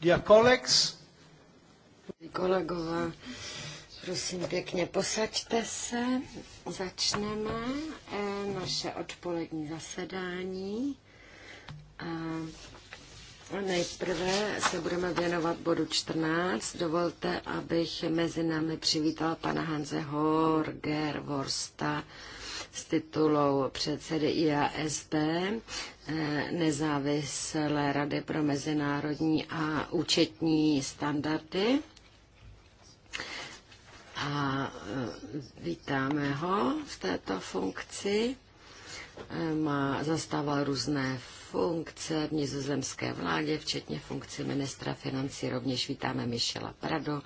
Dear colleagues. Kolegové, prosím pěkně, posaďte se. Začneme eh, naše odpolední zasedání. A nejprve se budeme věnovat bodu 14. Dovolte, abych mezi námi přivítala pana Hanze Horger Vorsta, s titulou předsedy IASB, eh, nezávislé Rady pro mezinárodní a účetní standardy. A eh, vítáme ho v této funkci. Eh, má, zastával různé funkce v nizozemské vládě, včetně funkci ministra financí. Rovněž vítáme Michela Prado,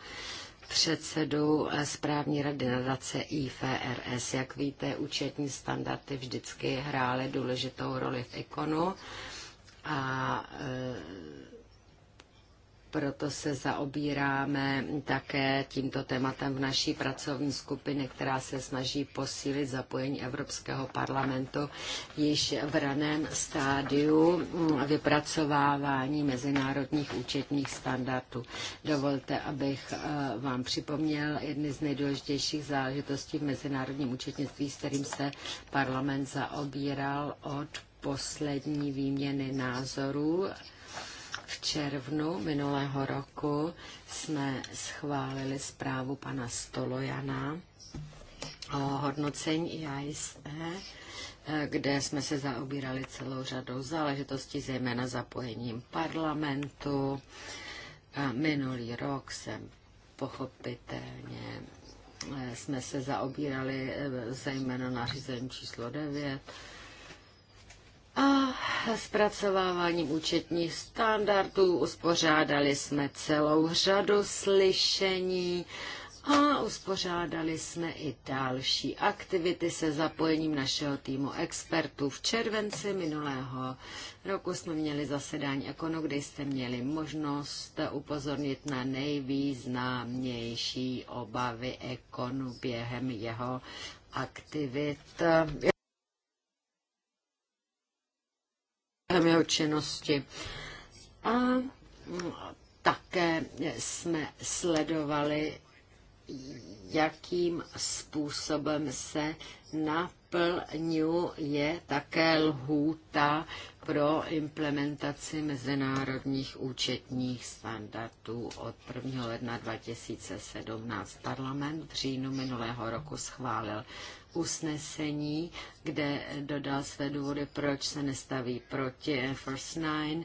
předsedou eh, správní rady nadace IFRS. Jak víte, účetní standardy vždycky hrály důležitou roli v ikonu a eh, proto se zaobíráme také tímto tématem v naší pracovní skupině, která se snaží posílit zapojení Evropského parlamentu již v raném stádiu vypracovávání mezinárodních účetních standardů. Dovolte, abych eh, vám připomněl jedny z nejdůležitějších záležitostí v mezinárodním účetnictví, s kterým se parlament zaobíral od poslední výměny názorů v červnu minulého roku jsme schválili zprávu pana Stolojana o hodnocení IISE, kde jsme se zaobírali celou řadou záležitostí, zejména zapojením parlamentu. A minulý rok jsem pochopitelně eh, jsme se zaobírali eh, zejména nařízení číslo 9 a zpracováváním účetních standardů. Uspořádali jsme celou řadu slyšení a uspořádali jsme i další aktivity se zapojením našeho týmu expertů. V červenci minulého roku jsme měli zasedání Ekonu, kde jste měli možnost upozornit na nejvýznamnější obavy Ekonu během jeho aktivit. jeho činnosti. A také jsme sledovali jakým způsobem se naplňuje také lhůta pro implementaci mezinárodních účetních standardů od 1. ledna 2017. Parlament v říjnu minulého roku schválil usnesení, kde dodal své důvody, proč se nestaví proti First Nine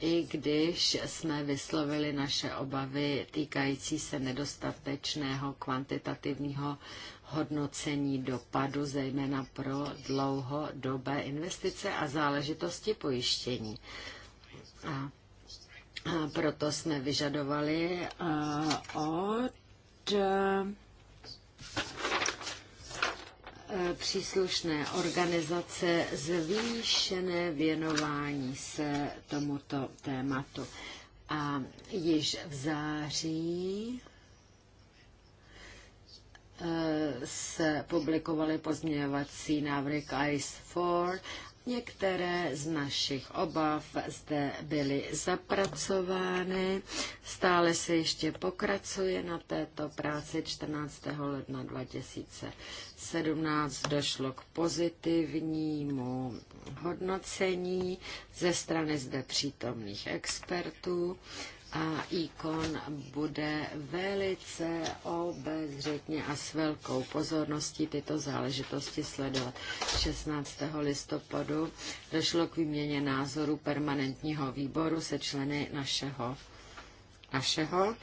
i když jsme vyslovili naše obavy týkající se nedostatečného kvantitativního hodnocení dopadu, zejména pro dlouhodobé investice a záležitosti pojištění. A proto jsme vyžadovali od Eh, příslušné organizace zvýšené věnování se tomuto tématu. A již v září eh, se publikovaly pozměňovací návrhy k ICE 4 Některé z našich obav zde byly zapracovány. Stále se ještě pokracuje na této práci. 14. ledna 2017 došlo k pozitivnímu hodnocení ze strany zde přítomných expertů a ikon bude velice obezřetně a s velkou pozorností tyto záležitosti sledovat. 16. listopadu došlo k výměně názoru permanentního výboru se členy našeho našeho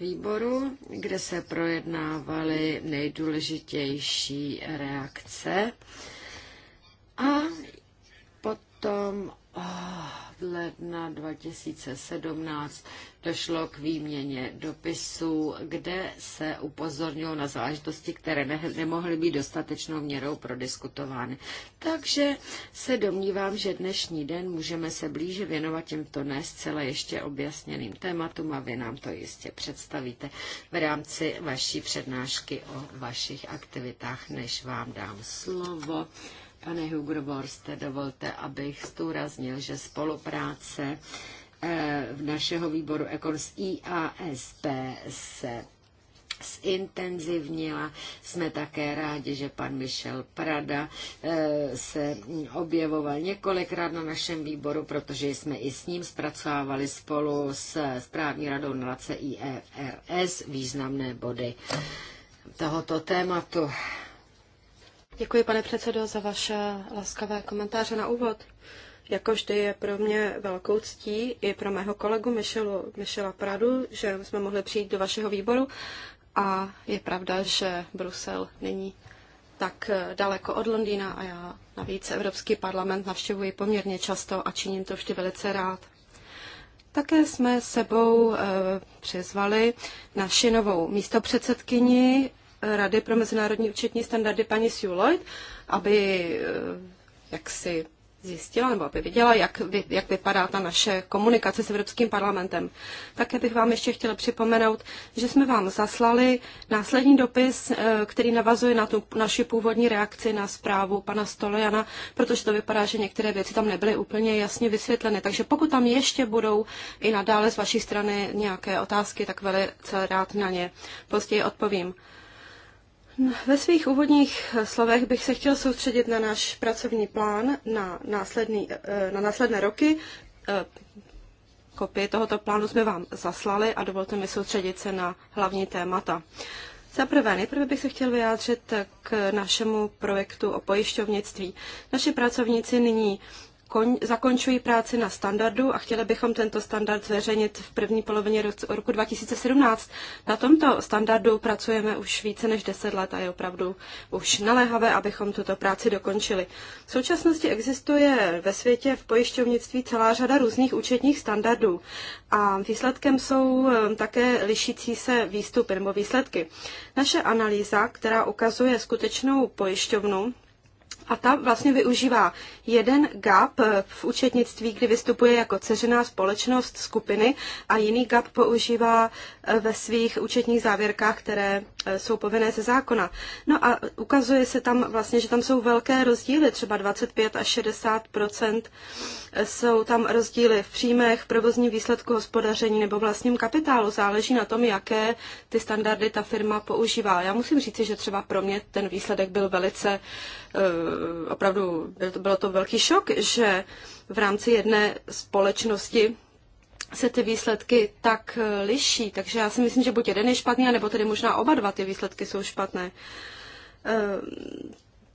výboru, kde se projednávaly nejdůležitější reakce a potom oh, ledna 2017 došlo k výměně dopisů, kde se upozornilo na záležitosti, které ne- nemohly být dostatečnou měrou prodiskutovány. Takže se domnívám, že dnešní den můžeme se blíže věnovat těmto ne zcela ještě objasněným tématům a vy nám to jistě představíte v rámci vaší přednášky o vašich aktivitách, než vám dám slovo. Pane Hugroborste, dovolte, abych zdůraznil, že spolupráce eh, v našeho výboru Ekon s IASP se zintenzivnila. Jsme také rádi, že pan Michel Prada eh, se objevoval několikrát na našem výboru, protože jsme i s ním zpracovávali spolu s správní radou nalace IFRS významné body tohoto tématu. Děkuji, pane předsedo, za vaše laskavé komentáře na úvod. Jako vždy je pro mě velkou ctí i pro mého kolegu Michelu, Michela Pradu, že jsme mohli přijít do vašeho výboru a je pravda, že Brusel není tak daleko od Londýna a já navíc Evropský parlament navštěvuji poměrně často a činím to vždy velice rád. Také jsme sebou e, přizvali naši novou místopředsedkyni Rady pro mezinárodní účetní standardy paní Sue Lloyd, aby eh, jak si zjistila nebo aby viděla, jak, vy, jak vypadá ta naše komunikace s Evropským parlamentem. Také bych vám ještě chtěla připomenout, že jsme vám zaslali následní dopis, eh, který navazuje na tu naši původní reakci na zprávu pana Stolojana, protože to vypadá, že některé věci tam nebyly úplně jasně vysvětleny. Takže pokud tam ještě budou i nadále z vaší strany nějaké otázky, tak velice rád na ně později odpovím. Ve svých úvodních slovech bych se chtěl soustředit na náš pracovní plán na, následný, eh, na následné roky. Eh, kopie tohoto plánu jsme vám zaslali a dovolte mi soustředit se na hlavní témata. Za prvé, nejprve bych se chtěl vyjádřit k našemu projektu o pojišťovnictví. Naši pracovníci nyní kon, zakončují práci na standardu a chtěli bychom tento standard zveřejnit v první polovině roku 2017. Na tomto standardu pracujeme už více než 10 let a je opravdu už naléhavé, abychom tuto práci dokončili. V současnosti existuje ve světě v pojišťovnictví celá řada různých účetních standardů a výsledkem jsou eh, také lišící se výstupy nebo výsledky. Naše analýza, která ukazuje skutečnou pojišťovnu, a ta vlastně využívá jeden GAP v účetnictví, kdy vystupuje jako ceřená společnost skupiny a jiný GAP používá eh, ve svých účetních závěrkách, které Eh, jsou povinné ze zákona. No a ukazuje se tam vlastně, že tam jsou velké rozdíly, třeba 25 až 60 eh, jsou tam rozdíly v příjmech, provozní výsledku hospodaření nebo vlastním kapitálu. Záleží na tom, jaké ty standardy ta firma používá. Já musím říci, že třeba pro mě ten výsledek byl velice, eh, opravdu bylo to velký šok, že v rámci jedné společnosti se ty výsledky tak eh, liší. Takže já si myslím, že buď jeden je špatný, nebo tedy možná oba dva ty výsledky jsou špatné. Eh,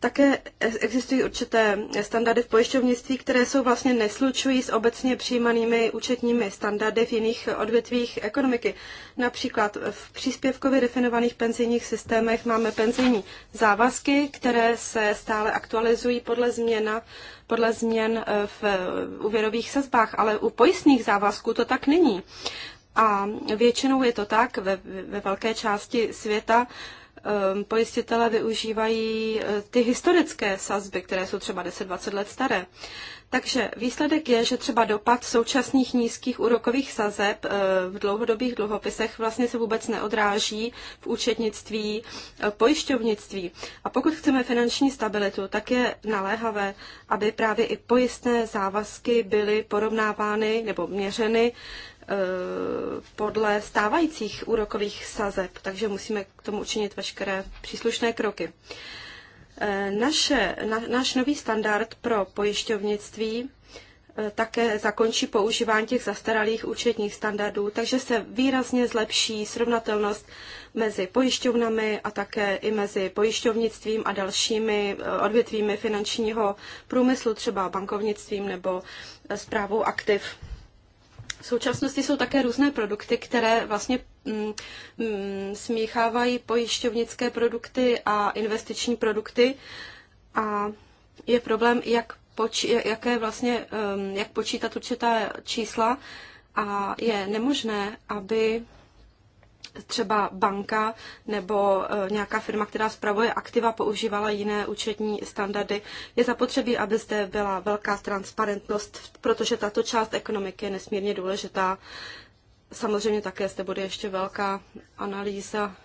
také existují určité standardy v pojišťovnictví, které jsou vlastně neslučují s obecně přijímanými účetními standardy v jiných odvětvích ekonomiky. Například v příspěvkově definovaných penzijních systémech máme penzijní závazky, které se stále aktualizují podle změna podle změn eh, v úvěrových sazbách, ale u pojistných závazků to tak není. A většinou je to tak ve, ve velké části světa, Ehm, pojistitelé využívají eh, ty historické sazby, které jsou třeba 10-20 let staré. Takže výsledek je, že třeba dopad současných nízkých úrokových sazeb eh, v dlouhodobých dluhopisech vlastně se vůbec neodráží v účetnictví, eh, pojišťovnictví. A pokud chceme finanční stabilitu, tak je naléhavé, aby právě i pojistné závazky byly porovnávány nebo měřeny Eh, podle stávajících úrokových sazeb, takže musíme k tomu učinit veškeré příslušné kroky. Eh, naše, na, náš nový standard pro pojišťovnictví eh, také zakončí používání těch zastaralých účetních standardů, takže se výrazně zlepší srovnatelnost mezi pojišťovnami a také i mezi pojišťovnictvím a dalšími odvětvími finančního průmyslu, třeba bankovnictvím nebo zprávou aktiv. V současnosti jsou také různé produkty, které vlastně mm, mm, smíchávají pojišťovnické produkty a investiční produkty a je problém, jak, poč- jaké vlastně, um, jak počítat určitá čísla a je nemožné, aby třeba banka nebo e, nějaká firma, která spravuje aktiva, používala jiné účetní standardy. Je zapotřebí, aby zde byla velká transparentnost, protože tato část ekonomiky je nesmírně důležitá. Samozřejmě také zde bude ještě velká analýza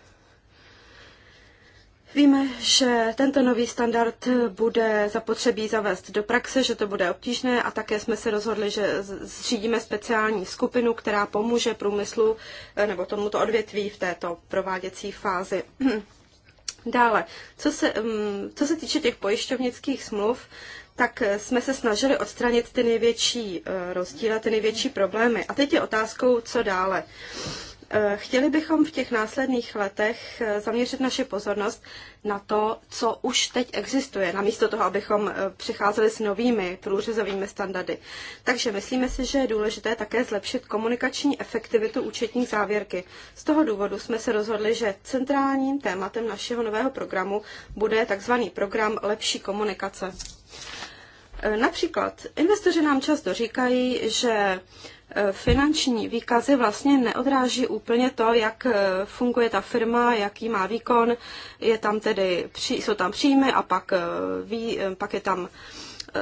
Víme, že tento nový standard bude zapotřebí zavést do praxe, že to bude obtížné a také jsme se rozhodli, že zřídíme speciální skupinu, která pomůže průmyslu eh, nebo tomuto odvětví v této prováděcí fázi. Dále, co se, mm, co se týče těch pojišťovnických smluv, tak eh, jsme se snažili odstranit ty největší eh, rozdíly, ty největší problémy. A teď je otázkou, co dále. Eh, chtěli bychom v těch následných letech eh, zaměřit naši pozornost na to, co už teď existuje, namísto toho, abychom eh, přicházeli s novými průřezovými standardy. Takže myslíme si, že je důležité také zlepšit komunikační efektivitu účetní závěrky. Z toho důvodu jsme se rozhodli, že centrálním tématem našeho nového programu bude tzv. program lepší komunikace. Například investoři nám často říkají, že finanční výkazy vlastně neodráží úplně to, jak eh, funguje ta firma, jaký má výkon. Je tam tedy, jsou tam příjmy a pak, eh, eh, pak je tam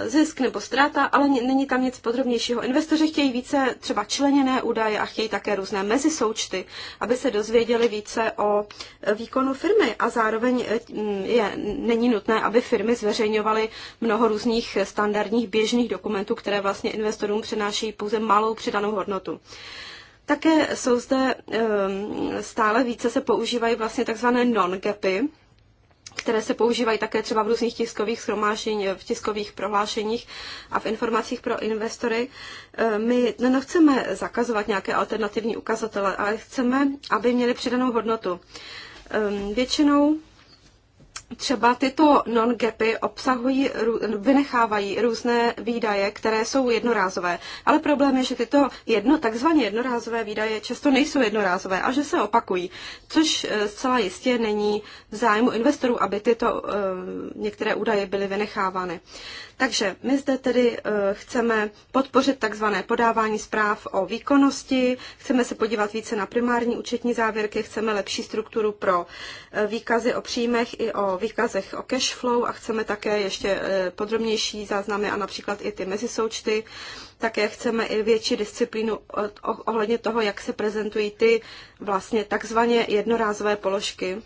zisk nebo ztráta, ale není tam nic podrobnějšího. Investoři chtějí více třeba členěné údaje a chtějí také různé mezisoučty, aby se dozvěděli více o výkonu firmy a zároveň eh, je, není nutné, aby firmy zveřejňovaly mnoho různých standardních běžných dokumentů, které vlastně investorům přináší pouze malou přidanou hodnotu. Také jsou zde ehm, stále více se používají vlastně takzvané non-gapy, které se používají také třeba v různých tiskových schromáždění, v tiskových prohlášeních a v informacích pro investory. Eh, my nechceme no, zakazovat nějaké alternativní ukazatele, ale chceme, aby měly přidanou hodnotu. Ehm, většinou třeba tyto non-gapy obsahují, vynechávají různé výdaje, které jsou jednorázové. Ale problém je, že tyto jedno, takzvaně jednorázové výdaje často nejsou jednorázové a že se opakují, což e, zcela jistě není v zájmu investorů, aby tyto uh, některé údaje byly vynechávány. Takže my zde tedy eh, chceme podpořit takzvané podávání zpráv o výkonnosti, chceme se podívat více na primární účetní závěrky, chceme lepší strukturu pro eh, výkazy o příjmech i o výkazech o cash flow a chceme také ještě eh, podrobnější záznamy a například i ty mezisoučty. Také chceme i větší disciplínu ohledně toho, jak se prezentují ty vlastně takzvaně jednorázové položky.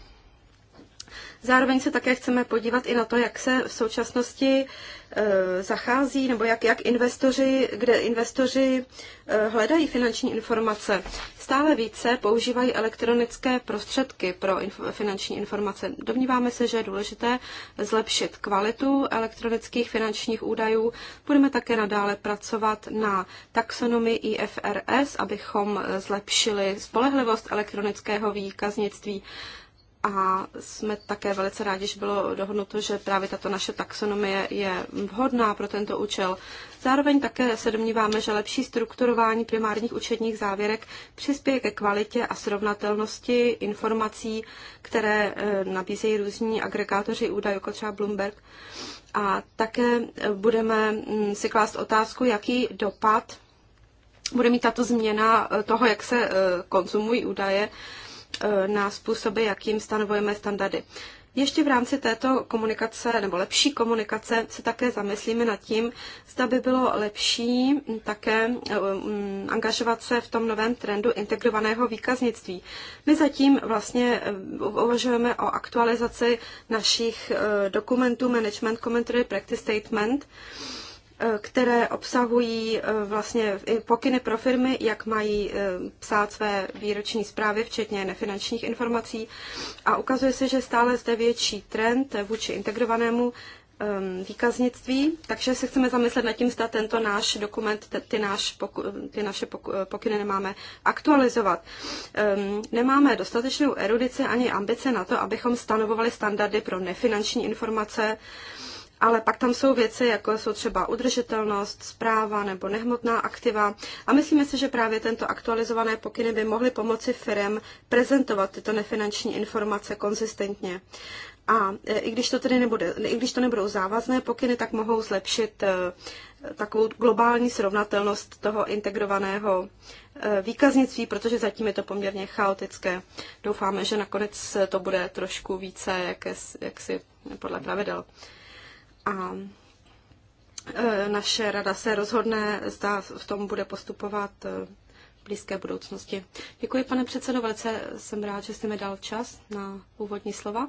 Zároveň se také chceme podívat i na to, jak se v současnosti eh, zachází, nebo jak, jak investoři, kde investoři eh, hledají finanční informace. Stále více používají elektronické prostředky pro inf- finanční informace. Domníváme se, že je důležité zlepšit kvalitu elektronických finančních údajů. Budeme také nadále pracovat na taxonomii IFRS, abychom eh, zlepšili spolehlivost elektronického výkaznictví a jsme také velice rádi, že bylo dohodnuto, že právě tato naše taxonomie je vhodná pro tento účel. Zároveň také se domníváme, že lepší strukturování primárních učebních závěrek přispěje ke kvalitě a srovnatelnosti informací, které eh, nabízejí různí agregátoři údajů, jako třeba Bloomberg. A také eh, budeme mm, si klást otázku, jaký dopad bude mít tato změna eh, toho, jak se konzumují údaje Eh, na způsoby, jakým stanovujeme standardy. Ještě v rámci této komunikace nebo lepší komunikace se také zamyslíme nad tím, zda by bylo lepší mm, také eh, mm, angažovat se v tom novém trendu integrovaného výkaznictví. My zatím vlastně eh, uvažujeme o aktualizaci našich dokumentů Management Commentary Practice Statement, Eh, které obsahují eh, vlastně pokyny pro firmy, jak mají eh, psát své výroční zprávy, včetně nefinančních informací. A ukazuje se, že stále zde větší trend vůči integrovanému ehm, výkaznictví, takže se chceme zamyslet nad tím, zda tento náš dokument, ty, náš poku, ty naše pokyny nemáme aktualizovat. Ehm, nemáme dostatečnou erudici ani ambice na to, abychom stanovovali standardy pro nefinanční informace, ale pak tam jsou věci, jako jsou třeba udržitelnost, zpráva nebo nehmotná aktiva. A myslíme si, že právě tento aktualizované pokyny by mohly pomoci firm prezentovat tyto nefinanční informace konzistentně. A e, i když to tedy nebude, i když to nebudou závazné pokyny, tak mohou zlepšit e, takovou globální srovnatelnost toho integrovaného e, výkaznictví, protože zatím je to poměrně chaotické. Doufáme, že nakonec to bude trošku více, jak, jak si podle pravidel. Hmm a e, naše rada se rozhodne, zda v tom bude postupovat e, v blízké budoucnosti. Děkuji, pane předsedo, velice jsem rád, že jste mi dal čas na úvodní slova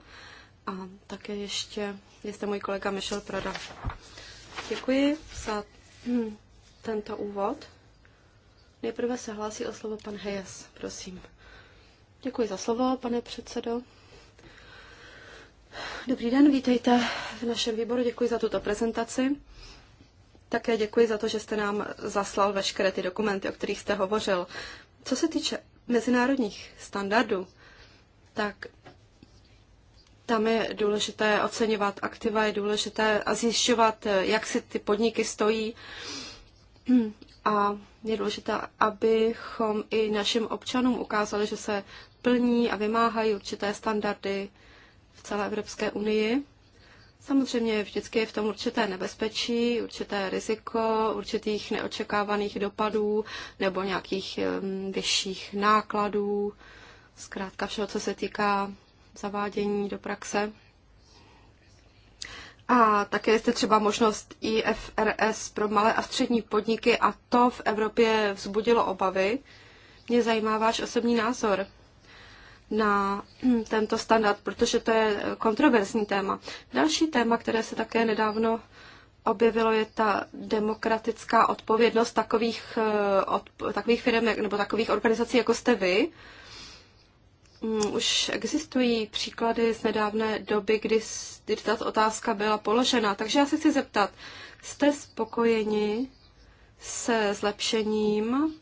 a také ještě jste můj kolega Michel Prada. Děkuji za hm, tento úvod. Nejprve se hlásí o slovo pan Hejes, prosím. Děkuji za slovo, pane předsedo. Dobrý den, vítejte v našem výboru, děkuji za tuto prezentaci. Také děkuji za to, že jste nám zaslal veškeré ty dokumenty, o kterých jste hovořil. Co se týče mezinárodních standardů, tak tam je důležité oceňovat aktiva, je důležité a zjišťovat, jak si ty podniky stojí. A je důležité, abychom i našim občanům ukázali, že se plní a vymáhají určité standardy, v celé Evropské unii. Samozřejmě vždycky je v tom určité nebezpečí, určité riziko, určitých neočekávaných dopadů nebo nějakých vyšších nákladů, zkrátka všeho, co se týká zavádění do praxe. A také jste třeba možnost IFRS pro malé a střední podniky a to v Evropě vzbudilo obavy. Mě zajímá váš osobní názor na tento standard, protože to je kontroverzní téma. Další téma, které se také nedávno objevilo, je ta demokratická odpovědnost takových, eh, takových firm nebo takových organizací, jako jste vy. Mm, už existují příklady z nedávné doby, kdy, kdy tato otázka byla položena. Takže já se chci zeptat, jste spokojeni se zlepšením,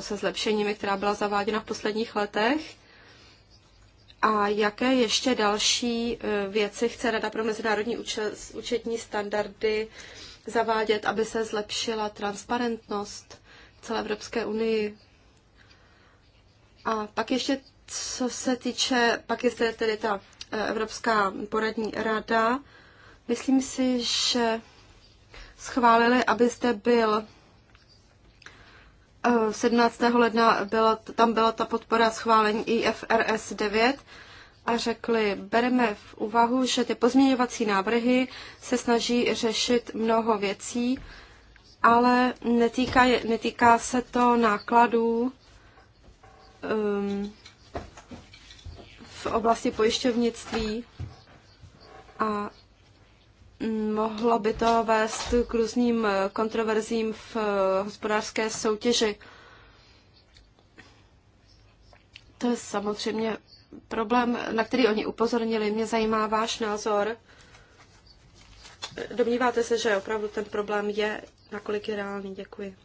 se zlepšeními, která byla zaváděna v posledních letech? A jaké ještě další e, věci chce Rada pro mezinárodní účetní standardy zavádět, aby se zlepšila transparentnost celé Evropské unii? A pak ještě, co se týče, pak je zde tedy ta e, Evropská poradní rada. Myslím si, že schválili, aby zde byl 17. Eh, ledna byla, tam byla ta podpora schválení IFRS 9 a řekli, bereme v úvahu, že ty pozměňovací návrhy se snaží řešit mnoho věcí, ale netýká, netýká se to nákladů um, v oblasti pojišťovnictví a Mohlo by to vést k různým eh, kontroverzím v eh, hospodářské soutěži. To je samozřejmě problém, na který oni upozornili. Mě zajímá váš názor. Domníváte se, že opravdu ten problém je, nakolik je reálný? Děkuji.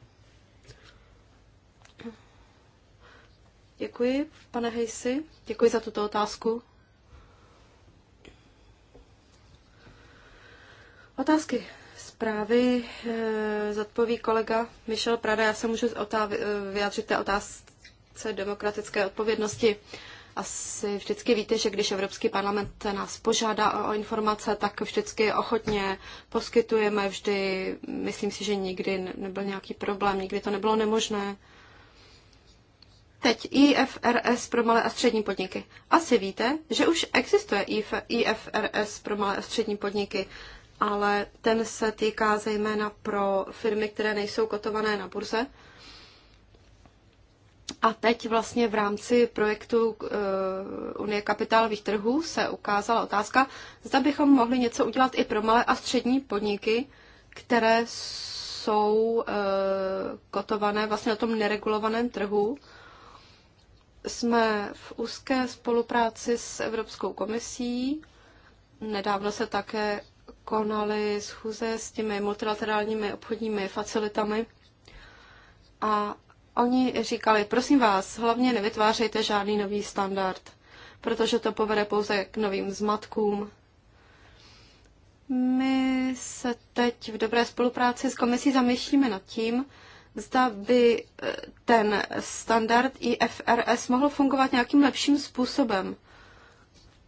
Děkuji, pane Hejsi. Děkuji za tuto otázku. Otázky zprávy eh, zodpoví kolega Michel Prada. Já se můžu eh, vyjádřit té otázce demokratické odpovědnosti. Asi vždycky víte, že když Evropský parlament nás požádá o informace, tak vždycky ochotně poskytujeme vždy. Myslím si, že nikdy nebyl nějaký problém, nikdy to nebylo nemožné. Teď IFRS pro malé a střední podniky. Asi víte, že už existuje IFRS pro malé a střední podniky ale ten se týká zejména pro firmy, které nejsou kotované na burze. A teď vlastně v rámci projektu eh, Unie kapitálových trhů se ukázala otázka, zda bychom mohli něco udělat i pro malé a střední podniky, které jsou eh, kotované vlastně na tom neregulovaném trhu. Jsme v úzké spolupráci s Evropskou komisí. Nedávno se také konaly schůze s těmi multilaterálními obchodními facilitami a oni říkali, prosím vás, hlavně nevytvářejte žádný nový standard, protože to povede pouze k novým zmatkům. My se teď v dobré spolupráci s komisí zamýšlíme nad tím, zda by e, ten standard IFRS mohl fungovat nějakým lepším způsobem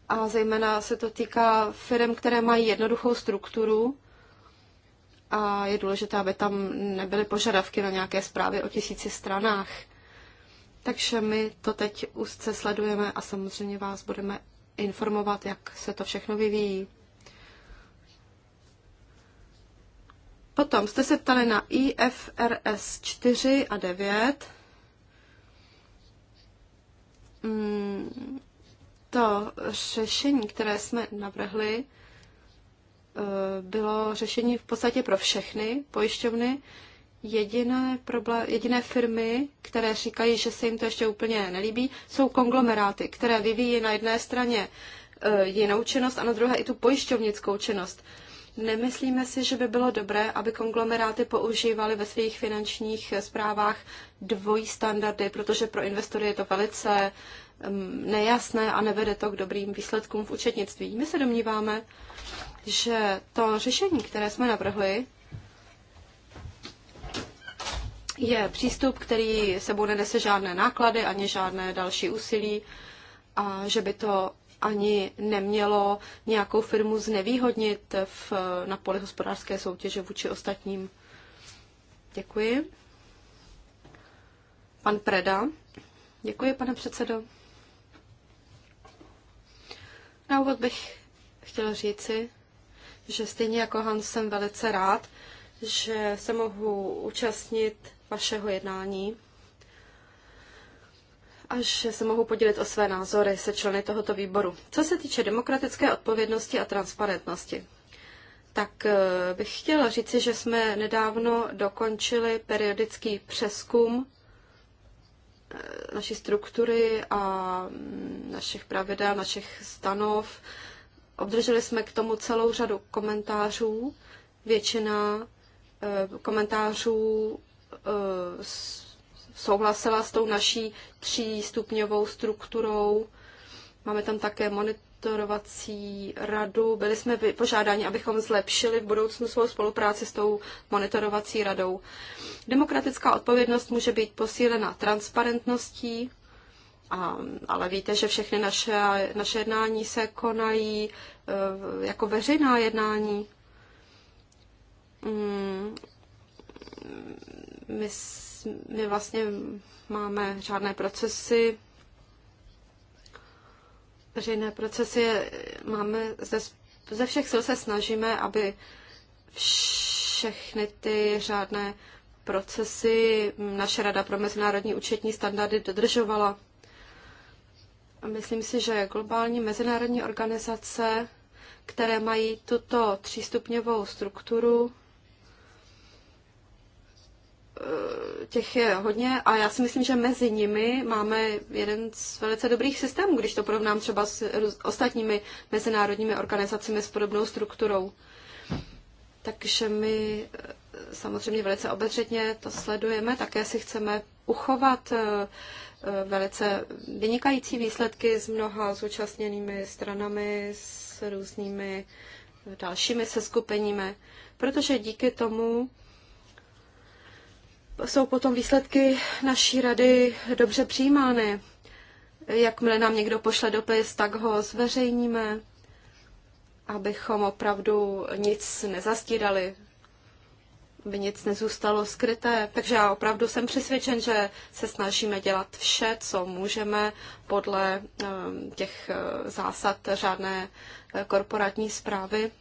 a zejména se to týká firm, které mají jednoduchou strukturu a je důležité, aby tam nebyly požadavky na nějaké zprávy o tisíci stranách. Takže my to teď úzce sledujeme a samozřejmě vás budeme informovat, jak se to všechno vyvíjí. Potom jste se ptali na IFRS 4 a 9 to řešení, které jsme navrhli, eh, bylo řešení v podstatě pro všechny pojišťovny. Jediné, problém, jediné firmy, které říkají, že se jim to ještě úplně nelíbí, jsou konglomeráty, které vyvíjí na jedné straně eh, jinou činnost a na druhé i tu pojišťovnickou činnost. Nemyslíme si, že by bylo dobré, aby konglomeráty používaly ve svých finančních zprávách eh, dvojí standardy, protože pro investory je to velice nejasné a nevede to k dobrým výsledkům v účetnictví. My se domníváme, že to řešení, které jsme navrhli, je přístup, který sebou nenese žádné náklady ani žádné další úsilí a že by to ani nemělo nějakou firmu znevýhodnit v, na poli hospodářské soutěže vůči ostatním. Děkuji. Pan Preda. Děkuji, pane předsedo. Na úvod bych chtěla říci, že stejně jako Hans jsem velice rád, že se mohu účastnit vašeho jednání a že se mohu podělit o své názory se členy tohoto výboru. Co se týče demokratické odpovědnosti a transparentnosti, tak eh, bych chtěla říci, že jsme nedávno dokončili periodický přeskum Eh, naší struktury a mm, našich pravidel, našich stanov. Obdrželi jsme k tomu celou řadu komentářů. Většina eh, komentářů eh, souhlasila s tou naší třístupňovou strukturou. Máme tam také monit, monitorovací radu. Byli jsme požádáni, abychom zlepšili v budoucnu svou spolupráci s tou monitorovací radou. Demokratická odpovědnost může být posílena transparentností, a, ale víte, že všechny naše, naše jednání se konají e, jako veřejná jednání. Mm, my, my vlastně máme řádné procesy veřejné procesy máme ze, ze všech sil se snažíme, aby všechny ty řádné procesy naše Rada pro mezinárodní účetní standardy dodržovala. A myslím si, že globální mezinárodní organizace, které mají tuto třístupňovou strukturu, Eh, těch je hodně a já si myslím, že mezi nimi máme jeden z velice dobrých systémů, když to porovnám třeba s ostatními mezinárodními organizacemi s podobnou strukturou. Takže my eh, samozřejmě velice obezřetně to sledujeme, také si chceme uchovat eh, velice vynikající výsledky s mnoha zúčastněnými stranami, s různými dalšími seskupeními, protože díky tomu jsou potom výsledky naší rady dobře přijímány. Jakmile nám někdo pošle dopis, tak ho zveřejníme, abychom opravdu nic nezastírali, aby nic nezůstalo skryté. Takže já opravdu jsem přesvědčen, že se snažíme dělat vše, co můžeme podle ehm, těch eh, zásad řádné eh, korporátní zprávy.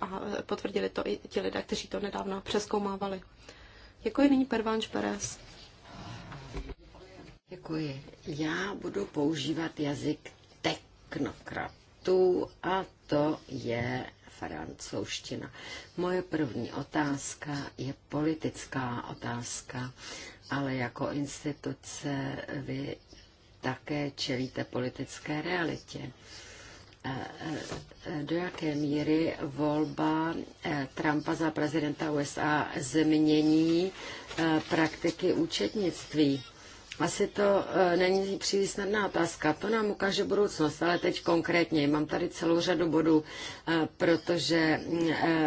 A potvrdili to i ti lidé, kteří to nedávno přeskoumávali. Děkuji, nyní Pervanč Perez. Děkuji. Já budu používat jazyk technokratů a to je francouzština. Moje první otázka je politická otázka, ale jako instituce vy také čelíte politické realitě. Eh, eh, do jaké míry volba eh, Trumpa za prezidenta USA změní praktiky účetnictví. Asi to není příliš snadná otázka, to nám ukáže budoucnost, ale teď konkrétně. Mám tady celou řadu bodů, protože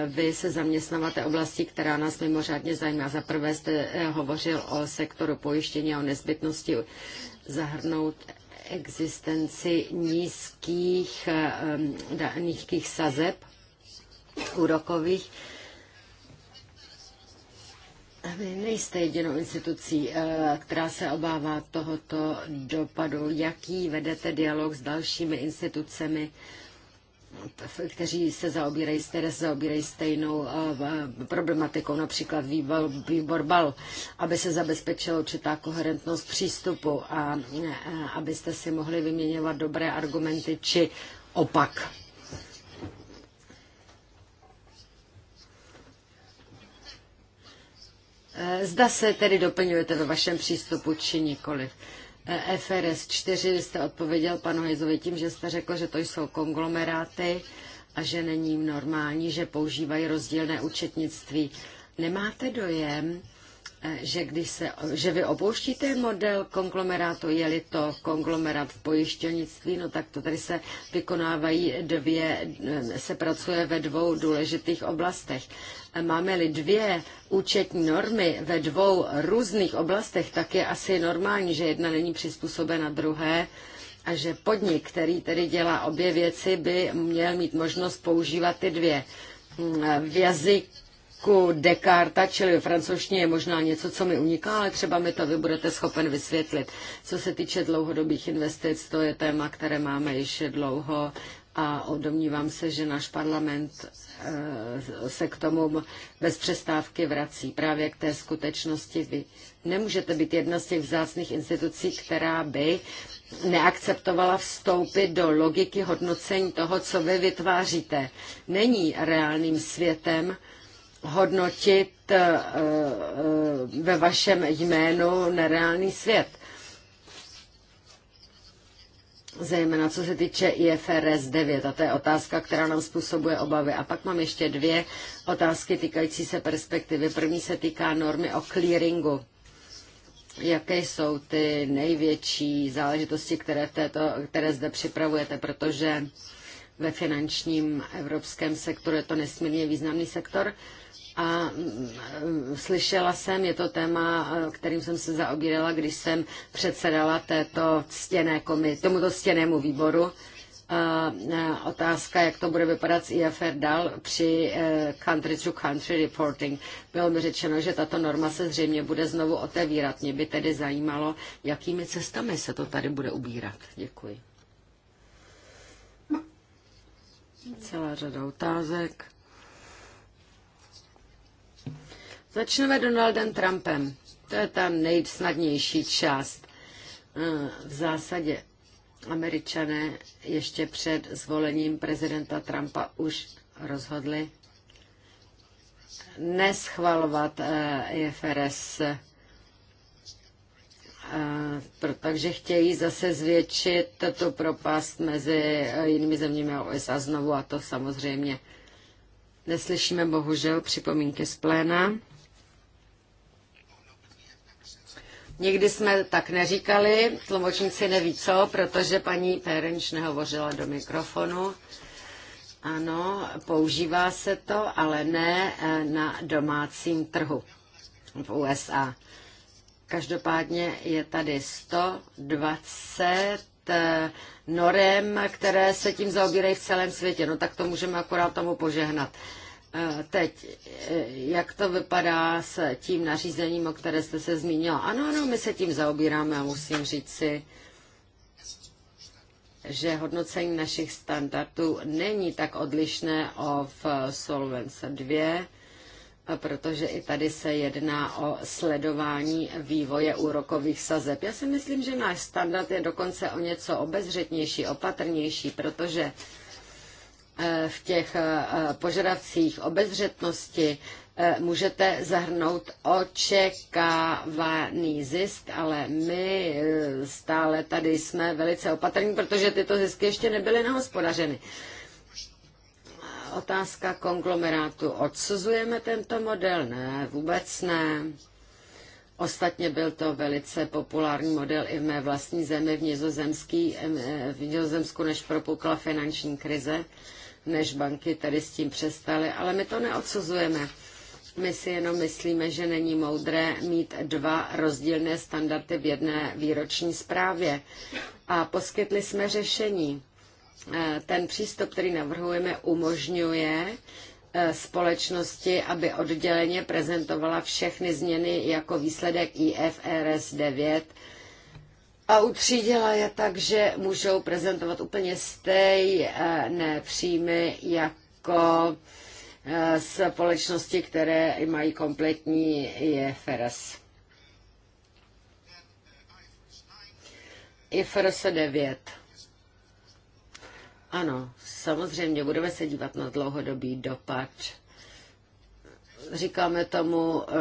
vy se zaměstnáváte oblastí, která nás mimořádně zajímá. Za prvé jste hovořil o sektoru pojištění a o nezbytnosti zahrnout existenci nízkých, nízkých sazeb úrokových. Vy nejste jedinou institucí, eh, která se obává tohoto dopadu. Jaký vedete dialog s dalšími institucemi? kteří se zaobírají, které se zaobírají stejnou eh, eh, problematikou, například výbor, výbor BAL, aby se zabezpečila určitá koherentnost přístupu a eh, abyste si mohli vyměňovat dobré argumenty či opak. Zda se tedy doplňujete ve vašem přístupu či nikoliv. E FRS 4 jste odpověděl panu Hejzovi tím, že jste řekl, že to jsou konglomeráty a že není jim normální, že používají rozdílné účetnictví. Nemáte dojem, Eh, že, když se, že vy opouštíte model konglomerátu, je-li to konglomerát v pojišťovnictví, no tak to tady se vykonávají dvě, eh, se pracuje ve dvou důležitých oblastech. Eh, máme-li dvě účetní normy ve dvou různých oblastech, tak je asi normální, že jedna není přizpůsobena druhé a že podnik, který tedy dělá obě věci, by měl mít možnost používat ty dvě. Hmm, v jazyk jazyku Dekarta, čili ve francouzštině je možná něco, co mi uniká, ale třeba mi to vy budete schopen vysvětlit. Co se týče dlouhodobých investic, to je téma, které máme ještě dlouho a domnívám se, že náš parlament eh, se k tomu bez přestávky vrací. Právě k té skutečnosti vy nemůžete být jedna z těch vzácných institucí, která by neakceptovala vstoupit do logiky hodnocení toho, co vy vytváříte. Není reálným světem, hodnotit eh, eh, ve vašem jménu nereálný svět. Zejména co se týče IFRS 9, a to je otázka, která nám způsobuje obavy. A pak mám ještě dvě otázky týkající se perspektivy. První se týká normy o clearingu jaké jsou ty největší záležitosti, které, této, které zde připravujete, protože ve finančním evropském sektoru je to nesmírně významný sektor. A mm, e, slyšela jsem, je to téma, e, kterým jsem se zaobírala, když jsem předsedala této ctěné komi, tomuto ctěnému výboru. E, otázka, jak to bude vypadat s IFR dál při country to country reporting. Bylo mi řečeno, že tato norma se zřejmě bude znovu otevírat. Mě by tedy zajímalo, jakými cestami se to tady bude ubírat. Děkuji. No. Celá řada otázek. Začneme Donaldem Trumpem. To je ta nejsnadnější část. Eh, v zásadě američané ještě před zvolením prezidenta Trumpa už rozhodli neschvalovat eh, IFRS, eh, Takže chtějí zase zvětšit tu propast mezi jinými zeměmi a USA znovu a to samozřejmě neslyšíme bohužel připomínky z pléna. Nikdy jsme tak neříkali, tlumočníci neví co, protože paní Pérenč nehovořila do mikrofonu. Ano, používá se to, ale ne eh, na domácím trhu v USA. Každopádně je tady 120 eh, norem, které se tím zaobírají v celém světě. No tak to můžeme akorát tomu požehnat. Eh, teď, eh, jak to vypadá s tím nařízením, o které jste se zmínila? Ano, ano, my se tím zaobíráme a musím říct si, že hodnocení našich standardů není tak odlišné o v eh, Solvence 2, protože i tady se jedná o sledování vývoje úrokových sazeb. Já si myslím, že náš standard je dokonce o něco obezřetnější, opatrnější, protože Eh, v těch eh, požadavcích obezřetnosti eh, můžete zahrnout očekávaný zisk, ale my stále tady jsme velice opatrní, protože tyto zisky ještě nebyly nahospodařeny. Otázka konglomerátu. Odsuzujeme tento model? Ne, vůbec ne. Ostatně byl to velice populární model i v mé vlastní zemi v, v Nizozemsku, než propukla finanční krize než banky tady s tím přestaly, ale my to neodsuzujeme. My si jenom myslíme, že není moudré mít dva rozdílné standardy v jedné výroční zprávě. A poskytli jsme řešení. E, ten přístup, který navrhujeme, umožňuje e, společnosti, aby odděleně prezentovala všechny změny jako výsledek IFRS 9 a utřídila je tak, že můžou prezentovat úplně stejné příjmy jako eh, společnosti, které mají kompletní IFRS. IFRS 9. Ano, samozřejmě budeme se dívat na dlouhodobý dopad říkáme tomu eh,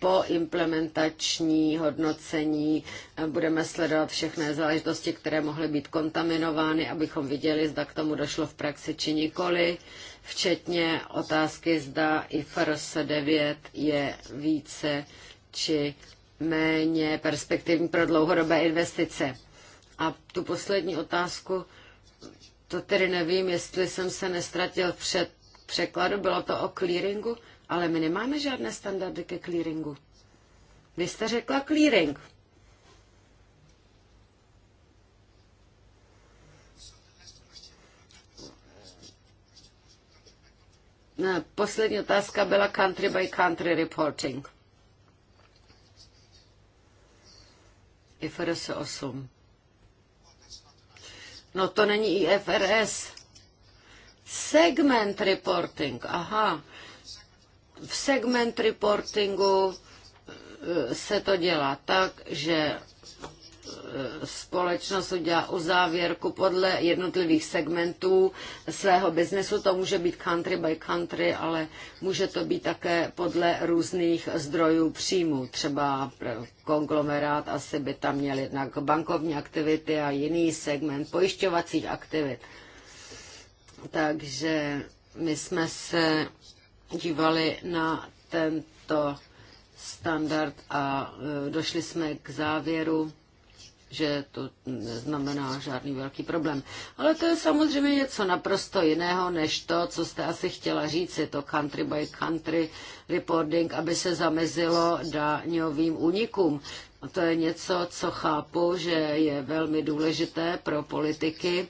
po implementační hodnocení. Eh, budeme sledovat všechny záležitosti, které mohly být kontaminovány, abychom viděli, zda k tomu došlo v praxi či nikoli, včetně otázky, zda IFRS 9 je více či méně perspektivní pro dlouhodobé investice. A tu poslední otázku, to tedy nevím, jestli jsem se nestratil před překladu, bylo to o clearingu. Ale my nemáme žádné standardy ke clearingu. Vy jste řekla clearing. Poslední otázka byla country by country reporting. IFRS 8. No to není IFRS. Segment reporting, aha. V segment reportingu eh, se to dělá tak, že eh, společnost udělá uzávěrku podle jednotlivých segmentů svého biznesu. To může být country by country, ale může to být také podle různých zdrojů příjmů. Třeba konglomerát asi by tam měl jednak bankovní aktivity a jiný segment pojišťovacích aktivit. Takže my jsme se dívali na tento standard a e, došli jsme k závěru, že to neznamená žádný velký problém. Ale to je samozřejmě něco naprosto jiného, než to, co jste asi chtěla říct, je to country by country reporting, aby se zamezilo daňovým únikům. A to je něco, co chápu, že je velmi důležité pro politiky,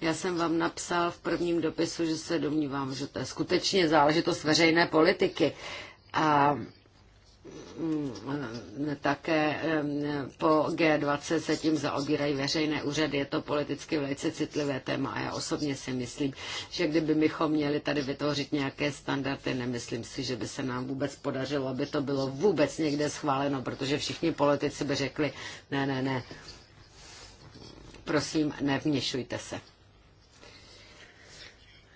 já jsem vám napsal v prvním dopisu, že se domnívám, že to je skutečně záležitost veřejné politiky. A mm, také mm, po G20 se tím zaobírají veřejné úřady. Je to politicky velice citlivé téma a já osobně si myslím, že kdyby bychom měli tady vytvořit nějaké standardy, nemyslím si, že by se nám vůbec podařilo, aby to bylo vůbec někde schváleno, protože všichni politici by řekli, ne, ne, ne, prosím, nevměšujte se.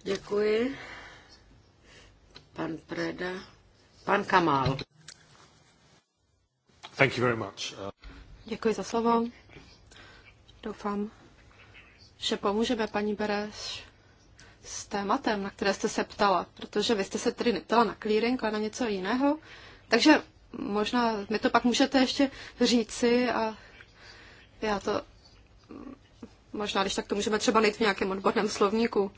Děkuji. Pan Preda. Pan Kamal. Thank you very much. Děkuji za slovo. Doufám, že pomůžeme paní Bereš s tématem, na které jste se ptala, protože vy jste se tedy neptala na clearing, ale na něco jiného. Takže možná mi to pak můžete ještě říci a já to možná, když tak to můžeme třeba najít v nějakém odborném slovníku.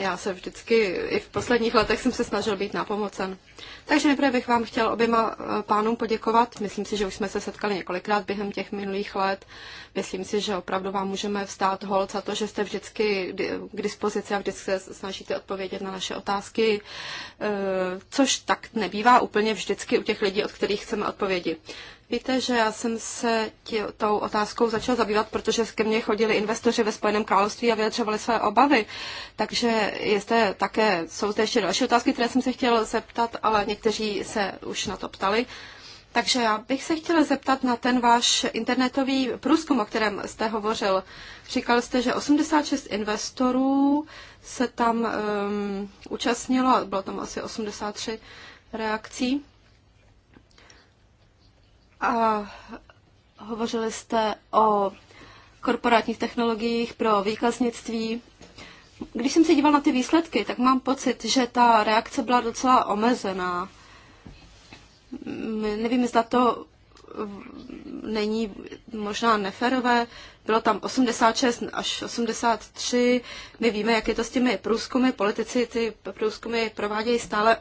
Já se vždycky, i v posledních letech jsem se snažil být napomocen. Takže nejprve bych vám chtěl oběma eh, pánům poděkovat. Myslím si, že už jsme se setkali několikrát během těch minulých let. Myslím si, že opravdu vám můžeme vstát hold za to, že jste vždycky k dispozici a vždycky se snažíte odpovědět na naše otázky, eh, což tak nebývá úplně vždycky u těch lidí, od kterých chceme odpovědi. Víte, že já jsem se tě, tou otázkou začal zabývat, protože ke mně chodili investoři ve Spojeném království a vyjadřovali své obavy. Takže jste také, jsou zde ještě další otázky, které jsem se chtěl zeptat, ale někteří se už na to ptali. Takže já bych se chtěla zeptat na ten váš internetový průzkum, o kterém jste hovořil. Říkal jste, že 86 investorů se tam um, účastnilo, bylo tam asi 83 reakcí. A hovořili jste o korporátních technologiích pro výkaznictví. Když jsem se díval na ty výsledky, tak mám pocit, že ta reakce byla docela omezená. Nevím, zda to není možná neferové. Bylo tam 86 až 83. My víme, jak je to s těmi průzkumy. Politici ty průzkumy provádějí stále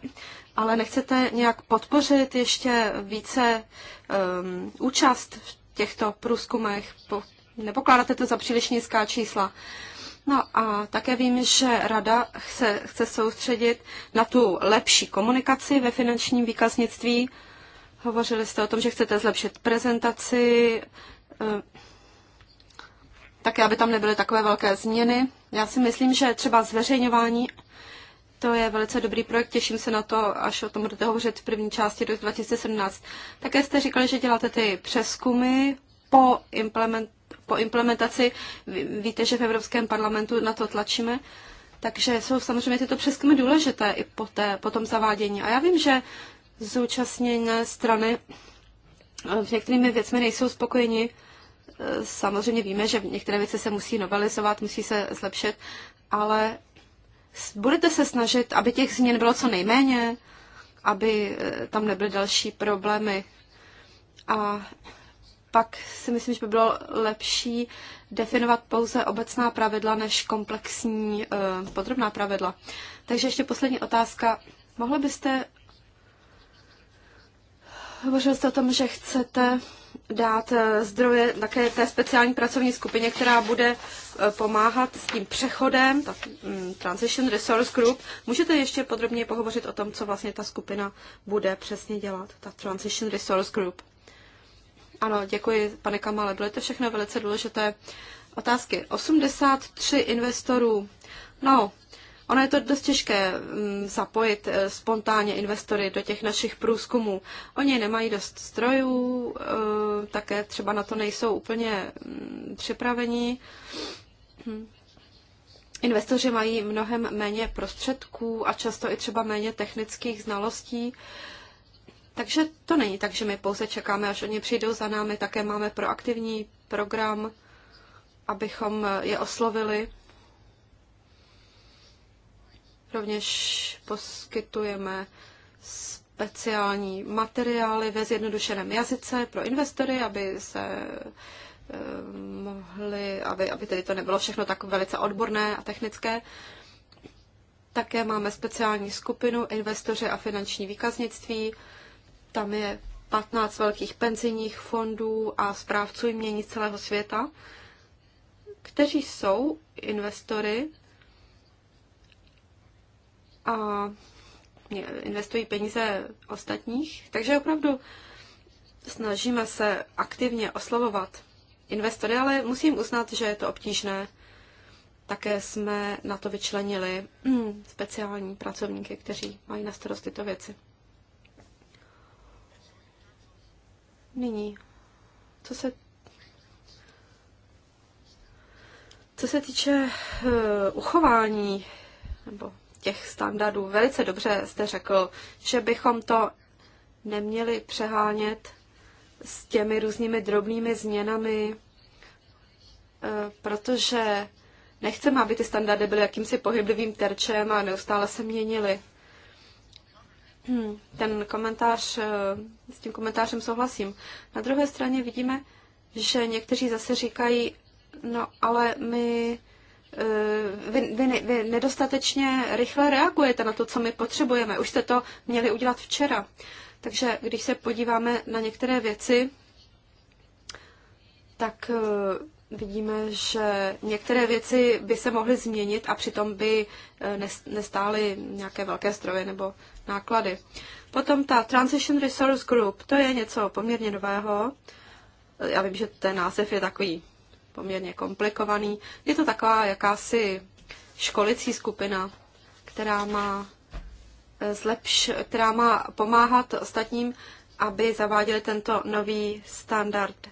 ale nechcete nějak podpořit ještě více um, účast v těchto průzkumech? Po, nepokládáte to za příliš nízká čísla? No a také vím, že rada se chce soustředit na tu lepší komunikaci ve finančním výkaznictví. Hovořili jste o tom, že chcete zlepšit prezentaci, ehm, také aby tam nebyly takové velké změny. Já si myslím, že třeba zveřejňování to je velice dobrý projekt, těším se na to, až o tom budete hovořit v první části do 2017. Také jste říkali, že děláte ty přeskumy po, implement, po implementaci. Víte, že v Evropském parlamentu na to tlačíme. Takže jsou samozřejmě tyto přeskumy důležité i po, té, po tom zavádění. A já vím, že zúčastněné strany eh, s některými věcmi nejsou spokojeni. Eh, samozřejmě víme, že některé věci se musí novelizovat, musí se zlepšit, ale Budete se snažit, aby těch změn bylo co nejméně, aby eh, tam nebyly další problémy. A pak si myslím, že by bylo lepší definovat pouze obecná pravidla než komplexní eh, podrobná pravidla. Takže ještě poslední otázka. Mohli byste Hovořil jste o tom, že chcete dát eh, zdroje také té speciální pracovní skupině, která bude eh, pomáhat s tím přechodem, ta mm, Transition Resource Group. Můžete ještě podrobněji pohovořit o tom, co vlastně ta skupina bude přesně dělat, ta Transition Resource Group? Ano, děkuji, pane Kamale, byly to všechno velice důležité otázky. 83 investorů. No, Ono je to dost těžké mm, zapojit eh, spontánně investory do těch našich průzkumů. Oni nemají dost strojů, eh, také třeba na to nejsou úplně mm, připraveni. Hm. Investoři mají mnohem méně prostředků a často i třeba méně technických znalostí. Takže to není tak, že my pouze čekáme, až oni přijdou za námi. Také máme proaktivní program, abychom eh, je oslovili. Rovněž poskytujeme speciální materiály ve zjednodušeném jazyce pro investory, aby se eh, mohli, aby, aby tedy to nebylo všechno tak velice odborné a technické. Také máme speciální skupinu investoři a finanční výkaznictví. Tam je 15 velkých penzijních fondů a zprávců jmění celého světa, kteří jsou investory a investují peníze ostatních. Takže opravdu snažíme se aktivně oslovovat investory, ale musím uznat, že je to obtížné. Také jsme na to vyčlenili mm, speciální pracovníky, kteří mají na starost tyto věci. Nyní, co se co se týče uh, uchování nebo těch standardů. Velice dobře jste řekl, že bychom to neměli přehánět s těmi různými drobnými změnami, e, protože nechceme, aby ty standardy byly jakýmsi pohyblivým terčem a neustále se měnily. Hm, ten komentář, e, s tím komentářem souhlasím. Na druhé straně vidíme, že někteří zase říkají, no ale my Eh, vy, vy, vy nedostatečně rychle reagujete na to, co my potřebujeme. Už jste to měli udělat včera. Takže když se podíváme na některé věci, tak eh, vidíme, že některé věci by se mohly změnit a přitom by eh, nestály nějaké velké stroje nebo náklady. Potom ta Transition Resource Group, to je něco poměrně nového. Já vím, že ten název je takový poměrně komplikovaný. Je to taková jakási školicí skupina, která má, eh, zlepš, která má pomáhat ostatním, aby zaváděli tento nový standard.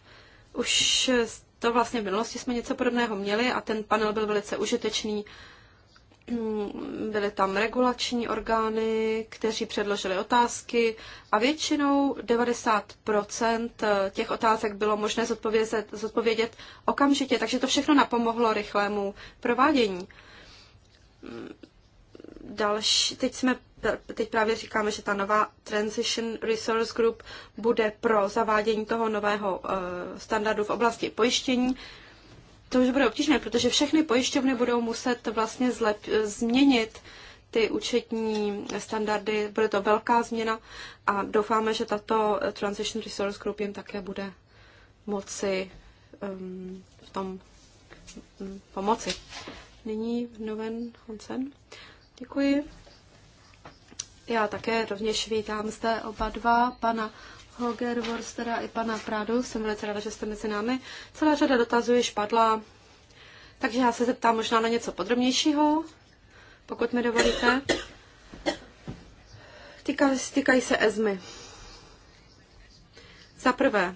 Už to vlastně v minulosti jsme něco podobného měli a ten panel byl velice užitečný byly tam regulační orgány, kteří předložili otázky a většinou 90% eh, těch otázek bylo možné zodpovědět, zodpovědět okamžitě, takže to všechno napomohlo rychlému provádění. Mm, další, teď, jsme, teď právě říkáme, že ta nová Transition Resource Group bude pro zavádění toho nového eh, standardu v oblasti pojištění to už bude obtížné, protože všechny pojišťovny budou muset vlastně zlep, změnit ty účetní standardy, bude to velká změna a doufáme, že tato Transition Resource Group jim také bude moci um, v tom um, pomoci. Nyní Noven Honsen. Děkuji. Já také rovněž vítám zde oba dva, pana Hoger, Worstera i pana Prádu. Jsem velice ráda, že jste mezi námi. Celá řada dotazů již padla, takže já se zeptám možná na něco podrobnějšího, pokud mi dovolíte. Týkají, týkají se ESMY. Za prvé,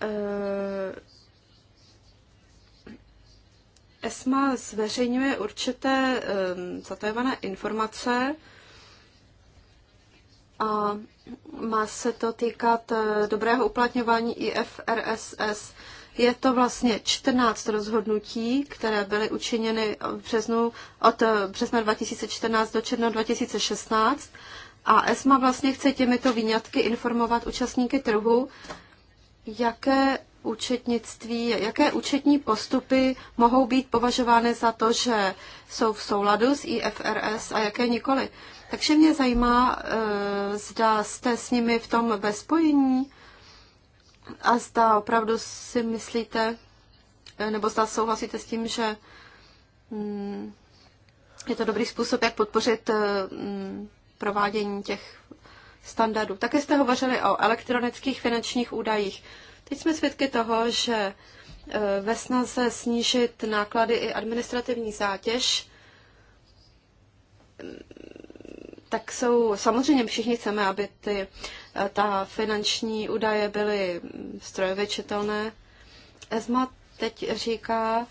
eh, ESMA zveřejňuje určité eh, zatajované informace a má se to týkat eh, dobrého uplatňování IFRSS. Je to vlastně 14 rozhodnutí, které byly učiněny v březnu, od eh, března 2014 do června 2016. A ESMA vlastně chce těmito výňatky informovat účastníky trhu, jaké účetnictví, jaké účetní postupy mohou být považovány za to, že jsou v souladu s IFRS a jaké nikoli. Takže mě zajímá, eh, zda jste s nimi v tom ve spojení a zda opravdu si myslíte, eh, nebo zda souhlasíte s tím, že mm, je to dobrý způsob, jak podpořit eh, mm, provádění těch standardů. Také jste hovořili o elektronických finančních údajích. Teď jsme svědky toho, že ve snaze snížit náklady i administrativní zátěž tak jsou, samozřejmě všichni chceme, aby ty, eh, ta finanční údaje byly strojově čitelné. ESMA teď říká,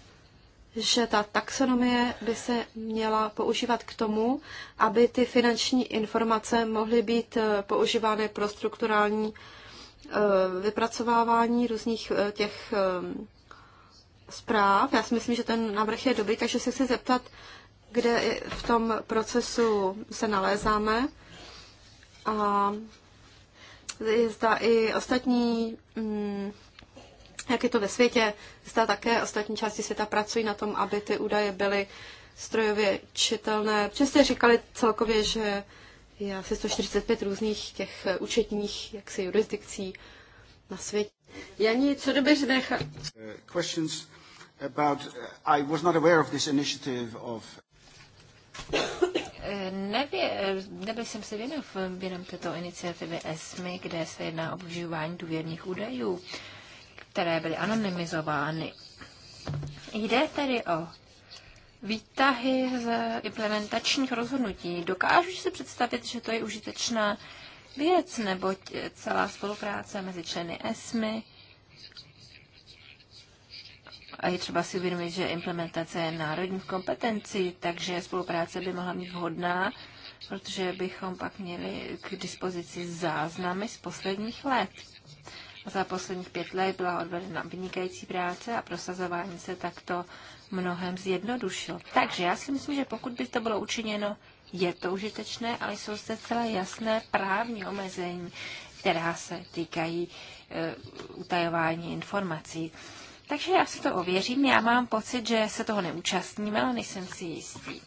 že ta taxonomie by se měla používat k tomu, aby ty finanční informace mohly být eh, používány pro strukturální eh, vypracovávání různých těch zpráv. Já si myslím, že ten návrh je dobrý, takže se chci zeptat, kde v tom procesu se nalézáme. A zda i ostatní, mm, jak je to ve světě, zda také ostatní části světa pracují na tom, aby ty údaje byly strojově čitelné. Přesně říkali celkově, že je asi 145 různých těch účetních jaksi jurisdikcí na světě. Janí, co dobře nechat? Uh, questions about, uh, I was not aware of this initiative of... Nevě, nebyl jsem se věnov během této iniciativy ESMI, kde se jedná o využívání důvěrných údajů, které byly anonymizovány. Jde tedy o výtahy z implementačních rozhodnutí. Dokážu si představit, že to je užitečná věc, neboť celá spolupráce mezi členy ESMI a je třeba si uvědomit, že implementace je národních kompetencí, takže spolupráce by mohla být vhodná, protože bychom pak měli k dispozici záznamy z posledních let. A za posledních pět let byla odvedena vynikající práce a prosazování se takto mnohem zjednodušilo. Takže já si myslím, že pokud by to bylo učiněno, je to užitečné, ale jsou zde celé jasné právní omezení, která se týkají e, utajování informací. Takže já si to ověřím. Já mám pocit, že se toho neúčastníme, ale nejsem si jistý.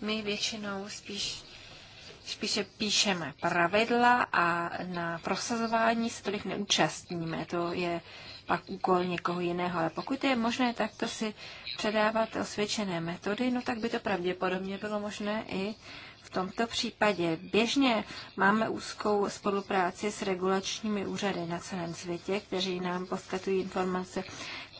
My většinou spíš spíše píšeme pravidla a na prosazování se tolik neúčastníme. To je pak úkol někoho jiného. Ale pokud je možné takto si předávat osvědčené metody, no tak by to pravděpodobně bylo možné i v tomto případě běžně máme úzkou spolupráci s regulačními úřady na celém světě, kteří nám poskytují informace,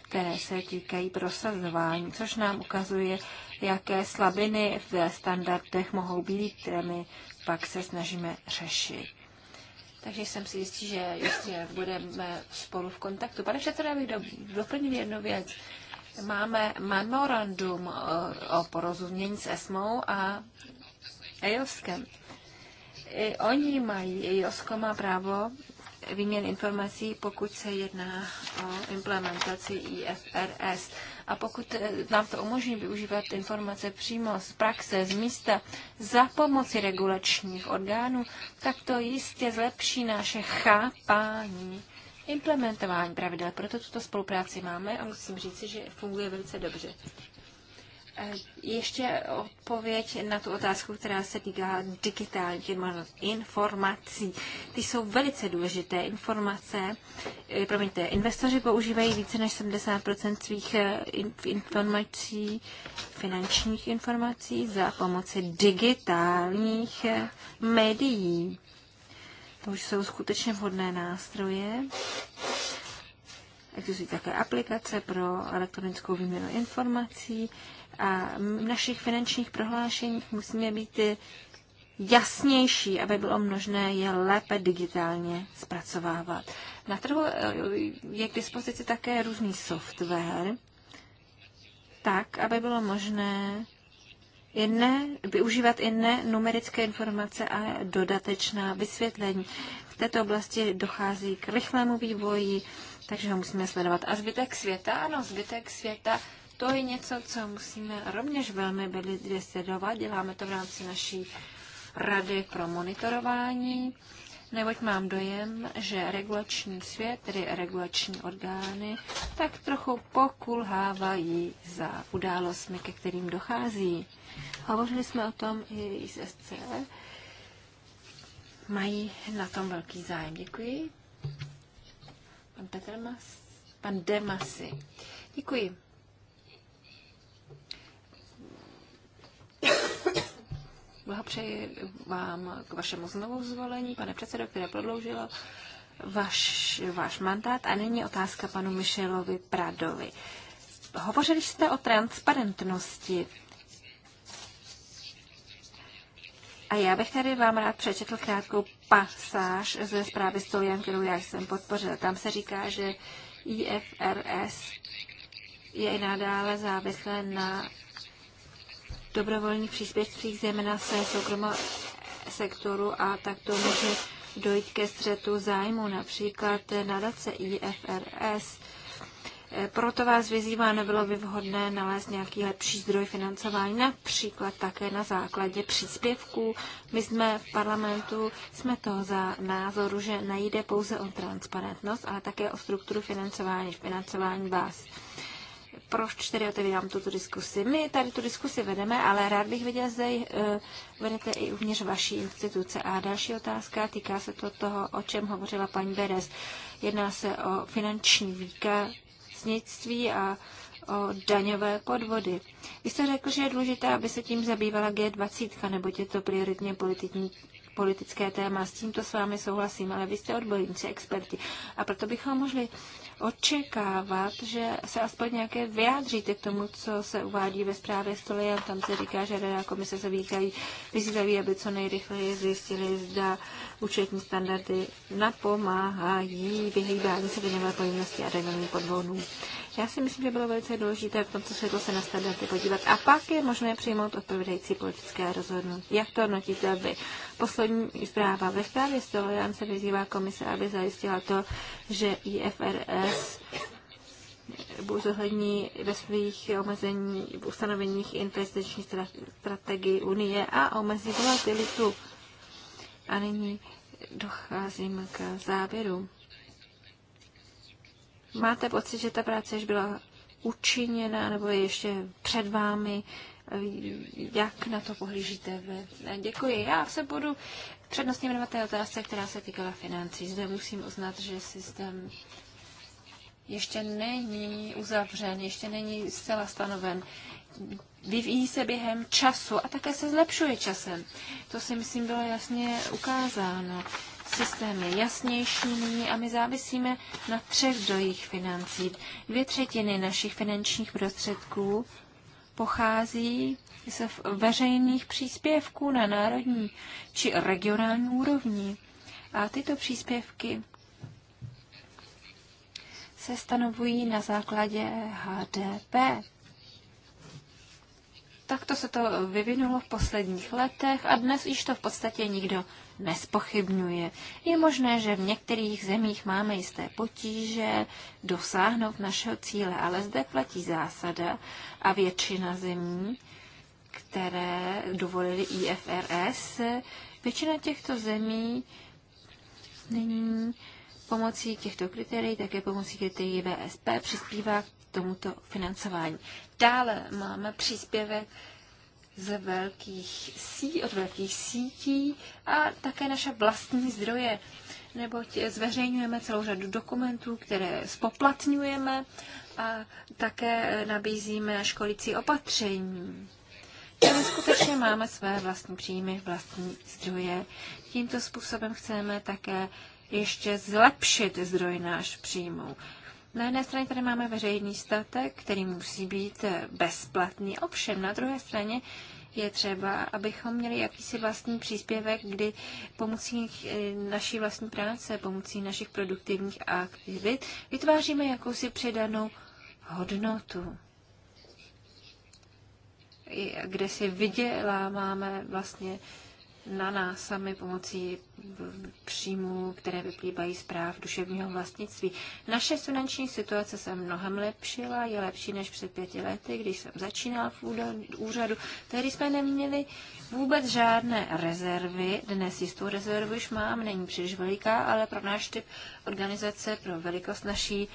které se týkají prosazování, což nám ukazuje, jaké slabiny v standardech mohou být, které my pak se snažíme řešit. Takže jsem si jistý, že jistě budeme spolu v kontaktu. Pane předsedo, já bych do, doplnil jednu věc. Máme memorandum o, o porozumění s ESMou a Ejoskem. I oni mají, EJOSKO má právo výměn informací, pokud se jedná o implementaci IFRS. A pokud eh, nám to umožní využívat informace přímo z praxe, z místa, za pomoci regulačních orgánů, tak to jistě zlepší naše chápání implementování pravidel. Proto tuto spolupráci máme a musím říci, že funguje velice dobře. Eh, ještě odpověď na tu otázku, která se týká digitálních informací. Ty jsou velice důležité informace. Eh, promiňte, investoři používají více než 70 svých eh, informací, finančních informací za pomoci digitálních médií. To už jsou skutečně vhodné nástroje. Existují také aplikace pro elektronickou výměnu informací a v našich finančních prohlášeních musíme být jasnější, aby bylo možné je lépe digitálně zpracovávat. Na trhu eh, je k dispozici také různý software, tak, aby bylo možné i ne, využívat i ne numerické informace a dodatečná vysvětlení. V této oblasti dochází k rychlému vývoji, takže ho musíme sledovat. A zbytek světa, ano, zbytek světa to je něco, co musíme rovněž velmi dvě sledovat. Děláme to v rámci naší rady pro monitorování, neboť mám dojem, že regulační svět, tedy regulační orgány, tak trochu pokulhávají za událostmi, ke kterým dochází. Hovořili jsme o tom i z SC. Mají na tom velký zájem. Děkuji. Pan Petr Mas, pan Demasi. Děkuji. Blahopřeji vám k vašemu znovu zvolení, pane předsedo, které prodloužilo váš, váš mandát. A nyní otázka panu Michelovi Pradovi. Hovořili jste o transparentnosti. A já bych tady vám rád přečetl krátkou pasáž ze zprávy Stolian, kterou já jsem podpořil. Tam se říká, že IFRS je i nadále závislé na dobrovolných příspěvcích, zejména se soukromo sektoru a tak to může dojít ke střetu zájmu, například nadace IFRS. Eh, proto vás vyzývá, nebylo by vhodné nalézt nějaký lepší zdroj financování, například také na základě příspěvků. My jsme v parlamentu, jsme toho za názoru, že nejde pouze o transparentnost, ale také o strukturu financování, financování vás proč tedy otevírám tuto diskusi. My tady tu diskusi vedeme, ale rád bych viděl, zde uh, vedete i uvnitř vaší instituce. A další otázka týká se to toho, o čem hovořila paní Beres. Jedná se o finanční výkaznictví a o daňové podvody. Vy jste řekl, že je důležité, aby se tím zabývala G20, nebo je to prioritně političní politické téma. S tímto s vámi souhlasím, ale vy jste odborníci, experti. A proto bychom mohli očekávat, že se aspoň nějaké vyjádříte k tomu, co se uvádí ve zprávě stoly a tam se říká, že Rada komise se vítají, vyzývají, aby co nejrychleji zjistili, zda účetní standardy napomáhají vyhýbání se vyněvé povinnosti a daňovým podvodům. Já si myslím, že bylo velice důležité v tomto světlu se na standardy podívat. A pak je možné přijmout odpovědající politické rozhodnutí. Jak to hodnotíte vy? Poslední zpráva ve zprávě z toho Jan se vyzývá komise, aby zajistila to, že IFRS zohlední ve svých omezení v ustanoveních investiční strategii Unie a omezí volatilitu. A nyní docházím k závěru. Máte pocit, že ta práce už byla učiněna nebo je ještě před vámi? Jak na to pohlížíte vy? Děkuji. Já se budu přednostně jmenovat té otázce, která se týkala financí. Zde musím uznat, že systém ještě není uzavřen, ještě není zcela stanoven. Vyvíjí se během času a také se zlepšuje časem. To si myslím bylo jasně ukázáno. Systém je jasnější nyní a my závisíme na třech zdrojích financí. Dvě třetiny našich finančních prostředků pochází z veřejných příspěvků na národní či regionální úrovni. A tyto příspěvky se stanovují na základě HDP. Takto se to vyvinulo v posledních letech a dnes již to v podstatě nikdo nespochybňuje. Je možné, že v některých zemích máme jisté potíže dosáhnout našeho cíle, ale zde platí zásada a většina zemí, které dovolili IFRS, většina těchto zemí nyní pomocí těchto kritérií, také pomocí kritérií VSP přispívá k tomuto financování. Dále máme příspěvek z velkých sí, od velkých sítí a také naše vlastní zdroje, neboť zveřejňujeme celou řadu dokumentů, které spoplatňujeme a také nabízíme školící opatření. Takže skutečně máme své vlastní příjmy, vlastní zdroje. Tímto způsobem chceme také ještě zlepšit zdroj náš příjmů. Na jedné straně tady máme veřejný statek, který musí být bezplatný, ovšem na druhé straně je třeba, abychom měli jakýsi vlastní příspěvek, kdy pomocí eh, naší vlastní práce, pomocí našich produktivních aktivit vytváříme jakousi předanou hodnotu, kde si vyděláváme vlastně na nás sami pomocí příjmů, které vyplývají z práv duševního vlastnictví. Naše finanční situace se mnohem lepšila, je lepší než před pěti lety, když jsem začínala v úřadu. Tehdy jsme neměli vůbec žádné rezervy. Dnes jistou rezervu už mám, není příliš veliká, ale pro náš typ organizace, pro velikost naší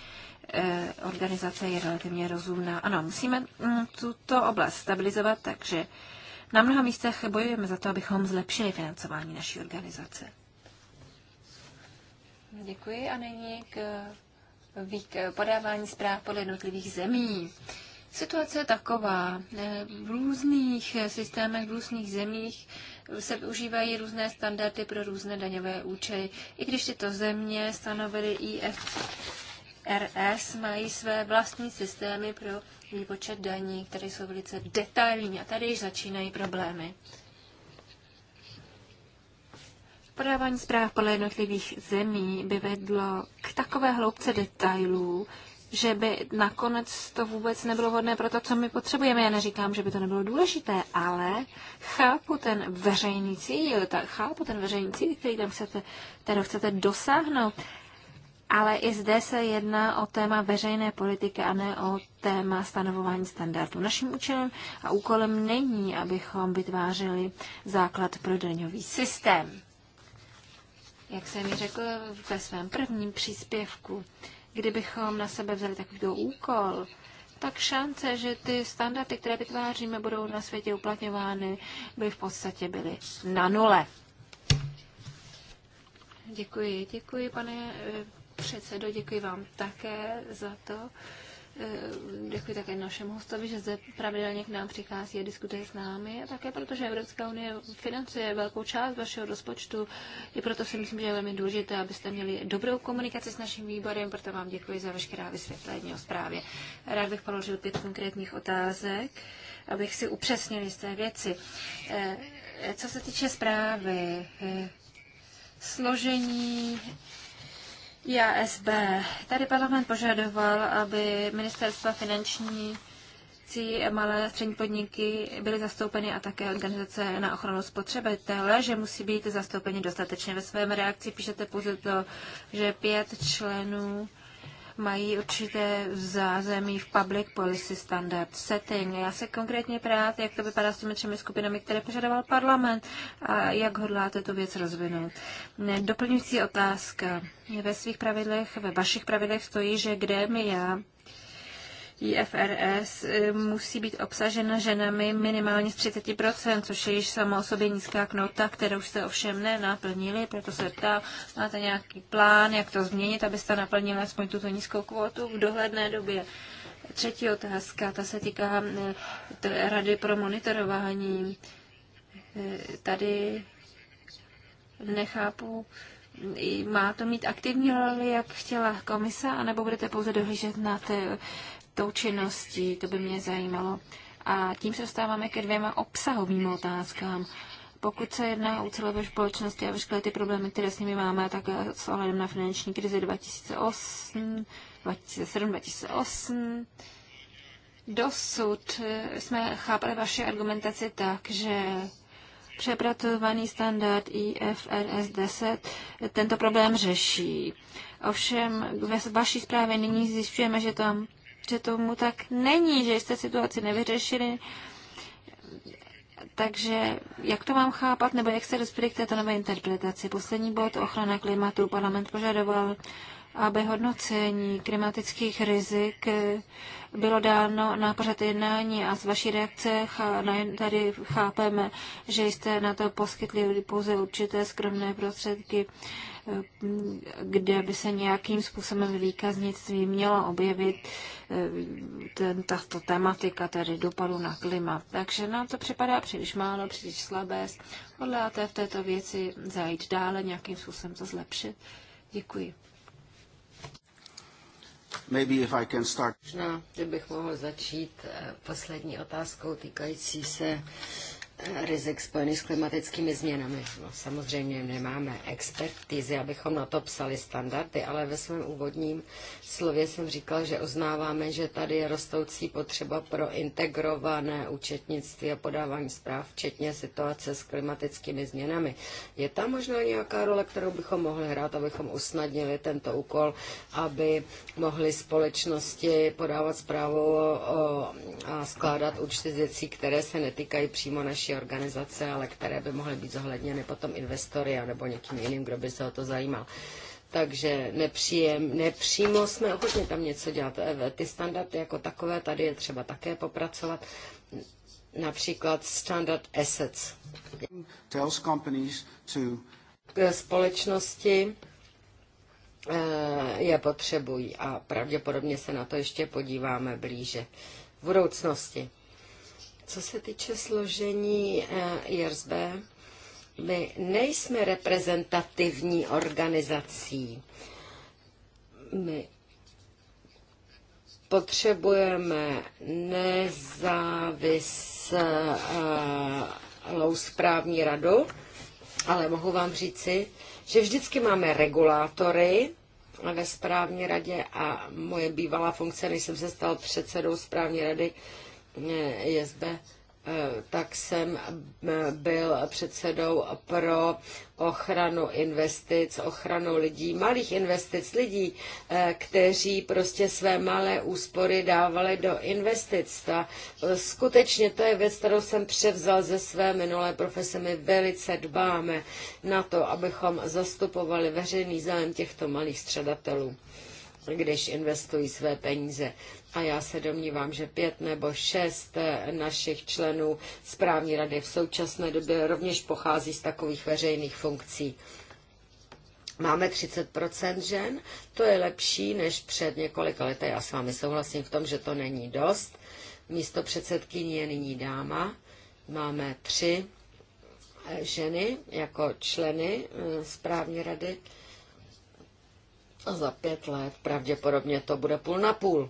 eh, organizace je relativně rozumná. Ano, musíme mm, tuto oblast stabilizovat, takže na mnoha místech bojujeme za to, abychom zlepšili financování naší organizace. Děkuji a nyní k, podávání zpráv podle jednotlivých zemí. Situace je taková. Eh, v různých systémech, v různých zemích se využívají různé standardy pro různé daňové účely. I když tyto země stanovily IFC, RS mají své vlastní systémy pro výpočet daní, které jsou velice detailní a tady již začínají problémy. Podávání zpráv podle jednotlivých zemí by vedlo k takové hloubce detailů, že by nakonec to vůbec nebylo vhodné pro to, co my potřebujeme. Já neříkám, že by to nebylo důležité, ale chápu ten veřejný cíl, ta, chápu ten veřejný cíl, který tam chcete, kterého chcete dosáhnout ale i zde se jedná o téma veřejné politiky a ne o téma stanovování standardů. Naším účelem a úkolem není, abychom vytvářeli základ pro daňový systém. Jak jsem ji řekl ve svém prvním příspěvku, kdybychom na sebe vzali takovýto úkol, tak šance, že ty standardy, které vytváříme, budou na světě uplatňovány, by v podstatě byly na nule. Děkuji, děkuji, pane eh, předsedo, děkuji vám také za to. Eh, děkuji také našemu hostovi, že zde pravidelně k nám přichází a diskutuje s námi. A také protože Evropská unie financuje velkou část vašeho rozpočtu, i proto si myslím, že je velmi důležité, abyste měli dobrou komunikaci s naším výborem, proto vám děkuji za veškerá vysvětlení o zprávě. Rád bych položil pět konkrétních otázek, abych si upřesnil jisté věci. Eh, co se týče zprávy, eh, složení JASB. Tady parlament požadoval, aby ministerstva finanční malé střední podniky byly zastoupeny a také organizace na ochranu spotřebitele, že musí být zastoupeny dostatečně. Ve svém reakci píšete pouze to, že pět členů mají určité zázemí v public policy standard setting. Já se konkrétně právě, jak to vypadá s těmi třemi skupinami, které požadoval parlament a jak hodláte tu věc rozvinout. Doplňující otázka. Ve svých pravidlech, ve vašich pravidlech stojí, že kde my já IFRS e, musí být obsažena ženami minimálně z 30%, což je již samo o sobě nízká knota, kterou jste ovšem nenaplnili, proto se ptá, máte nějaký plán, jak to změnit, abyste naplnili aspoň tuto nízkou kvotu v dohledné době. Třetí otázka, ta se týká e, Rady pro monitorování. E, tady nechápu, má to mít aktivní roli, jak chtěla komisa, anebo budete pouze dohlížet na ty tou činností, to by mě zajímalo. A tím se dostáváme ke dvěma obsahovým otázkám. Pokud se jedná o celé společnosti a veškeré ty problémy, které s nimi máme, tak s ohledem na finanční krizi 2008, 2007, 2008, dosud jsme chápali vaše argumentaci tak, že přepracovaný standard IFRS 10 tento problém řeší. Ovšem ve vaší zprávě nyní zjišťujeme, že tam že tomu tak není, že jste situaci nevyřešili. Takže jak to mám chápat, nebo jak se dospěli k této nové interpretaci? Poslední bod, ochrana klimatu. Parlament požadoval, aby hodnocení klimatických rizik bylo dáno na pořad jednání a z vaší reakce tady chápeme, že jste na to poskytli pouze určité skromné prostředky. Eh, kde by se nějakým způsobem výkaznictví mělo objevit eh, ten, tato tematika, tedy dopadu na klima. Takže nám to připadá příliš málo, příliš slabé. Hodláte v této věci zajít dále, nějakým způsobem to zlepšit? Děkuji. Maybe if I can start. Možná, no, kdybych mohl začít eh, poslední otázkou týkající se rizik spojený s klimatickými změnami. No, samozřejmě nemáme expertizy, abychom na to psali standardy, ale ve svém úvodním slově jsem říkal, že uznáváme, že tady je rostoucí potřeba pro integrované účetnictví a podávání zpráv, včetně situace s klimatickými změnami. Je tam možná nějaká role, kterou bychom mohli hrát, abychom usnadnili tento úkol, aby mohly společnosti podávat zprávu a skládat účty z věcí, které se netýkají přímo naší nejrůznější organizace, ale které by mohly být zohledněny potom investory nebo někým jiným, kdo by se o to zajímal. Takže nepříjem, nepřímo jsme ochotni tam něco dělat. E, ty standardy jako takové tady je třeba také popracovat. Například standard assets. Tells companies to... Společnosti e, je potřebují a pravděpodobně se na to ještě podíváme blíže v budoucnosti. Co se týče složení eh, IRSB, my nejsme reprezentativní organizací. My potřebujeme nezávislou správní radu, ale mohu vám říci, že vždycky máme regulátory ve správní radě a moje bývalá funkce, než jsem se stal předsedou správní rady, je zde, eh, tak jsem eh, byl předsedou pro ochranu investic, ochranu lidí, malých investic, lidí, eh, kteří prostě své malé úspory dávali do investic. Ta, skutečně to je věc, kterou jsem převzal ze své minulé profese. My velice dbáme na to, abychom zastupovali veřejný zájem těchto malých středatelů když investují své peníze a já se domnívám, že pět nebo šest eh, našich členů správní rady v současné době rovněž pochází z takových veřejných funkcí. Máme 30% žen, to je lepší než před několika lety. Já s vámi souhlasím v tom, že to není dost. Místo předsedkyní je nyní dáma. Máme tři eh, ženy jako členy eh, správní rady. A za pět let pravděpodobně to bude půl na půl.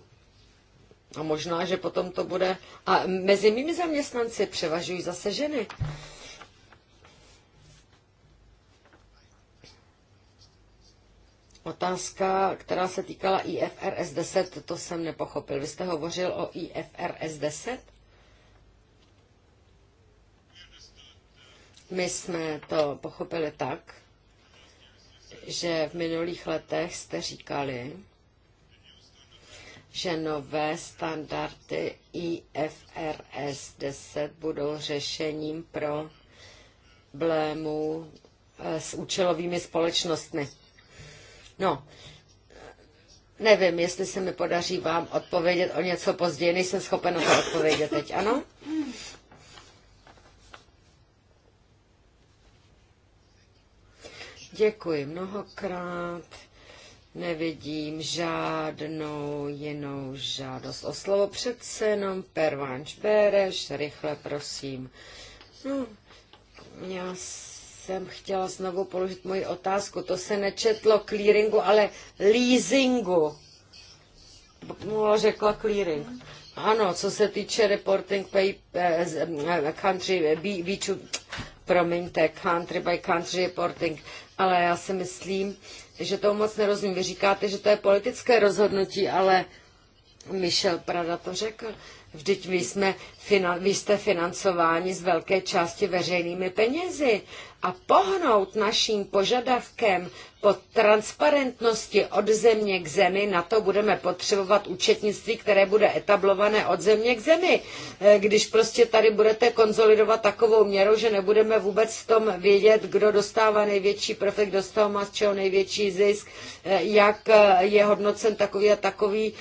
A možná, že potom to bude... A mezi mými zaměstnanci převažují zase ženy. Otázka, která se týkala IFRS 10, to jsem nepochopil. Vy jste hovořil o IFRS 10? My jsme to pochopili tak, že v minulých letech jste říkali, že nové standardy IFRS 10 budou řešením pro problémů eh, s účelovými společnostmi. No, nevím, jestli se mi podaří vám odpovědět o něco později, nejsem schopen na to odpovědět teď, ano? Děkuji mnohokrát. Nevidím žádnou jinou žádost o slovo. Přece jenom pervánč Bereš, rychle prosím. No, já jsem chtěla znovu položit moji otázku. To se nečetlo clearingu, ale leasingu. No, řekla clearing. Ano, co se týče reporting pay, eh, eh, country, eh, promiňte, country by country reporting, ale já si myslím, že to moc nerozumím. Vy říkáte, že to je politické rozhodnutí, ale Michel Prada to řekl. Vždyť vy, jsme, vy jste financováni z velké části veřejnými penězi a pohnout naším požadavkem po transparentnosti od země k zemi, na to budeme potřebovat účetnictví, které bude etablované od země k zemi. Eh, když prostě tady budete konzolidovat takovou měrou, že nebudeme vůbec v tom vědět, kdo dostává největší profit, kdo z toho má z čeho největší zisk, eh, jak eh, je hodnocen takový a takový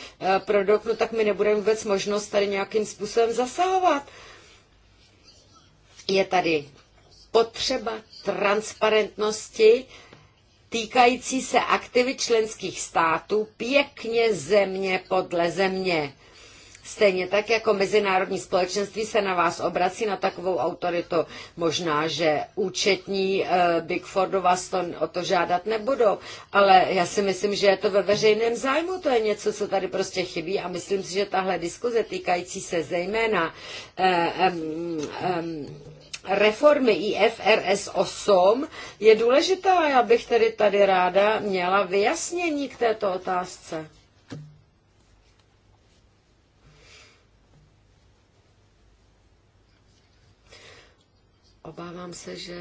produkt, no tak my nebudeme vůbec možnost tady nějakým způsobem zasahovat. Je tady potřeba transparentnosti týkající se aktivit členských států pěkně země podle země. Stejně tak jako mezinárodní společenství se na vás obrací na takovou autoritu. Možná, že účetní eh, Big Big do vás to, o to žádat nebudou, ale já si myslím, že je to ve veřejném zájmu, to je něco, co tady prostě chybí a myslím si, že tahle diskuze týkající se zejména eh, eh, eh, reformy IFRS 8 je důležitá. Já bych tedy tady ráda měla vyjasnění k této otázce. Obávám se, že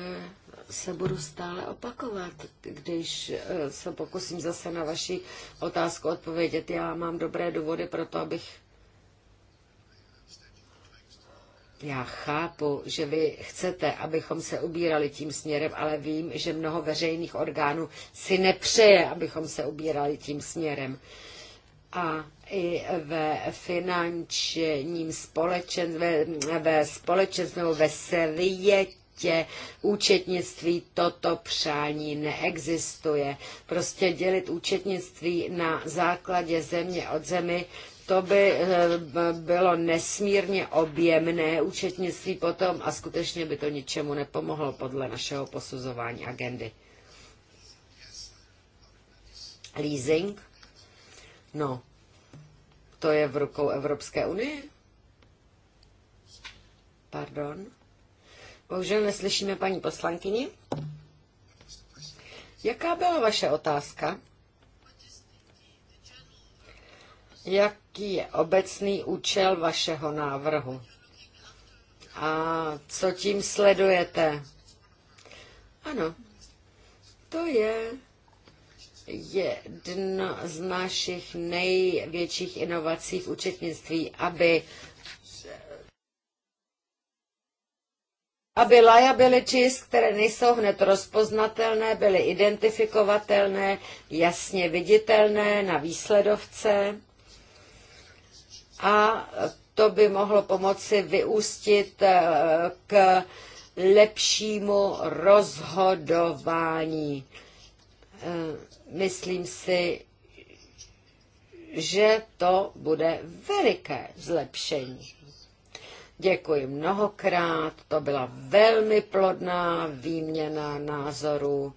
se budu stále opakovat, když eh, se pokusím zase na vaši otázku odpovědět. Já mám dobré důvody pro to, abych Já chápu, že vy chcete, abychom se ubírali tím směrem, ale vím, že mnoho veřejných orgánů si nepřeje, abychom se ubírali tím směrem. A i ve finančním společenství, ve, ve společenství ve světě účetnictví toto přání neexistuje. Prostě dělit účetnictví na základě země od zemi to by eh, bylo nesmírně objemné účetnictví potom a skutečně by to ničemu nepomohlo podle našeho posuzování agendy. Leasing? No, to je v rukou Evropské unie? Pardon. Bohužel neslyšíme paní poslankyni. Jaká byla vaše otázka? Jak jaký je obecný účel vašeho návrhu a co tím sledujete. Ano, to je jedna z našich největších inovací v účetnictví, aby aby liability, které nejsou hned rozpoznatelné, byly identifikovatelné, jasně viditelné na výsledovce a to by mohlo pomoci vyústit eh, k lepšímu rozhodování. Eh, myslím si, že to bude veliké zlepšení. Děkuji mnohokrát, to byla velmi plodná výměna názorů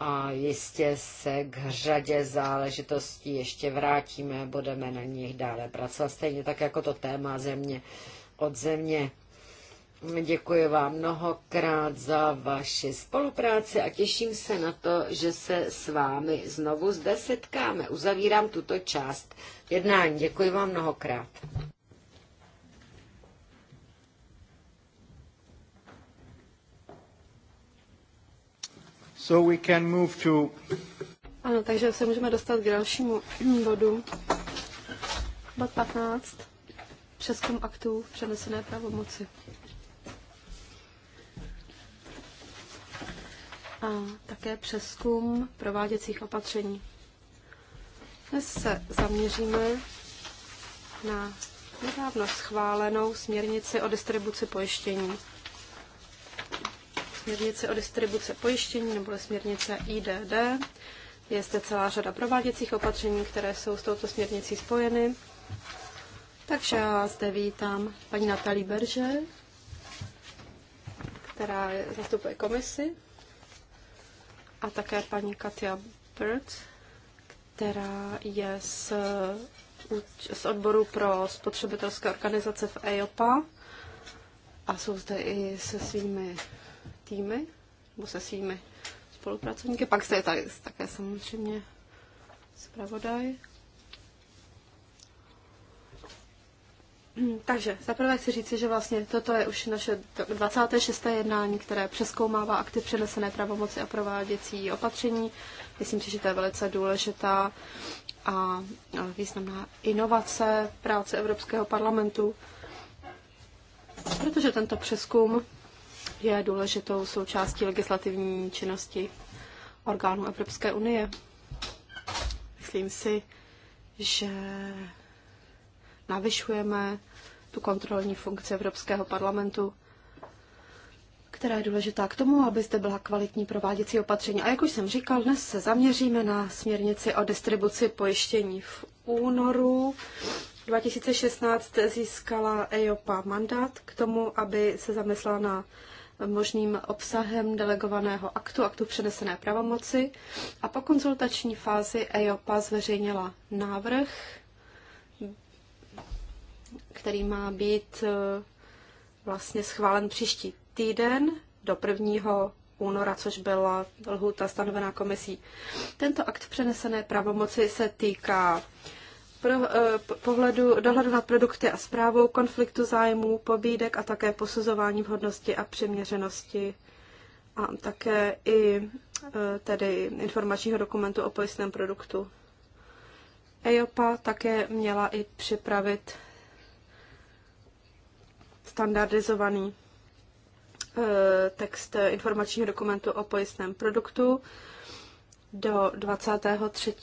a jistě se k řadě záležitostí ještě vrátíme, budeme na nich dále pracovat, stejně tak jako to téma země od země. Děkuji vám mnohokrát za vaši spolupráci a těším se na to, že se s vámi znovu zde setkáme. Uzavírám tuto část jednání. Děkuji vám mnohokrát. So we can move to... Ano, takže se můžeme dostat k dalšímu bodu. Bod 15. Přeskum aktů přenesené pravomoci. A také přeskum prováděcích opatření. Dnes se zaměříme na nedávno schválenou směrnici o distribuci pojištění směrnice o distribuce pojištění nebo směrnice IDD. Je zde celá řada prováděcích opatření, které jsou s touto směrnicí spojeny. Takže já zde vítám paní Natalie Berže, která zastupuje komisi, a také paní Katia Bird, která je z, z odboru pro spotřebitelské organizace v EIOPA a jsou zde i se svými týmy, nebo se svými spolupracovníky. Pak se je tady, také samozřejmě zpravodaj. Hmm, takže zaprvé chci říci, že vlastně toto je už naše 26. jednání, které přeskoumává akty přenesené pravomoci a prováděcí opatření. Myslím si, že to je velice důležitá a významná inovace práce Evropského parlamentu, protože tento přeskum je důležitou součástí legislativní činnosti orgánů Evropské unie. Myslím si, že navyšujeme tu kontrolní funkci Evropského parlamentu, která je důležitá k tomu, aby zde byla kvalitní prováděcí opatření. A jak už jsem říkal, dnes se zaměříme na směrnici o distribuci pojištění. V únoru 2016 získala EIOPA mandát k tomu, aby se zamyslela na možným obsahem delegovaného aktu, aktu přenesené pravomoci. A po konzultační fázi EIOPA zveřejnila návrh, který má být eh, vlastně schválen příští týden do 1. února, což byla lhůta stanovená komisí. Tento akt přenesené pravomoci se týká pro, eh, pohledu, dohledu nad produkty a zprávou konfliktu zájmů, pobídek a také posuzování vhodnosti a přiměřenosti a také i eh, tedy informačního dokumentu o pojistném produktu. EIOPA také měla i připravit standardizovaný eh, text informačního dokumentu o pojistném produktu, do 23.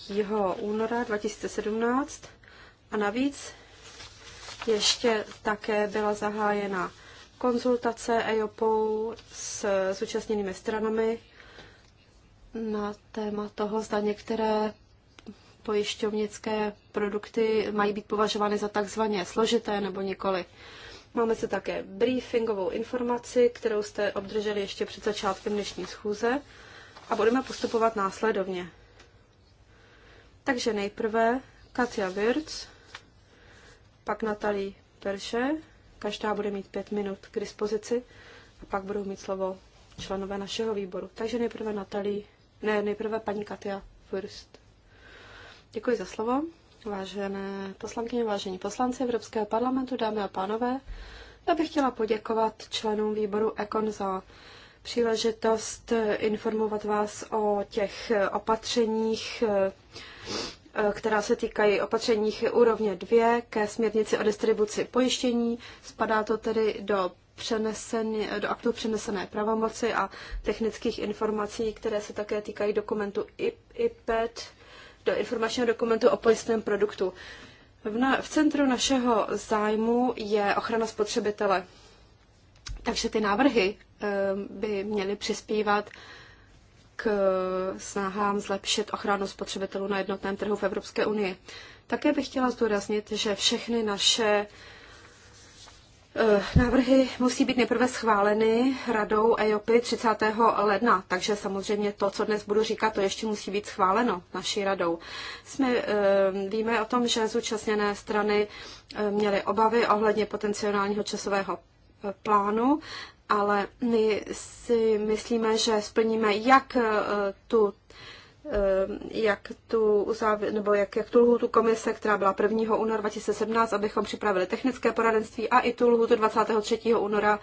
února 2017 a navíc ještě také byla zahájena konzultace EOPOU s zúčastněnými stranami na téma toho, zda některé pojišťovnické produkty mají být považovány za takzvaně složité nebo nikoli. Máme se také briefingovou informaci, kterou jste obdrželi ještě před začátkem dnešní schůze a budeme postupovat následovně. Takže nejprve Katia Wirtz, pak Natalie Perše, každá bude mít pět minut k dispozici a pak budou mít slovo členové našeho výboru. Takže nejprve Natalie, ne, nejprve paní Katia Wirtz. Děkuji za slovo. Vážené poslankyně, vážení poslanci Evropského parlamentu, dámy a pánové, já bych chtěla poděkovat členům výboru EKON za příležitost informovat vás o těch opatřeních, eh, která se týkají opatřeních úrovně 2 ke směrnici o distribuci pojištění. Spadá to tedy do přenesen, do aktu přenesené pravomoci a technických informací, které se také týkají dokumentu IPED, do informačního dokumentu o pojistném produktu. V, na, v centru našeho zájmu je ochrana spotřebitele. Takže ty návrhy ehm, by měly přispívat k snahám zlepšit ochranu spotřebitelů na jednotném trhu v Evropské unii. Také bych chtěla zdůraznit, že všechny naše eh, Návrhy musí být nejprve schváleny radou EOPy 30. ledna, takže samozřejmě to, co dnes budu říkat, to ještě musí být schváleno naší radou. Jsme, ehm, víme o tom, že zúčastněné strany eh, měly obavy ohledně potenciálního časového plánu, ale my si myslíme, že splníme jak eh, tu eh, jak tu, nebo jak, jak tu lhutu komise, která byla 1. února 2017, abychom připravili technické poradenství a i tu lhutu 23. února,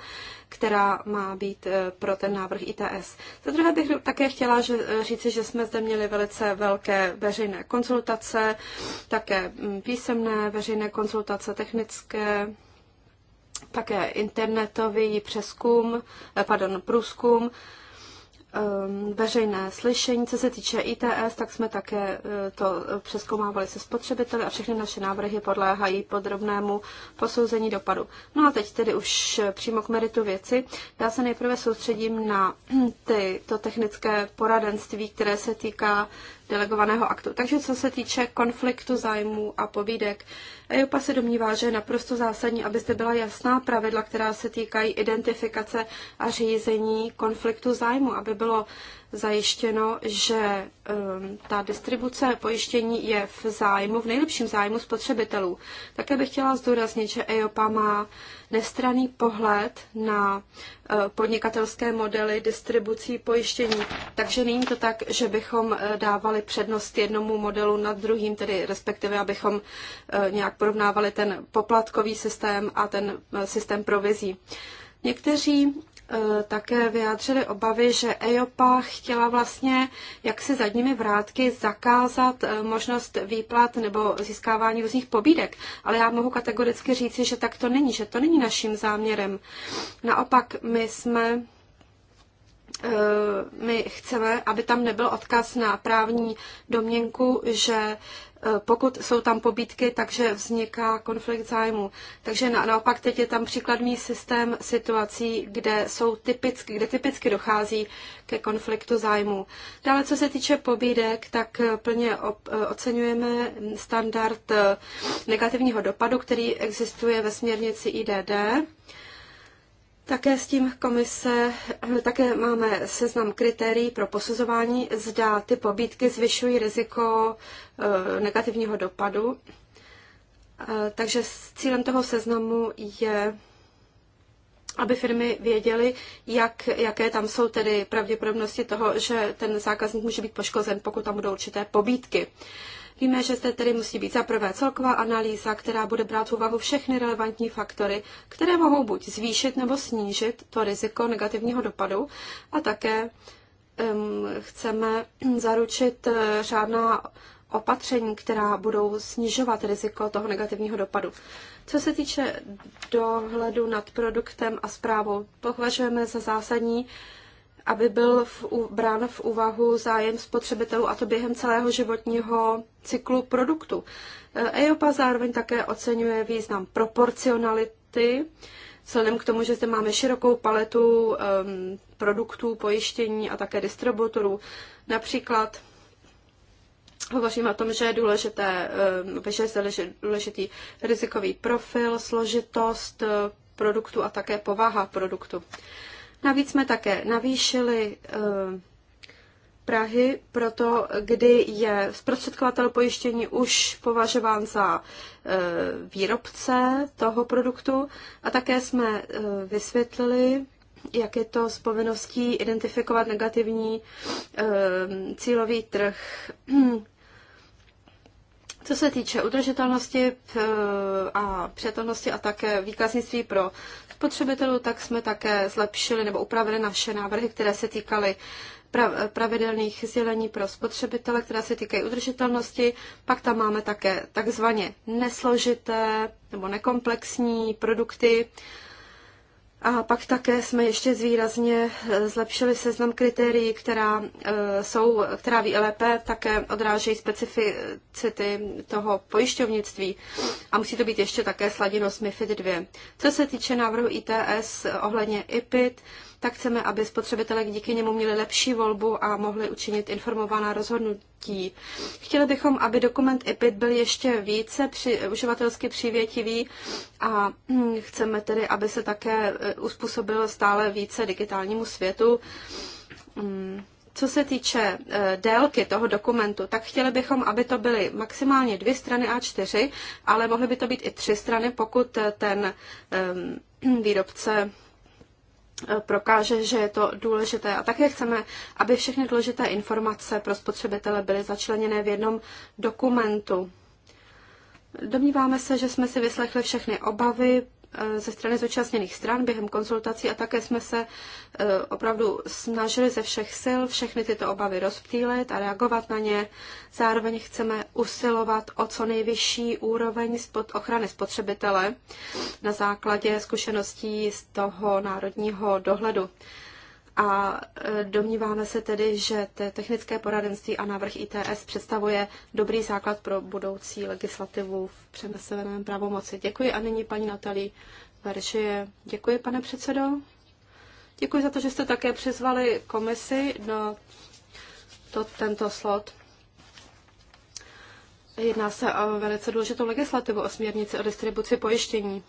která má být eh, pro ten návrh ITS. Za druhé bych také chtěla že, říci, že jsme zde měli velice velké veřejné konzultace, také mm, písemné veřejné konzultace, technické také internetový přeskum, eh, pardon, průzkum, ehm, veřejné slyšení. Co se týče ITS, tak jsme také eh, to přeskoumávali se spotřebiteli a všechny naše návrhy podléhají podrobnému posouzení dopadu. No a teď tedy už eh, přímo k meritu věci. Já se nejprve soustředím na ty, to technické poradenství, které se týká delegovaného aktu. Takže co se týče konfliktu zájmů a povídek, EOPA se domnívá, že je naprosto zásadní, abyste byla jasná pravidla, která se týkají identifikace a řízení konfliktu zájmu, aby bylo zajištěno, že um, ta distribuce pojištění je v zájmu, v nejlepším zájmu spotřebitelů. Také bych chtěla zdůraznit, že EOPA má nestraný pohled na uh, podnikatelské modely distribucí pojištění. Takže není to tak, že bychom uh, dávali přednost jednomu modelu nad druhým, tedy respektive abychom uh, nějak porovnávali ten poplatkový systém a ten uh, systém provizí. Někteří Eh, také vyjádřili obavy, že EIOPA chtěla vlastně jak se zadními vrátky zakázat eh, možnost výplat nebo získávání různých pobídek. Ale já mohu kategoricky říci, že tak to není, že to není naším záměrem. Naopak my jsme eh, my chceme, aby tam nebyl odkaz na právní domněnku, že Eh, pokud jsou tam pobídky, takže vzniká konflikt zájmu. Takže na, naopak teď je tam příkladný systém situací, kde, jsou typicky, kde typicky dochází ke konfliktu zájmu. Dále, co se týče pobídek, tak eh, plně eh, oceňujeme standard negativního dopadu, který existuje ve směrnici IDD. Také s tím komise, eh, také máme seznam kritérií pro posuzování, zda ty pobídky zvyšují riziko eh, negativního dopadu. Eh, takže cílem toho seznamu je, aby firmy věděly, jak, jaké tam jsou tedy pravděpodobnosti toho, že ten zákazník může být poškozen, pokud tam budou určité pobídky. Uh, Víme, že zde tedy musí být zaprvé celková analýza, která bude brát v úvahu všechny relevantní faktory, které mohou buď zvýšit nebo snížit to riziko negativního dopadu a také um, chceme zaručit eh, řádná opatření, která budou snižovat riziko toho negativního dopadu. Co se týče dohledu nad produktem a zprávou, považujeme za zásadní, aby byl v, brán v úvahu zájem spotřebitelů a to během celého životního cyklu produktu. EOPA zároveň také oceňuje význam proporcionality, vzhledem k tomu, že zde máme širokou paletu um, produktů, pojištění a také distributorů. Například hovořím o tom, že je důležité, um, že je důležitý rizikový profil, složitost e, produktu a také povaha produktu. Uh, Navíc jsme také navýšili eh, Prahy proto, kdy je zprostředkovatel pojištění už považován za eh, výrobce toho produktu a také jsme eh, vysvětlili, jak je to s povinností identifikovat negativní cílový trh Co se týče udržitelnosti eh, a přijatelnosti a také výkaznictví pro spotřebitelů, tak jsme také zlepšili nebo upravili naše návrhy, které se týkaly pravidelných sdělení pro spotřebitele, která se týkají udržitelnosti. Pak tam máme také takzvaně nesložité nebo nekomplexní produkty, a pak také jsme ještě zvýrazně eh, zlepšili seznam kritérií, která, eh, jsou, která ví lépe, také odrážejí specificity toho pojišťovnictví a musí to být ještě také sladěno s MIFID 2. Co se týče návrhu ITS ohledně IPIT, tak chceme, aby spotřebitelé díky němu měli lepší volbu a mohli učinit informovaná rozhodnutí. Chtěli bychom, aby dokument EPID byl ještě více při, uživatelsky přívětivý a hm, chceme tedy, aby se také eh, uspůsobil stále více digitálnímu světu. Hm. Co se týče eh, délky toho dokumentu, tak chtěli bychom, aby to byly maximálně dvě strany A4, ale mohly by to být i tři strany, pokud eh, ten ehm, výrobce Eh, prokáže, že je to důležité. A také chceme, aby všechny důležité informace pro spotřebitele byly začleněné v jednom dokumentu. Domníváme se, že jsme si vyslechli všechny obavy, Eh, ze strany zúčastněných stran během konzultací a také jsme se eh, opravdu snažili ze všech sil všechny tyto obavy rozptýlit a reagovat na ně. Zároveň chceme usilovat o co nejvyšší úroveň spod ochrany spotřebitele na základě zkušeností z toho národního dohledu a e, domníváme se tedy, že technické poradenství a návrh ITS představuje dobrý základ pro budoucí legislativu v přeneseném pravomoci. Děkuji a nyní paní Natalí Veržie. Děkuji, pane předsedo. Děkuji za to, že jste také přizvali komisi do to, tento slot. Jedná se o velice důležitou legislativu o směrnici o distribuci pojištění.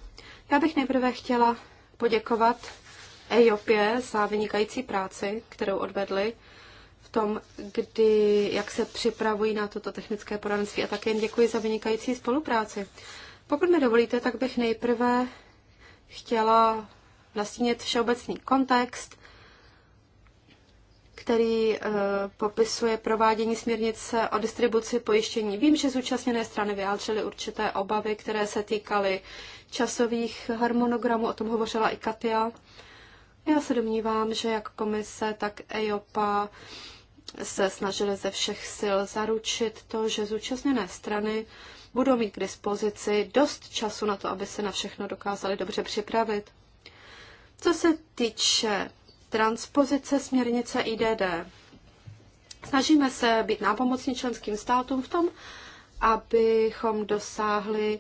Já bych nejprve chtěla poděkovat Ejopě, za vynikající práci, kterou odvedli v tom, kdy, jak se připravují na toto technické poradenství a také jim děkuji za vynikající spolupráci. Pokud mi dovolíte, tak bych nejprve chtěla nastínit všeobecný kontext, který e, popisuje provádění směrnice o distribuci pojištění. Vím, že zúčastněné strany vyjádřily určité obavy, které se týkaly časových harmonogramů, o tom hovořila i Katia. E, já se domnívám, že jak komise, tak EIOPA se snažili ze všech sil zaručit to, že zúčastněné strany budou mít k dispozici dost času na to, aby se na všechno dokázali dobře připravit. Co se týče transpozice směrnice IDD, snažíme se být nápomocní členským státům v tom, abychom dosáhli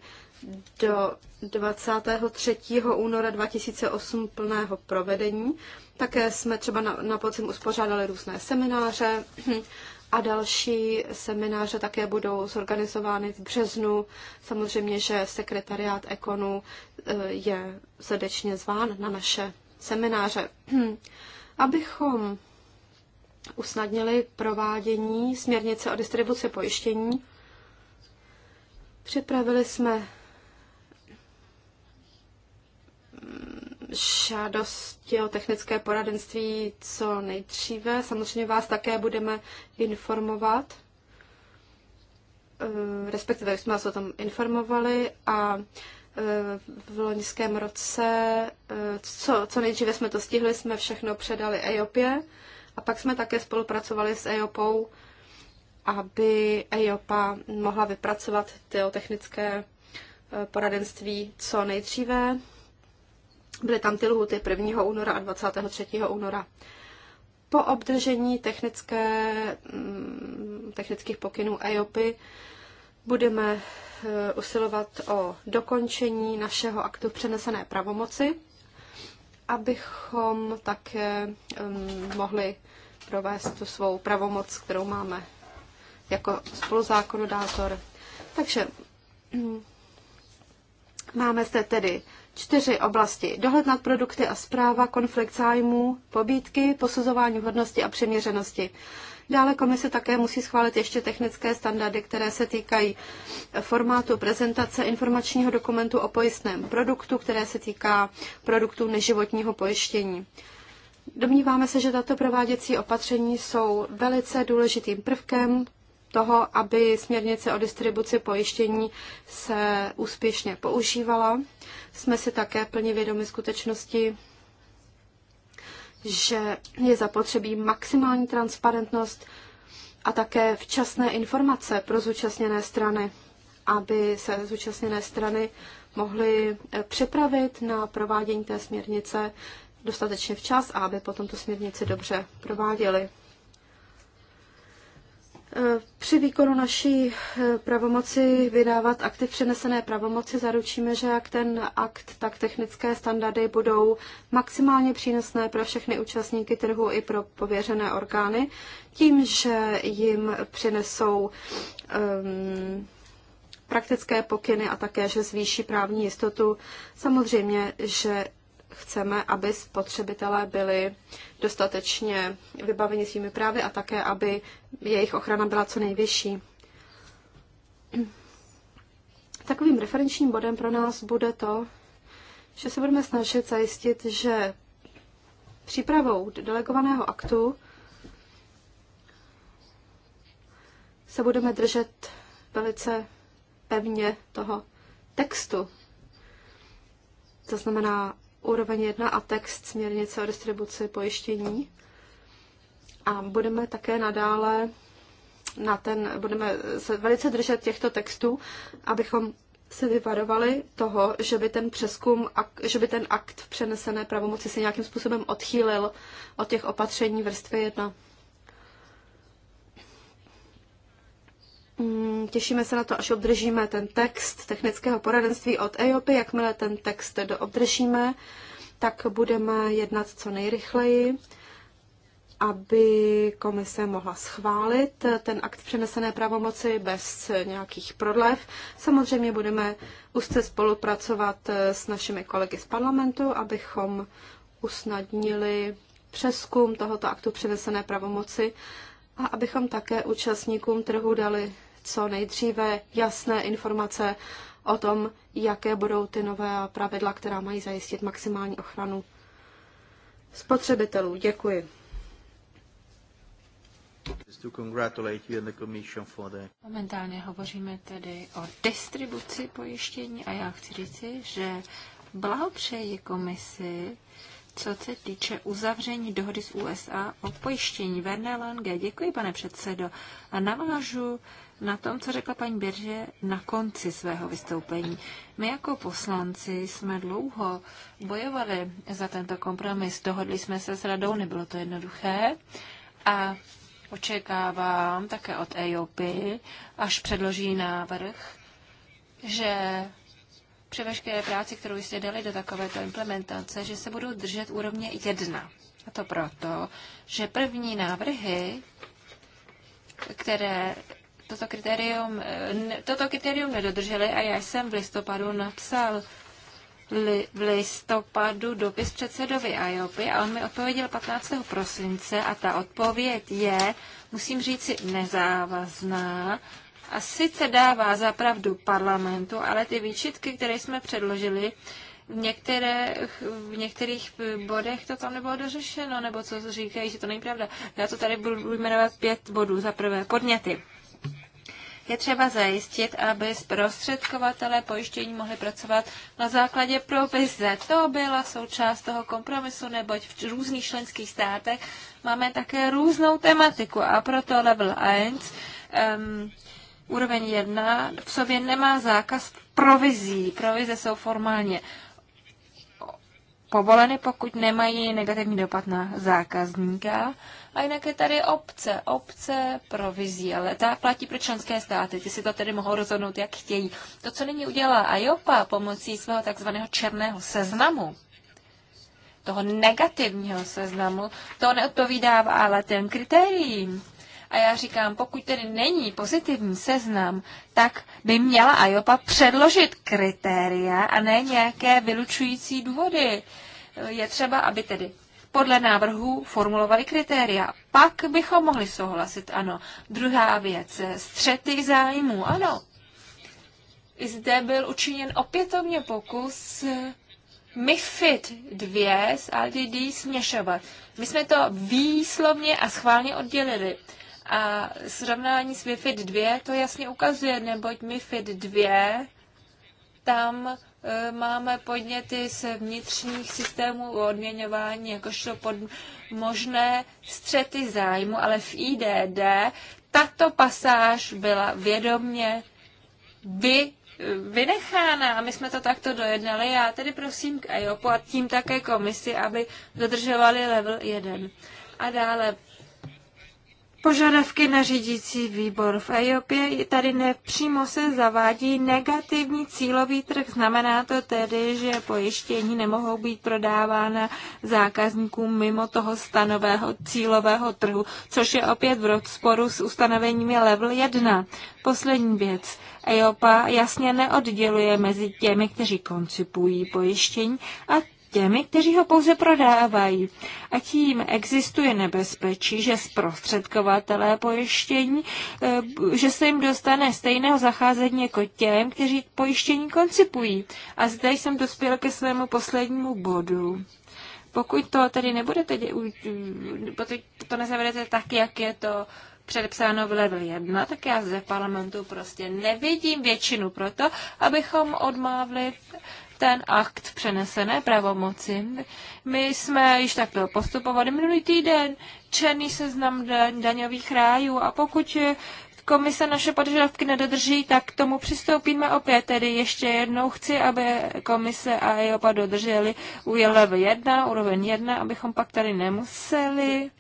do 23. února 2008 plného provedení. Také jsme třeba na, na podzim uspořádali různé semináře a další semináře také budou zorganizovány v březnu. Samozřejmě, že sekretariát Ekonu e, je srdečně zván na naše semináře. Abychom usnadnili provádění směrnice o distribuci pojištění, připravili jsme žádosti o technické poradenství co nejdříve. Samozřejmě vás také budeme informovat, eh, respektive jsme vás o tom informovali a eh, v loňském roce, eh, co, co nejdříve jsme to stihli, jsme všechno předali EIOPě a pak jsme také spolupracovali s EIOPou, aby EIOPA mohla vypracovat ty technické poradenství co nejdříve. Byly tam ty lhuty 1. února a 23. února. Po obdržení technické, mm, technických pokynů EOPy budeme eh, usilovat o dokončení našeho aktu přenesené pravomoci, abychom také mm, mohli provést tu svou pravomoc, kterou máme jako spoluzákonodátor. Takže mm, máme zde tedy čtyři oblasti. Dohled nad produkty a zpráva, konflikt zájmů, pobídky, posuzování vhodnosti a přiměřenosti. Dále komise také musí schválit ještě technické standardy, které se týkají formátu prezentace informačního dokumentu o pojistném produktu, které se týká produktů neživotního pojištění. Domníváme se, že tato prováděcí opatření jsou velice důležitým prvkem toho, aby směrnice o distribuci pojištění se úspěšně používala. Jsme si také plně vědomi skutečnosti, že je zapotřebí maximální transparentnost a také včasné informace pro zúčastněné strany, aby se zúčastněné strany mohly eh, připravit na provádění té směrnice dostatečně včas a aby potom tu směrnici dobře prováděli. Při výkonu naší eh, pravomoci vydávat akty přenesené pravomoci zaručíme, že jak ten akt, tak technické standardy budou maximálně přínosné pro všechny účastníky trhu i pro pověřené orgány, tím, že jim přinesou um, praktické pokyny a také, že zvýší právní jistotu. Samozřejmě, že chceme, aby spotřebitelé byli dostatečně vybaveni svými právy a také, aby jejich ochrana byla co nejvyšší. Takovým referenčním bodem pro nás bude to, že se budeme snažit zajistit, že přípravou delegovaného aktu se budeme držet velice pevně toho textu. To znamená, úroveň 1 a text směrnice o distribuci pojištění. A budeme také nadále na ten, budeme se velice držet těchto textů, abychom se vyvarovali toho, že by ten přeskum, že by ten akt v přenesené pravomoci se nějakým způsobem odchýlil od těch opatření vrstvy 1. Mm, těšíme se na to, až obdržíme ten text technického poradenství od EOPy. Jakmile ten text obdržíme, tak budeme jednat co nejrychleji, aby komise mohla schválit ten akt přenesené pravomoci bez nějakých prodlev. Samozřejmě budeme úzce spolupracovat s našimi kolegy z parlamentu, abychom usnadnili přeskum tohoto aktu přenesené pravomoci a abychom také účastníkům trhu dali co nejdříve jasné informace o tom, jaké budou ty nové pravidla, která mají zajistit maximální ochranu spotřebitelů. Děkuji. Momentálně hovoříme tedy o distribuci pojištění a já chci říci, že blahopřeji komisi co se týče uzavření dohody s USA o pojištění. Werner Lange, děkuji, pane předsedo. A navážu na tom, co řekla paní Birže na konci svého vystoupení. My jako poslanci jsme dlouho bojovali za tento kompromis. Dohodli jsme se s radou, nebylo to jednoduché. A očekávám také od EOP, až předloží návrh, že při veškeré práci, kterou jste dali do takovéto implementace, že se budou držet úrovně jedna. A to proto, že první návrhy, které toto kritérium, eh, toto kritérium nedodržely a já jsem v listopadu napsal li, v listopadu dopis předsedovi IOPy a on mi odpověděl 15. prosince a ta odpověď je, musím říct si, nezávazná a sice dává zapravdu parlamentu, ale ty výčitky, které jsme předložili, v, některé, v některých bodech to tam nebylo dořešeno, nebo co říkají, že to není pravda. Já to tady budu jmenovat pět bodů. Za prvé, podněty. Je třeba zajistit, aby zprostředkovatelé pojištění mohli pracovat na základě provize. To byla součást toho kompromisu, neboť v různých členských státech máme také různou tematiku a proto level 1 um, úroveň 1 v sobě nemá zákaz provizí. Provize jsou formálně povoleny, pokud nemají negativní dopad na zákazníka. A jinak je tady obce, obce provizí, ale ta platí pro členské státy, ty si to tedy mohou rozhodnout, jak chtějí. To, co nyní udělá IOPA pomocí svého takzvaného černého seznamu, toho negativního seznamu, to neodpovídá ale těm kritériím. A já říkám, pokud tedy není pozitivní seznam, tak by měla IOPA předložit kritéria a ne nějaké vylučující důvody. Je třeba, aby tedy podle návrhu formulovali kritéria. Pak bychom mohli souhlasit, ano. Druhá věc, střety zájmů, ano. I zde byl učiněn opětovně pokus MIFID 2 s LDD směšovat. My jsme to výslovně a schválně oddělili. A srovnání s MIFID 2 to jasně ukazuje, neboť MIFID 2 tam e, máme podněty z vnitřních systémů o odměňování, jakožto pod možné střety zájmu, ale v IDD tato pasáž byla vědomně vy, vynechána a my jsme to takto dojednali. Já tedy prosím k EIOPu a tím také komisi, aby dodržovali level 1. A dále Požadavky na řídící výbor v EIOPě tady nepřímo se zavádí negativní cílový trh. Znamená to tedy, že pojištění nemohou být prodávána zákazníkům mimo toho stanového cílového trhu, což je opět v rozporu s ustanoveními level 1. Poslední věc. EOPA jasně neodděluje mezi těmi, kteří koncipují pojištění a těmi, kteří ho pouze prodávají. A tím existuje nebezpečí, že zprostředkovatelé pojištění, eh, že se jim dostane stejného zacházení jako těm, kteří pojištění koncipují. A zde jsem dospěl ke svému poslednímu bodu. Pokud to tedy nebudete, pokud to nezavedete tak, jak je to předepsáno v level 1, tak já zde v parlamentu prostě nevidím většinu pro to, abychom odmávli ten akt přenesené pravomoci. My jsme již takto postupovali minulý týden, černý seznam daňových rájů a pokud komise naše požadavky nedodrží, tak k tomu přistoupíme opět. Tedy ještě jednou chci, aby komise a EOPA dodrželi ULV 1, úroveň 1, abychom pak tady nemuseli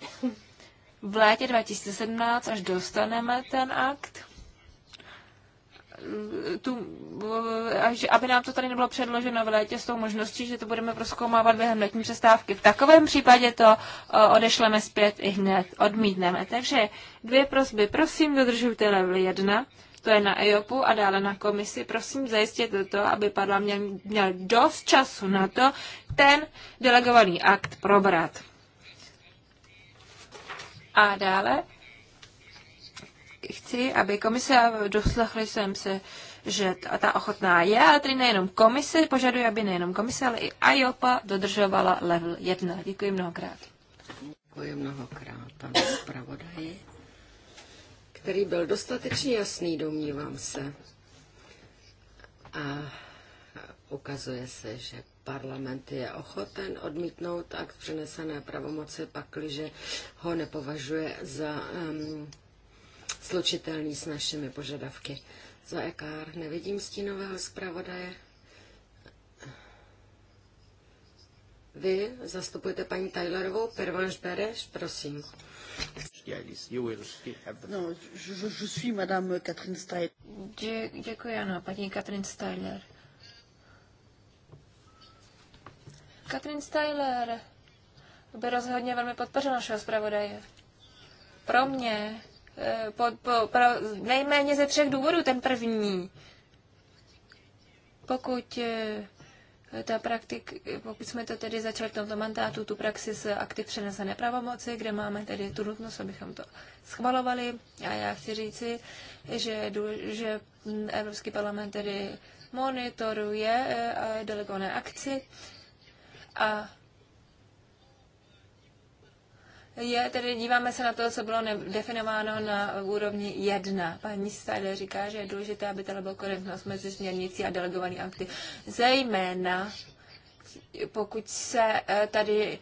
v létě 2017, až dostaneme ten akt, tu, až, aby nám to tady nebylo předloženo v létě s tou možností, že to budeme proskoumávat během letní přestávky. V takovém případě to odešleme zpět i hned, odmítneme. Takže dvě prosby. Prosím, dodržujte level 1, to je na EOPu a dále na komisi. Prosím, zajistěte to, aby padla měl, měl dost času na to ten delegovaný akt probrat. A dále chci, aby komise, a doslechli jsem se, že ta ochotná je, ale tedy nejenom komise, požaduje, aby nejenom komise, ale i IOPA dodržovala level 1. Děkuji mnohokrát. Děkuji mnohokrát pane zpravodaji, který byl dostatečně jasný, domnívám se. A ukazuje se, že parlament je ochoten odmítnout akt přenesené pravomoci, pakliže ho nepovažuje za um, slučitelný s našimi požadavky. Za EKR nevidím stínového zpravodaje. Vy zastupujete paní Tylerovou, Pervanš Bereš, prosím. No, je, je suis madame Catherine Steyler. Dě, děkuji, ano, paní Catherine Steyler. Katrin Steyler by rozhodně velmi podpořila našeho zpravodaje. Pro mě Eh, po, po, pro nejméně ze třech důvodů ten první. Pokud eh, ta praktik, pokud jsme to tedy začali v tomto mandátu, tu praxi s aktiv přenesené pravomoci, kde máme tedy tu nutnost, abychom to schvalovali. A já chci říci, že, že Evropský parlament tedy monitoruje eh, delegované akci a je, tedy díváme se na to, co bylo definováno na úrovni 1. Paní Stajde říká, že je důležité, aby tady byl korektnost mezi směrnicí a delegovaný akty. Zejména pokud se eh, tady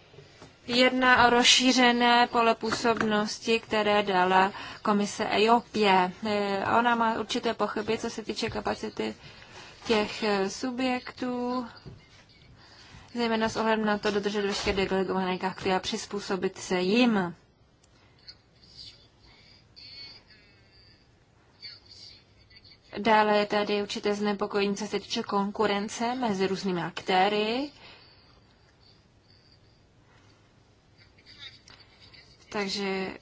jedná o rozšířené pole působnosti, které dala komise EOPě. E. Eh, ona má určité pochyby, co se týče kapacity těch eh, subjektů, zejména s ohledem na to dodržet veškeré delegované akty a přizpůsobit se jim. Dále je tady určité znepokojení, co se týče konkurence mezi různými aktéry. Takže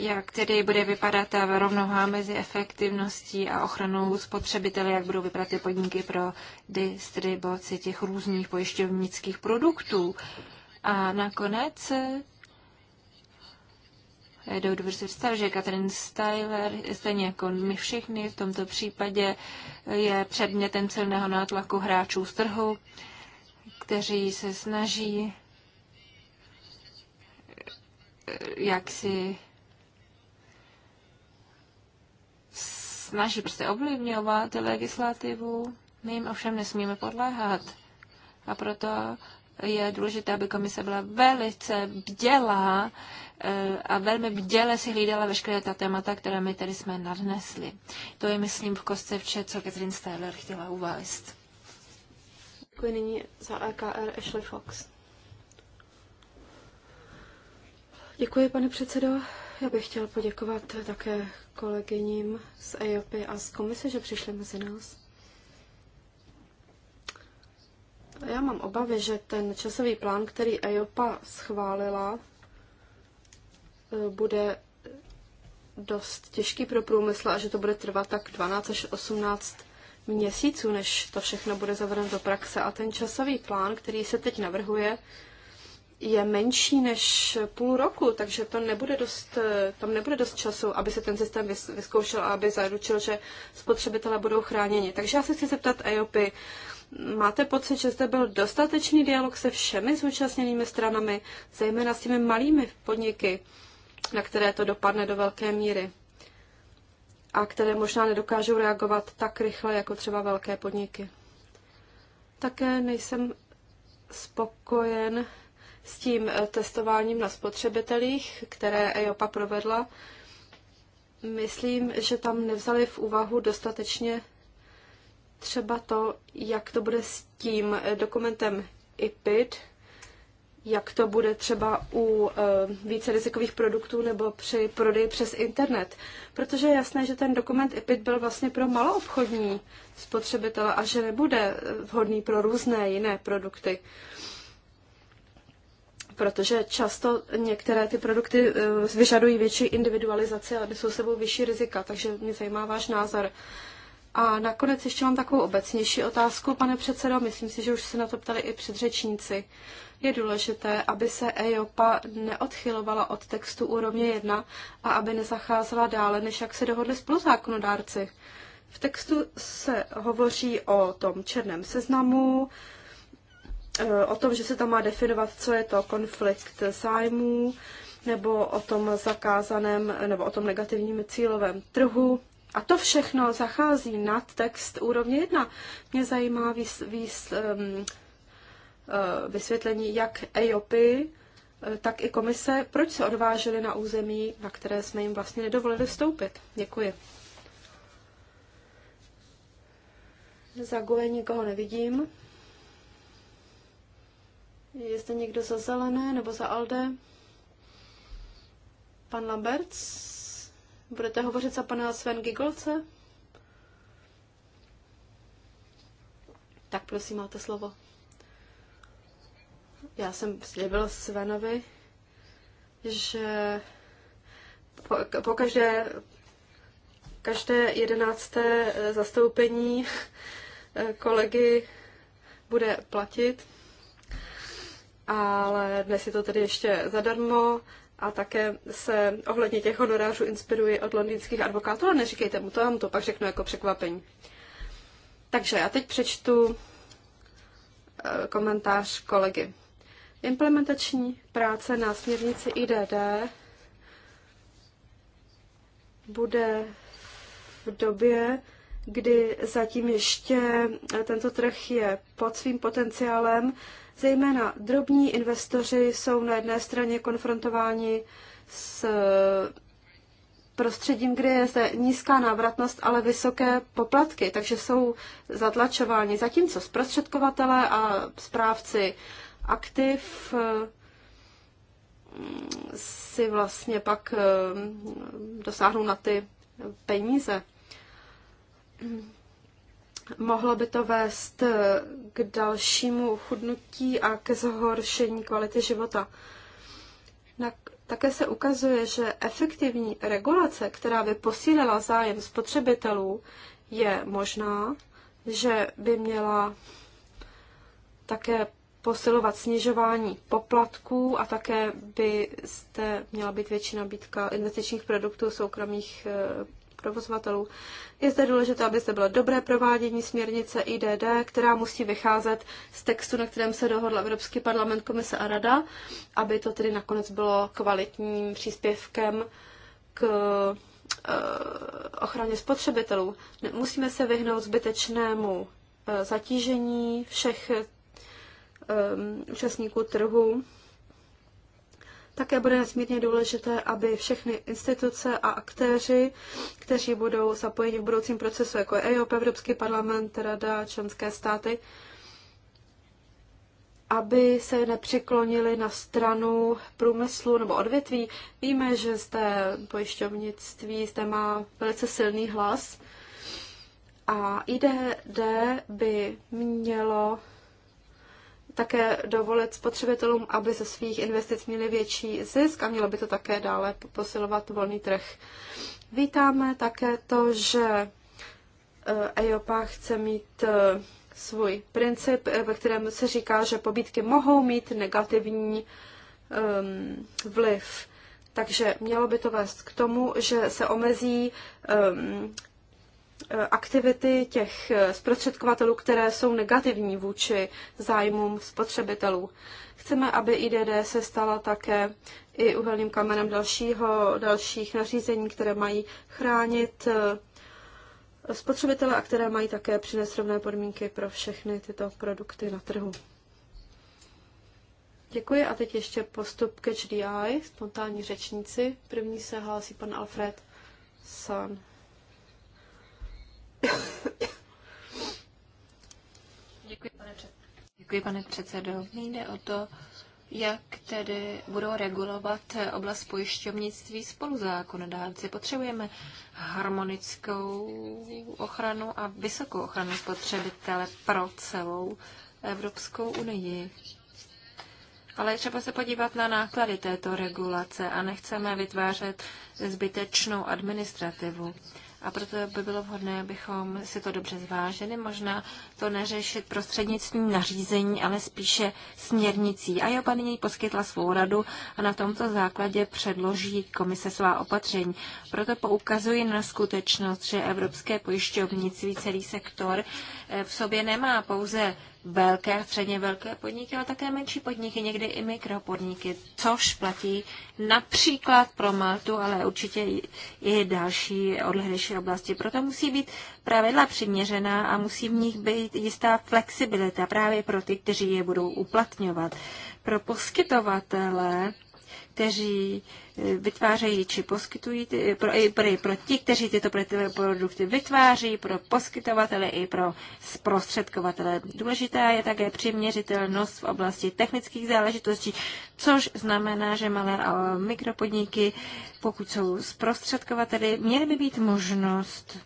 jak tedy bude vypadat ta rovnoha mezi efektivností a ochranou spotřebitele, jak budou vypadat ty podniky pro distribuci těch různých pojišťovnických produktů. A nakonec eh, do představ, že Katrin Styler, stejně jako my všichni v tomto případě, je předmětem silného nátlaku hráčů z trhu, kteří se snaží eh, jak si snaží prostě ovlivňovat legislativu, my jim ovšem nesmíme podléhat. A proto je důležité, aby komise byla velice bdělá eh, a velmi bděle si hlídala veškeré ta témata, které my tady jsme nadnesli. To je, myslím, v kostce vše, co Catherine Steyler chtěla uvést. Děkuji nyní za AKR Ashley Fox. Děkuji, pane předsedo. Já bych chtěla poděkovat také kolegyním z EOP a z komise, že přišli mezi nás. Já mám obavy, že ten časový plán, který EIOPA schválila, eh, bude dost těžký pro průmysl a že to bude trvat tak 12 až 18 měsíců, než to všechno bude zavrnout do praxe. A ten časový plán, který se teď navrhuje, je menší než půl roku, takže to nebude dost, tam nebude dost času, aby se ten systém vyzkoušel a aby zaručil, že spotřebitelé budou chráněni. Takže já se chci zeptat EOPy, máte pocit, že zde byl dostatečný dialog se všemi zúčastněnými stranami, zejména s těmi malými podniky, na které to dopadne do velké míry a které možná nedokážou reagovat tak rychle jako třeba velké podniky. Také nejsem spokojen s tím eh, testováním na spotřebitelích, které EIOPA provedla, myslím, že tam nevzali v úvahu dostatečně třeba to, jak to bude s tím eh, dokumentem IPID, jak to bude třeba u eh, více rizikových produktů nebo při prodeji přes internet. Protože je jasné, že ten dokument IPIT byl vlastně pro maloobchodní spotřebitele a že nebude vhodný pro různé jiné produkty protože často některé ty produkty eh, vyžadují větší individualizaci a jsou sebou vyšší rizika, takže mě zajímá váš názor. A nakonec ještě mám takovou obecnější otázku, pane předsedo, myslím si, že už se na to ptali i předřečníci. Je důležité, aby se EIOPA neodchylovala od textu úrovně 1 a aby nezacházela dále, než jak se dohodli spoluzákonodárci. V textu se hovoří o tom černém seznamu, Eh, o tom, že se tam má definovat, co je to konflikt zájmů, nebo o tom zakázaném, nebo o tom negativním cílovém trhu. A to všechno zachází nad text úrovně 1. Mě zajímá výs, výs, um, vysvětlení jak EIOPy, eh, tak i komise, proč se odvážili na území, na které jsme jim vlastně nedovolili vstoupit. Děkuji. Za Gue nikoho nevidím. Je zde někdo za zelené nebo za Alde? Pan Lamberts? Budete hovořit za pana Sven Gigolce? Tak prosím, máte slovo. Já jsem slíbil Svenovi, že po, po každé, každé jedenácté eh, zastoupení eh, kolegy bude platit ale dnes je to tedy ještě zadarmo a také se ohledně těch honorářů inspiruji od londýnských advokátů, ale neříkejte mu to, já mu to pak řeknu jako překvapení. Takže já teď přečtu eh, komentář kolegy. Implementační práce na směrnici IDD bude v době, kdy zatím ještě tento trh je pod svým potenciálem, Zejména drobní investoři jsou na jedné straně konfrontováni s eh, prostředím, kde je zde nízká návratnost, ale vysoké poplatky, takže jsou zatlačováni. Zatímco zprostředkovatele a správci aktiv eh, si vlastně pak eh, dosáhnou na ty peníze. Mohlo by to vést eh, k dalšímu chudnutí a ke zhoršení kvality života. Také se ukazuje, že efektivní regulace, která by posílila zájem spotřebitelů, je možná, že by měla také posilovat snižování poplatků a také by zde měla být větší nabídka investičních produktů soukromých eh, provozovatelů. Je zde důležité, aby zde bylo dobré provádění směrnice IDD, která musí vycházet z textu, na kterém se dohodl Evropský parlament, komise a rada, aby to tedy nakonec bylo kvalitním příspěvkem k eh, ochraně spotřebitelů. Musíme se vyhnout zbytečnému eh, zatížení všech eh, účastníků trhu také bude nesmírně důležité, aby všechny instituce a aktéři, kteří budou zapojeni v budoucím procesu, jako je EOP, Evropský parlament, Rada, členské státy, aby se nepřiklonili na stranu průmyslu nebo odvětví. Víme, že zde pojišťovnictví zde má velice silný hlas a IDD by mělo také dovolit spotřebitelům, aby ze svých investic měli větší zisk a mělo by to také dále posilovat volný trh. Vítáme také to, že eh, EIOPA chce mít eh, svůj princip, eh, ve kterém se říká, že pobídky mohou mít negativní um, vliv. Takže mělo by to vést k tomu, že se omezí um, Eh, aktivity těch eh, zprostředkovatelů, které jsou negativní vůči zájmům spotřebitelů. Chceme, aby IDD se stala také i uhelným kamenem dalšího, dalších nařízení, které mají chránit eh, spotřebitele a které mají také přinést rovné podmínky pro všechny tyto produkty na trhu. Děkuji a teď ještě postup ke HDI, spontánní řečníci. První se hlásí pan Alfred San. Děkuji, pane předsedo. Děkuji, pane předsedo. Jde o to, jak tedy budou regulovat oblast pojišťovnictví zákonodárci. Potřebujeme harmonickou ochranu a vysokou ochranu spotřebitele pro celou Evropskou unii. Ale je třeba se podívat na náklady této regulace a nechceme vytvářet zbytečnou administrativu. A proto by bylo vhodné, abychom si to dobře zvážili, možná to neřešit prostřednictvím nařízení, ale spíše směrnicí. A jo, paní poskytla svou radu a na tomto základě předloží komise svá opatření. Proto poukazuji na skutečnost, že Evropské pojišťovnictví, celý sektor eh, v sobě nemá pouze velké a středně velké podniky, ale také menší podniky, někdy i mikropodniky, což platí například pro Maltu, ale určitě i další odlehlejší oblasti. Proto musí být pravidla přiměřená a musí v nich být jistá flexibilita právě pro ty, kteří je budou uplatňovat. Pro poskytovatele kteří eh, vytvářejí či poskytují, pro, i pro, pro ti, kteří tyto produkty vytváří, pro poskytovatele i pro zprostředkovatele. Důležitá je také přiměřitelnost v oblasti technických záležitostí, což znamená, že malé a mikropodniky, pokud jsou zprostředkovateli, měly by být možnost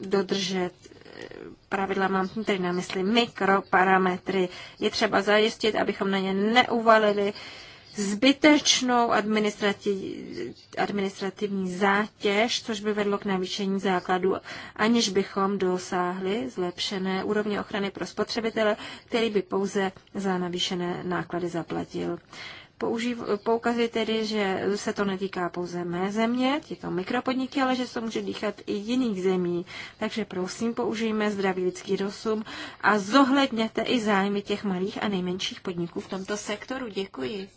dodržet pravidla mám tedy na mysli mikroparametry. Je třeba zajistit, abychom na ně neuvalili zbytečnou administrativ, administrativní zátěž, což by vedlo k navýšení základů, aniž bychom dosáhli zlepšené úrovně ochrany pro spotřebitele, který by pouze za navýšené náklady zaplatil. Použív, poukazuji tedy, že se to netýká pouze mé země, tyto mikropodniky, ale že se to může dýchat i jiných zemí. Takže prosím, použijme zdravý lidský rozum a zohledněte i zájmy těch malých a nejmenších podniků v tomto sektoru. Děkuji.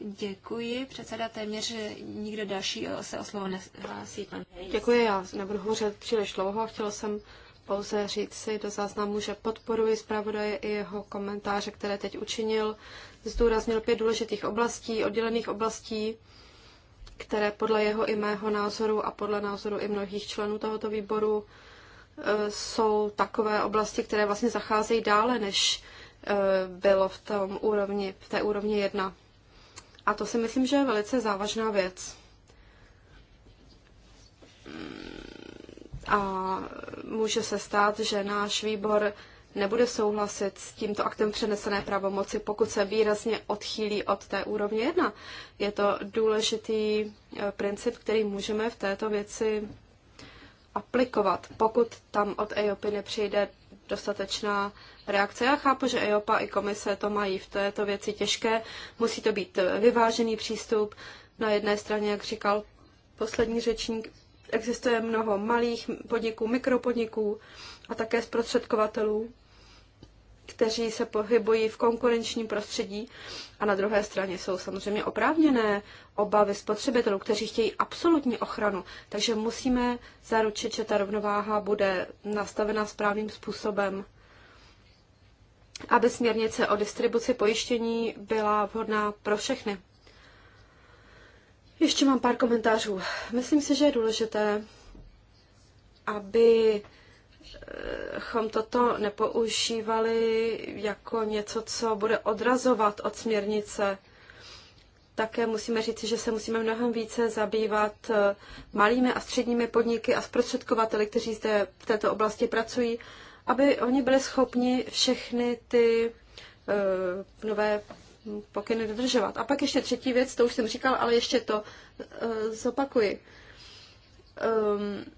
Děkuji. Předseda téměř nikdo další se o slovo nehlásí. Pan Děkuji, já nebudu hořet příliš dlouho. Chtěla jsem pouze říct si do záznamu, že podporuji zpravodaje i jeho komentáře, které teď učinil zdůraznil pět důležitých oblastí, oddělených oblastí, které podle jeho i mého názoru a podle názoru i mnohých členů tohoto výboru eh, jsou takové oblasti, které vlastně zacházejí dále, než eh, bylo v, tom úrovni, v té úrovni jedna. A to si myslím, že je velice závažná věc. A může se stát, že náš výbor nebude souhlasit s tímto aktem přenesené pravomoci, pokud se výrazně odchýlí od té úrovně 1. Je to důležitý eh, princip, který můžeme v této věci aplikovat, pokud tam od EOPy nepřijde dostatečná reakce. Já chápu, že EOPA i komise to mají v této věci těžké. Musí to být vyvážený přístup. Na jedné straně, jak říkal poslední řečník, existuje mnoho malých podniků, mikropodniků a také zprostředkovatelů kteří se pohybují v konkurenčním prostředí a na druhé straně jsou samozřejmě oprávněné obavy spotřebitelů, kteří chtějí absolutní ochranu. Takže musíme zaručit, že ta rovnováha bude nastavena správným způsobem, aby směrnice o distribuci pojištění byla vhodná pro všechny. Ještě mám pár komentářů. Myslím si, že je důležité, aby chom toto nepoužívali jako něco, co bude odrazovat od směrnice. Také musíme říci, že se musíme mnohem více zabývat eh, malými a středními podniky a zprostředkovateli, kteří zde v této oblasti pracují, aby oni byli schopni všechny ty uh, nové pokyny dodržovat. A pak ještě třetí věc, to už jsem říkal, ale ještě to uh, zopakuji. Um,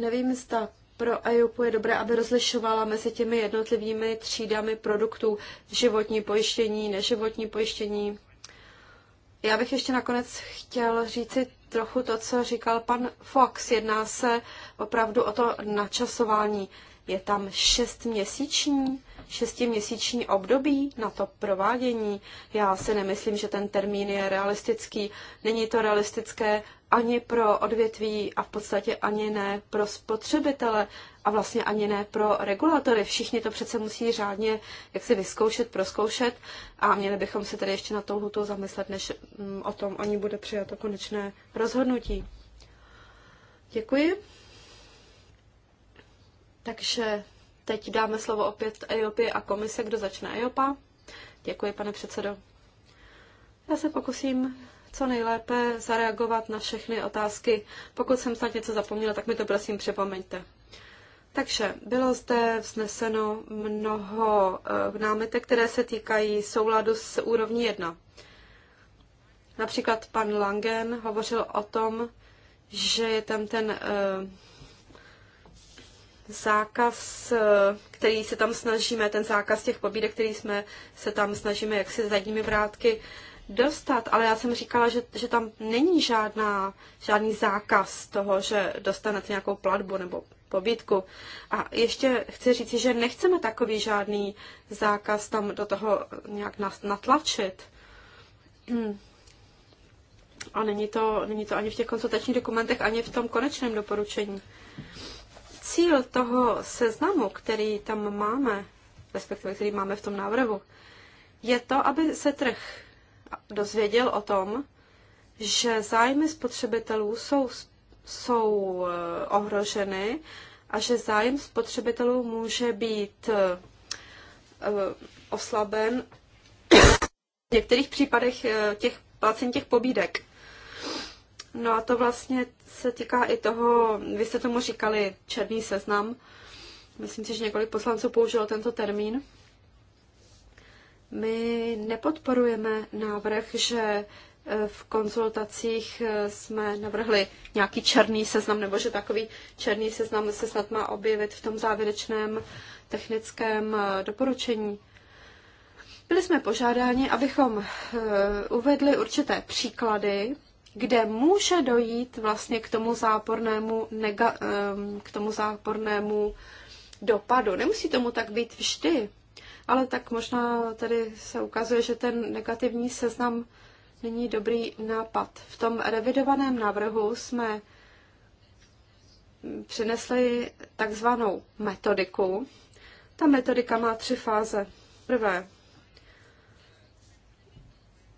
nevím, zda pro EUPu je dobré, aby rozlišovala mezi těmi jednotlivými třídami produktů životní pojištění, neživotní pojištění. Já bych ještě nakonec chtěl říci trochu to, co říkal pan Fox. Jedná se opravdu o to načasování. Je tam šestměsíční, šestiměsíční období na to provádění. Já si nemyslím, že ten termín je realistický. Není to realistické ani pro odvětví a v podstatě ani ne pro spotřebitele a vlastně ani ne pro regulatory. Všichni to přece musí řádně jak si vyzkoušet, proskoušet a měli bychom se tedy ještě na tou to zamyslet, než mm, o tom ani bude přijato konečné rozhodnutí. Děkuji. Takže teď dáme slovo opět EIOPě a komise, kdo začne EIOPA. Děkuji, pane předsedo. Já se pokusím co nejlépe zareagovat na všechny otázky. Pokud jsem snad něco zapomněla, tak mi to prosím připomeňte. Takže bylo zde vzneseno mnoho eh, námitek, které se týkají souladu s úrovní 1. Například pan Langen hovořil o tom, že je tam ten eh, zákaz, eh, který se tam snažíme, ten zákaz těch pobídek, který jsme se tam snažíme, jak si zadními vrátky dostat, ale já jsem říkala, že, že tam není žádná, žádný zákaz toho, že dostanete nějakou platbu nebo pobytku. A ještě chci říct, že nechceme takový žádný zákaz tam do toho nějak natlačit. Hmm. A není to, není to ani v těch konzultačních dokumentech, ani v tom konečném doporučení. Cíl toho seznamu, který tam máme, respektive který máme v tom návrhu, je to, aby se trh dozvěděl o tom, že zájmy spotřebitelů jsou, jsou eh, ohroženy a že zájem spotřebitelů může být eh, eh, oslaben v některých případech těch placení těch pobídek. No a to vlastně se týká i toho, vy jste tomu říkali černý seznam. Myslím si, že několik poslanců použilo tento termín. My nepodporujeme návrh, že e, v konzultacích e, jsme navrhli nějaký černý seznam, nebo že takový černý seznam se snad má objevit v tom závěrečném technickém e, doporučení. Byli jsme požádáni, abychom uvedli určité příklady, kde může dojít vlastně k tomu zápornému, nega, k tomu zápornému dopadu. Nemusí tomu tak být vždy, ale tak možná tady se ukazuje, že ten negativní seznam není dobrý nápad. V tom revidovaném návrhu jsme přinesli takzvanou metodiku. Ta metodika má tři fáze. Prvé,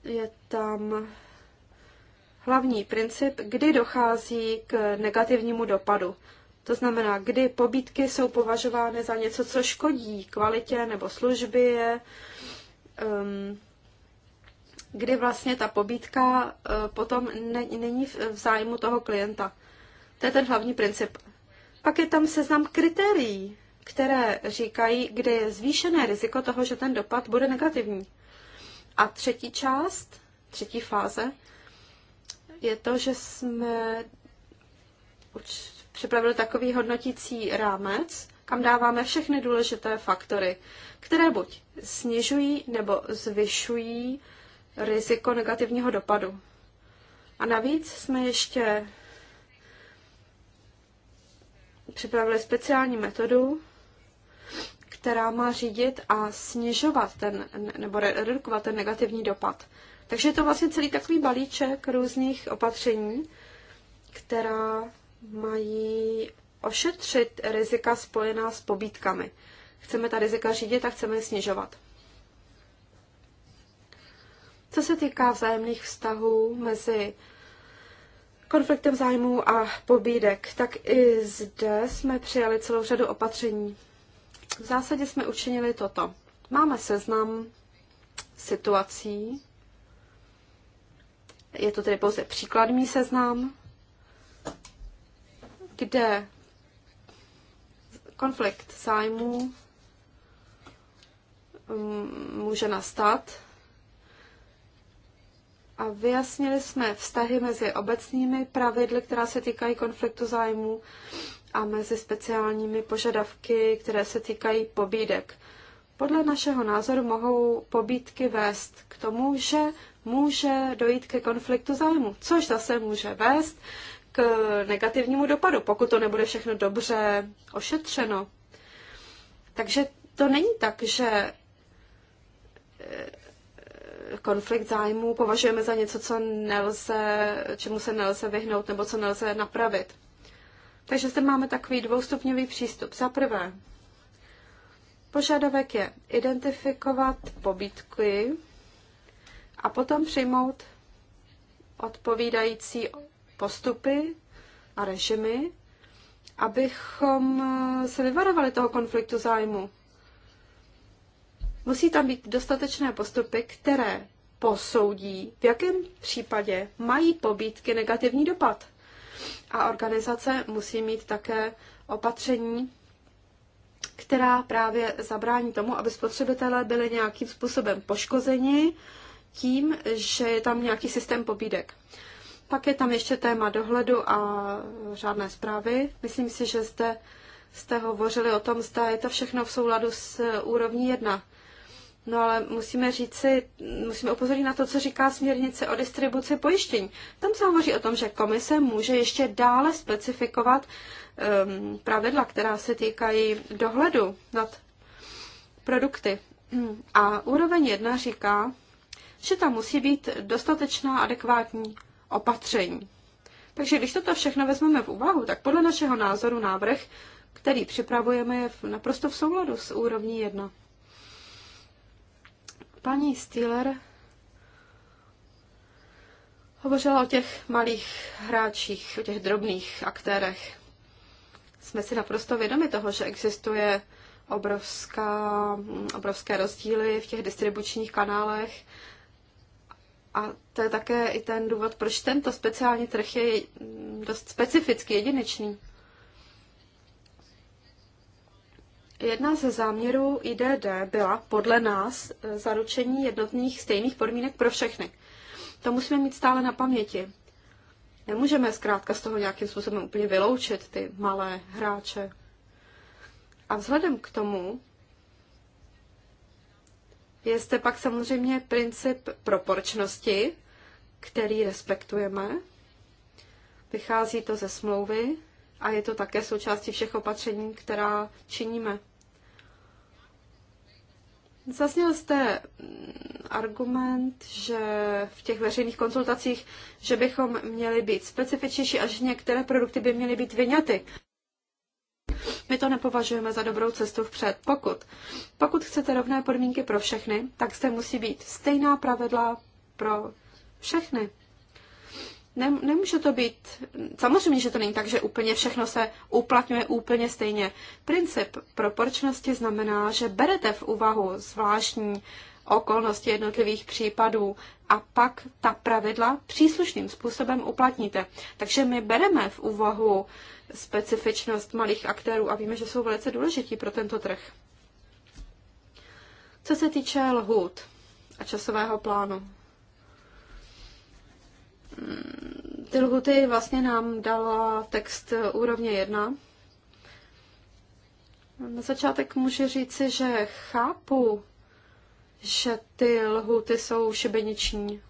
je tam hlavní princip, kdy dochází k negativnímu dopadu. To znamená, kdy pobítky jsou považovány za něco, co škodí kvalitě nebo službě, um, kdy vlastně ta pobídka uh, potom není v zájmu toho klienta. To je ten hlavní princip. Pak je tam seznam kritérií, které říkají, kde je zvýšené riziko toho, že ten dopad bude negativní. A třetí část, třetí fáze, je to, že jsme připravil takový hodnotící rámec, kam dáváme všechny důležité faktory, které buď snižují nebo zvyšují riziko negativního dopadu. A navíc jsme ještě připravili speciální metodu, která má řídit a snižovat ten, nebo redukovat ten negativní dopad. Takže je to vlastně celý takový balíček různých opatření, která mají ošetřit rizika spojená s pobítkami. Chceme ta rizika řídit a chceme je snižovat. Co se týká vzájemných vztahů mezi konfliktem zájmů a pobídek, tak i zde jsme přijali celou řadu opatření. V zásadě jsme učinili toto. Máme seznam situací, je to tedy pouze příkladný seznam, kde konflikt zájmu mm, může nastat. A vyjasnili jsme vztahy mezi obecnými pravidly, která se týkají konfliktu zájmu a mezi speciálními požadavky, které se týkají pobídek. Podle našeho názoru mohou pobídky vést k tomu, že může dojít ke konfliktu zájmu, což zase může vést k negativnímu dopadu, pokud to nebude všechno dobře ošetřeno. Takže to není tak, že eh, konflikt zájmů považujeme za něco, co nelze, čemu se nelze vyhnout nebo co nelze napravit. Takže zde máme takový dvoustupňový přístup. Za prvé, požadavek je identifikovat pobítky a potom přijmout odpovídající postupy a režimy, abychom eh, se vyvarovali toho konfliktu zájmu. Musí tam být dostatečné postupy, které posoudí, v jakém případě mají pobídky negativní dopad. A organizace musí mít také opatření, která právě zabrání tomu, aby spotřebitelé byli nějakým způsobem poškozeni tím, že je tam nějaký systém pobídek. Pak je tam ještě téma dohledu a řádné zprávy. Myslím si, že zde jste hovořili o tom, zda je to všechno v souladu s úrovní 1. No ale musíme říci, musíme upozornit na to, co říká směrnice o distribuci pojištění. Tam se hovoří o tom, že komise může ještě dále specifikovat um, pravidla, která se týkají dohledu nad produkty. A úroveň 1 říká, že tam musí být dostatečná adekvátní opatření. Takže když toto všechno vezmeme v úvahu, tak podle našeho názoru návrh, který připravujeme, je naprosto v souladu s úrovní 1. Paní Steeler hovořila o těch malých hráčích, o těch drobných aktérech. Jsme si naprosto vědomi toho, že existuje obrovská, obrovské rozdíly v těch distribučních kanálech a to je také i ten důvod, proč tento speciální trh je dost specifický, jedinečný. Jedna ze záměrů IDD byla podle nás zaručení jednotných stejných podmínek pro všechny. To musíme mít stále na paměti. Nemůžeme zkrátka z toho nějakým způsobem úplně vyloučit ty malé hráče. A vzhledem k tomu, je zde pak samozřejmě princip proporčnosti, který respektujeme. Vychází to ze smlouvy a je to také součástí všech opatření, která činíme. Zazněl jste argument, že v těch veřejných konzultacích, že bychom měli být specifičnější a že některé produkty by měly být vyňaty. My to nepovažujeme za dobrou cestu vpřed. Pokud, pokud chcete rovné podmínky pro všechny, tak zde musí být stejná pravidla pro všechny. Nem, nemůže to být, samozřejmě, že to není tak, že úplně všechno se uplatňuje úplně stejně. Princip proporčnosti znamená, že berete v úvahu zvláštní okolnosti jednotlivých případů, a pak ta pravidla příslušným způsobem uplatníte. Takže my bereme v úvahu specifičnost malých aktérů a víme, že jsou velice důležití pro tento trh. Co se týče lhůt a časového plánu, hmm, ty lhuty vlastně nám dala text úrovně 1. Na začátek můžu říci, že chápu že ty lhuty jsou šibeniční.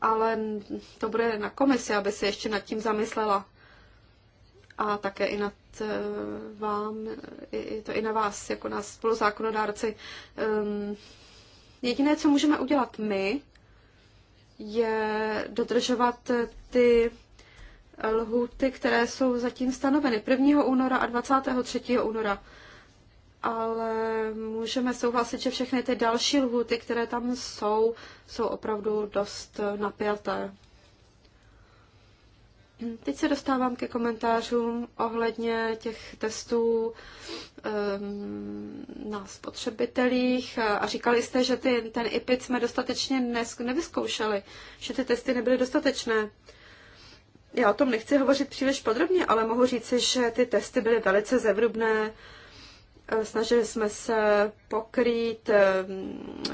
Ale to bude na komisi, aby se ještě nad tím zamyslela. A také i nad eh, vám, i to i na vás, jako na spoluzákonodárci. Ehm, jediné, co můžeme udělat my, je dodržovat ty lhuty, které jsou zatím stanoveny 1. února a 23. února. Ale můžeme souhlasit, že všechny ty další lhuty, které tam jsou, jsou opravdu dost napjaté. Teď se dostávám ke komentářům ohledně těch testů um, na spotřebitelích. A říkali jste, že ty, ten IPIT jsme dostatečně nes, nevyzkoušeli, že ty testy nebyly dostatečné. Já o tom nechci hovořit příliš podrobně, ale mohu říci, že ty testy byly velice zevrubné. Eh, Snažili jsme se pokrýt eh,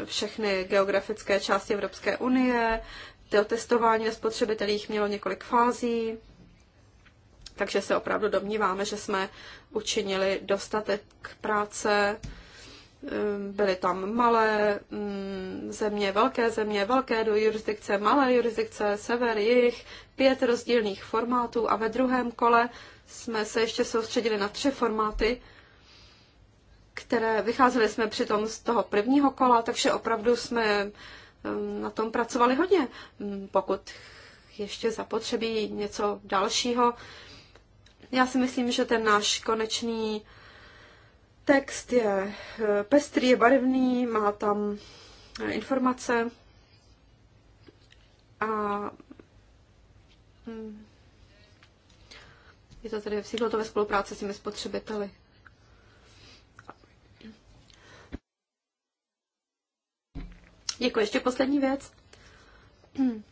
všechny geografické části Evropské unie. To testování na spotřebitelích mělo několik fází, takže se opravdu domníváme, že jsme učinili dostatek práce Ehm, byly tam malé mm, země, velké země, velké do jurisdikce, malé jurisdikce, sever, jich, pět rozdílných formátů a ve druhém kole jsme se ještě soustředili na tři formáty, které vycházeli jsme přitom z toho prvního kola, takže opravdu jsme ehm, na tom pracovali hodně. Ehm, pokud ještě zapotřebí něco dalšího, já si myslím, že ten náš konečný Text je eh, pestrý, je barevný, má tam eh, informace a hm, je to tedy vzniklo to ve spolupráci s těmi spotřebiteli. Děkuji. Ještě poslední věc. Hm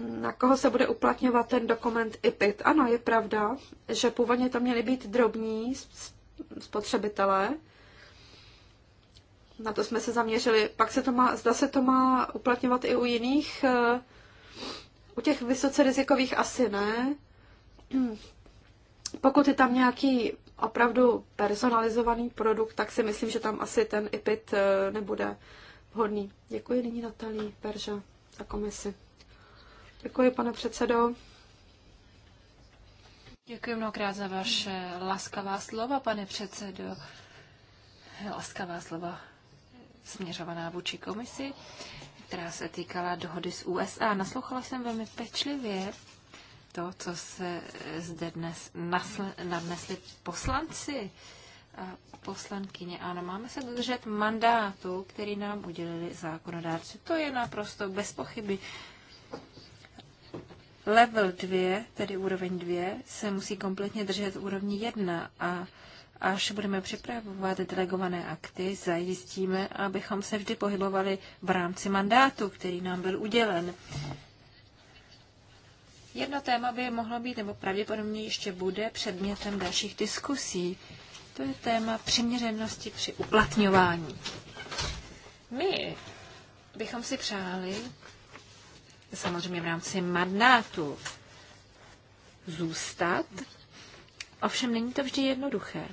na koho se bude uplatňovat ten dokument IPIT. Ano, je pravda, že původně to měly být drobní spotřebitelé. Na to jsme se zaměřili. Pak se to má, zda se to má uplatňovat i u jiných, eh, u těch vysoce rizikových asi ne. Pokud je tam nějaký opravdu personalizovaný produkt, tak si myslím, že tam asi ten IPIT eh, nebude vhodný. Děkuji nyní Natalí Perža za komisi. Děkuji, pane předsedo. Děkuji mnohokrát za vaše laskavá slova, pane předsedo. Laskavá slova směřovaná vůči komisi, která se týkala dohody s USA. Naslouchala jsem velmi pečlivě to, co se zde dnes nadnesli poslanci a poslankyně. Ano, máme se dodržet mandátu, který nám udělili zákonodárci. To je naprosto bez pochyby. Level 2, tedy úroveň 2, se musí kompletně držet úrovni 1 a až budeme připravovat delegované akty, zajistíme, abychom se vždy pohybovali v rámci mandátu, který nám byl udělen. Jedno téma by mohlo být, nebo pravděpodobně ještě bude, předmětem dalších diskusí. To je téma přiměřenosti při uplatňování. My bychom si přáli, samozřejmě v rámci mandátu zůstat. Ovšem není to vždy jednoduché.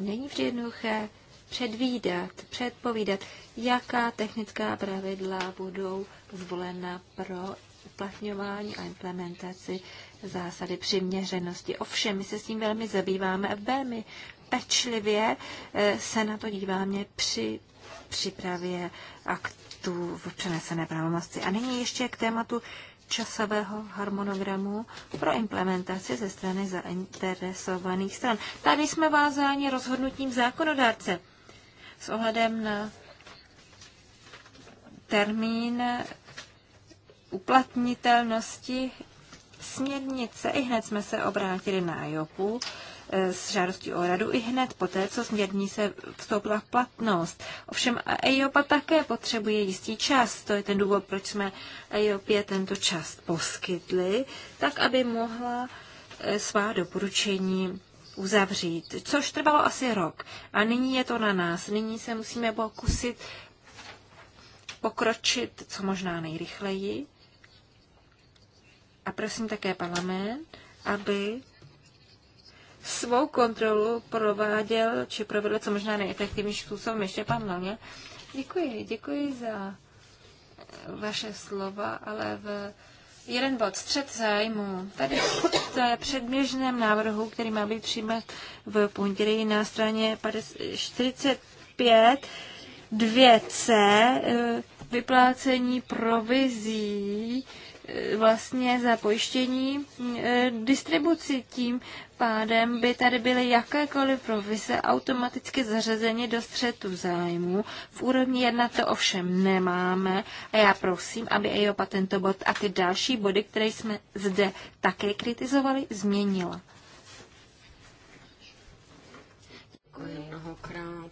Není vždy jednoduché předvídat, předpovídat, jaká technická pravidla budou zvolena pro uplatňování a implementaci zásady přiměřenosti. Ovšem, my se s tím velmi zabýváme a velmi pečlivě eh, se na to díváme při přípravě aktu tu v přenesené pravomoci. A nyní ještě k tématu časového harmonogramu pro implementaci ze strany zainteresovaných stran. Tady jsme vázáni rozhodnutím zákonodárce s ohledem na termín uplatnitelnosti směrnice. I hned jsme se obrátili na IOPu Eh, s žádostí o radu i hned poté, co se vstoupila v platnost. Ovšem EIOPA také potřebuje jistý čas, to je ten důvod, proč jsme EIOPě tento čas poskytli, tak aby mohla eh, svá doporučení uzavřít, což trvalo asi rok. A nyní je to na nás. Nyní se musíme pokusit pokročit co možná nejrychleji. A prosím také parlament, aby svou kontrolu prováděl, či provedl co možná nejefektivnější způsobem. Ještě pan Lange. Děkuji, děkuji za eh, vaše slova, ale v jeden bod, střed zájmu. Tady je předběžném návrhu, který má být přijímat v pondělí na straně 45, 2C, eh, vyplácení provizí vlastně za pojištění e, distribuci. Tím pádem by tady byly jakékoliv provize automaticky zařazeny do střetu zájmu. V úrovni 1 to ovšem nemáme a já prosím, aby EIOPA tento bod a ty další body, které jsme zde také kritizovali, změnila. Děkuji mnohokrát.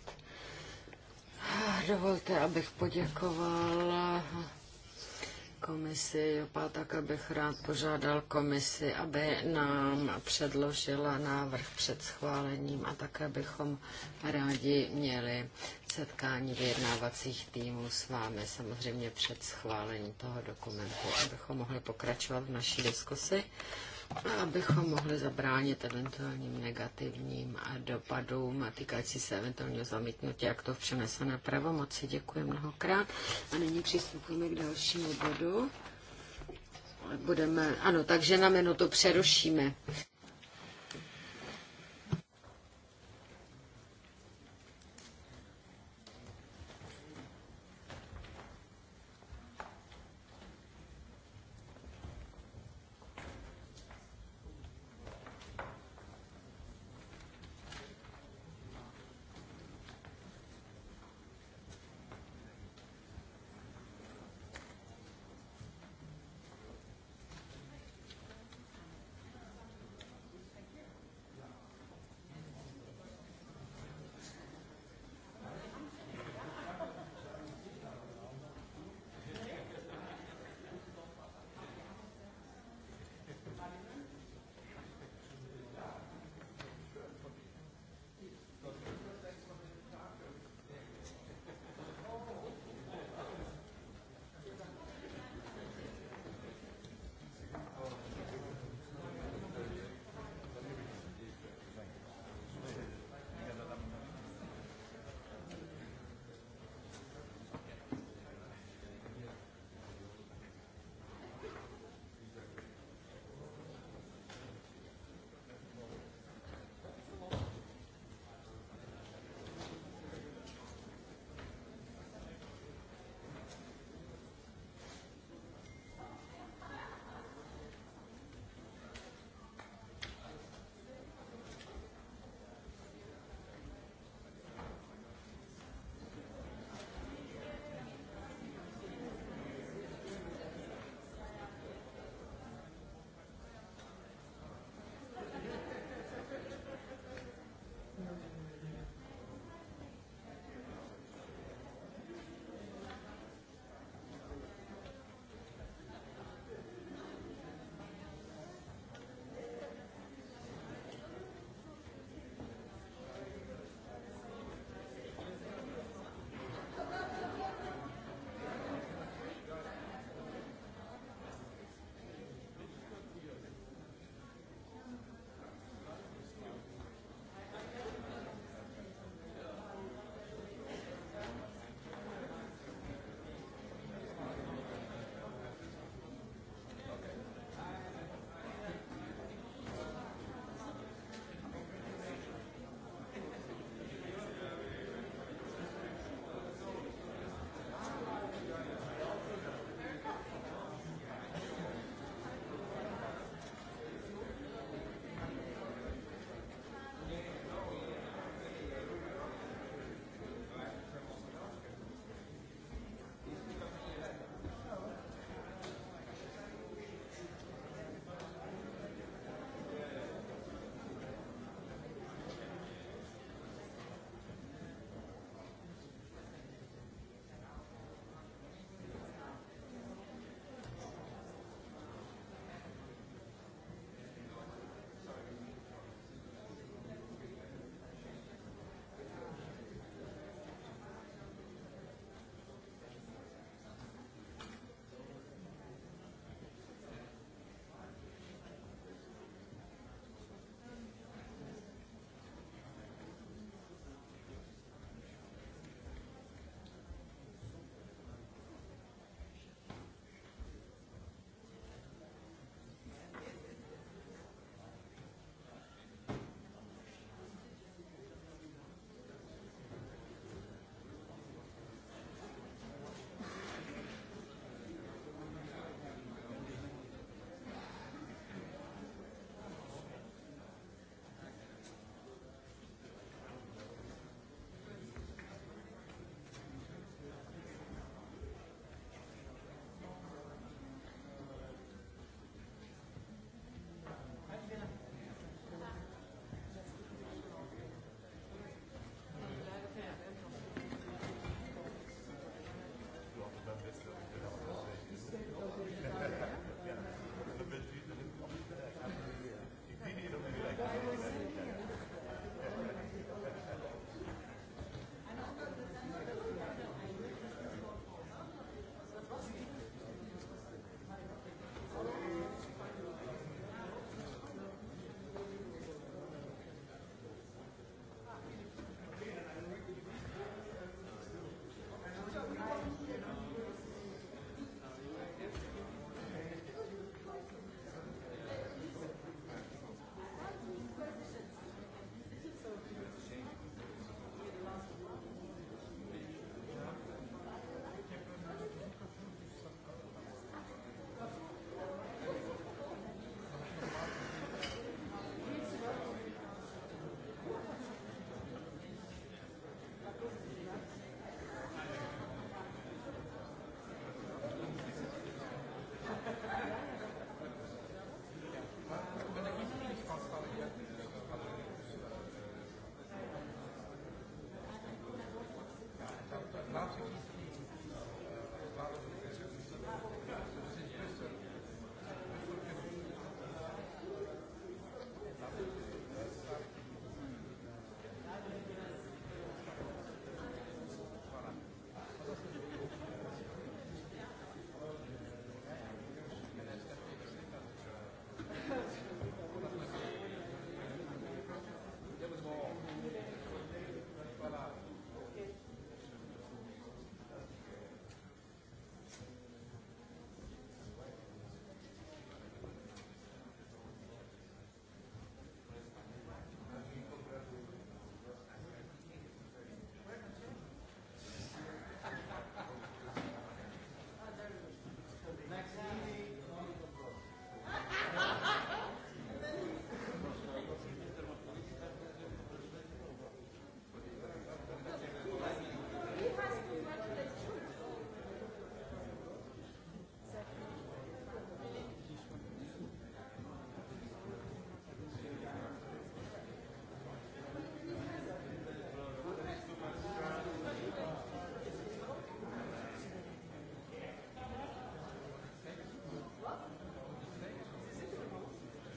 Dovolte, abych poděkovala komisi Jopa, tak abych rád požádal komisi, aby nám předložila návrh před schválením a také bychom rádi měli setkání vyjednávacích týmů s vámi, samozřejmě před schválením toho dokumentu, abychom mohli pokračovat v naší diskusi abychom mohli zabránit eventuálním negativním dopadům a týkající se eventuálního zamítnutí, jak to v přenesené pravomoci. Děkuji mnohokrát. A nyní přistupujeme k dalšímu bodu. Budeme, ano, takže na minutu přerušíme.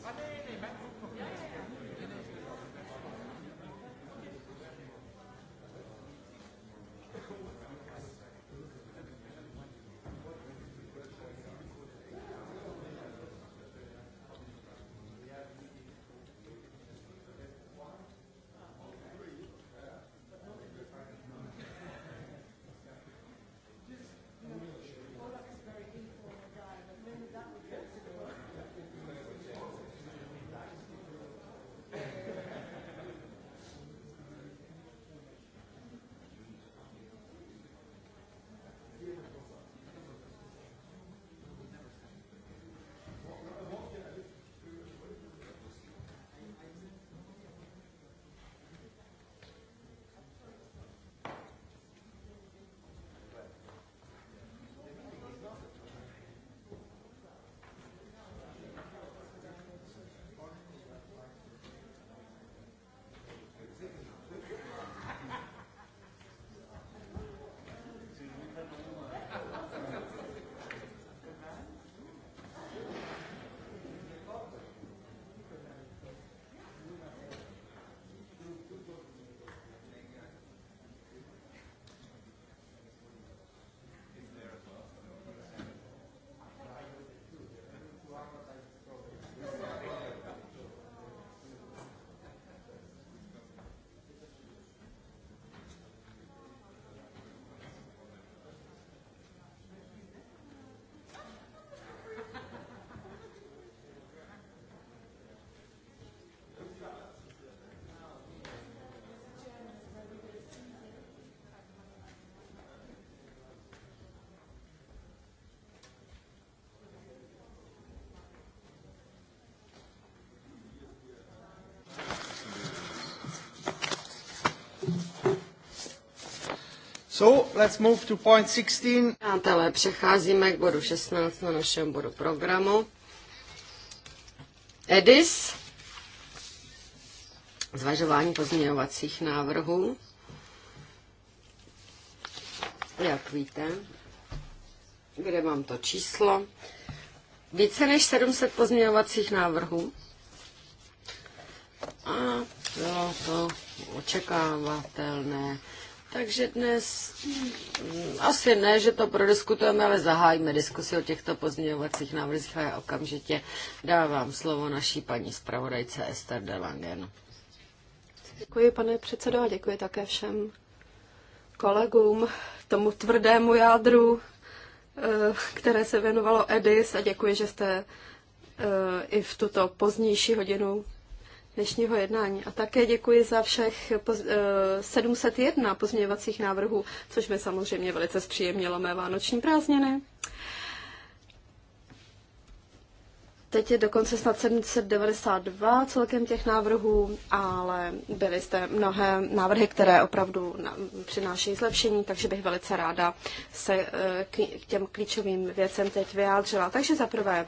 Pane, So, let's move to point 16. Přátelé, přecházíme k bodu 16 na našem bodu programu. EDIS, zvažování pozměňovacích návrhů. Jak víte, kde mám to číslo? Více než 700 pozměňovacích návrhů. A bylo to očekávatelné. Takže dnes mm, asi ne, že to prodiskutujeme, ale zahájíme diskusi o těchto pozměňovacích návrzích a já okamžitě dávám slovo naší paní zpravodajce Ester de Langen. Děkuji, pane předsedo, a děkuji také všem kolegům, tomu tvrdému jádru, eh, které se věnovalo Edis a děkuji, že jste eh, i v tuto pozdější hodinu dnešního jednání. A také děkuji za všech 701 eh, pozměňovacích návrhů, což mi samozřejmě velice zpříjemnilo mé vánoční prázdniny. Teď je dokonce snad 792 celkem těch návrhů, ale byly jste mnohé návrhy, které opravdu přináší zlepšení, takže bych velice ráda se eh, k těm klíčovým věcem teď vyjádřila. Takže za prvé,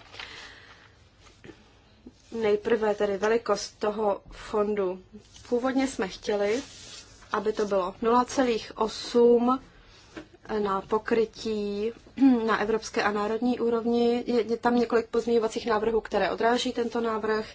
Nejprve tedy velikost toho fondu. Původně jsme chtěli, aby to bylo 0,8 na pokrytí na evropské a národní úrovni. Je, je tam několik pozměňovacích návrhů, které odráží tento návrh.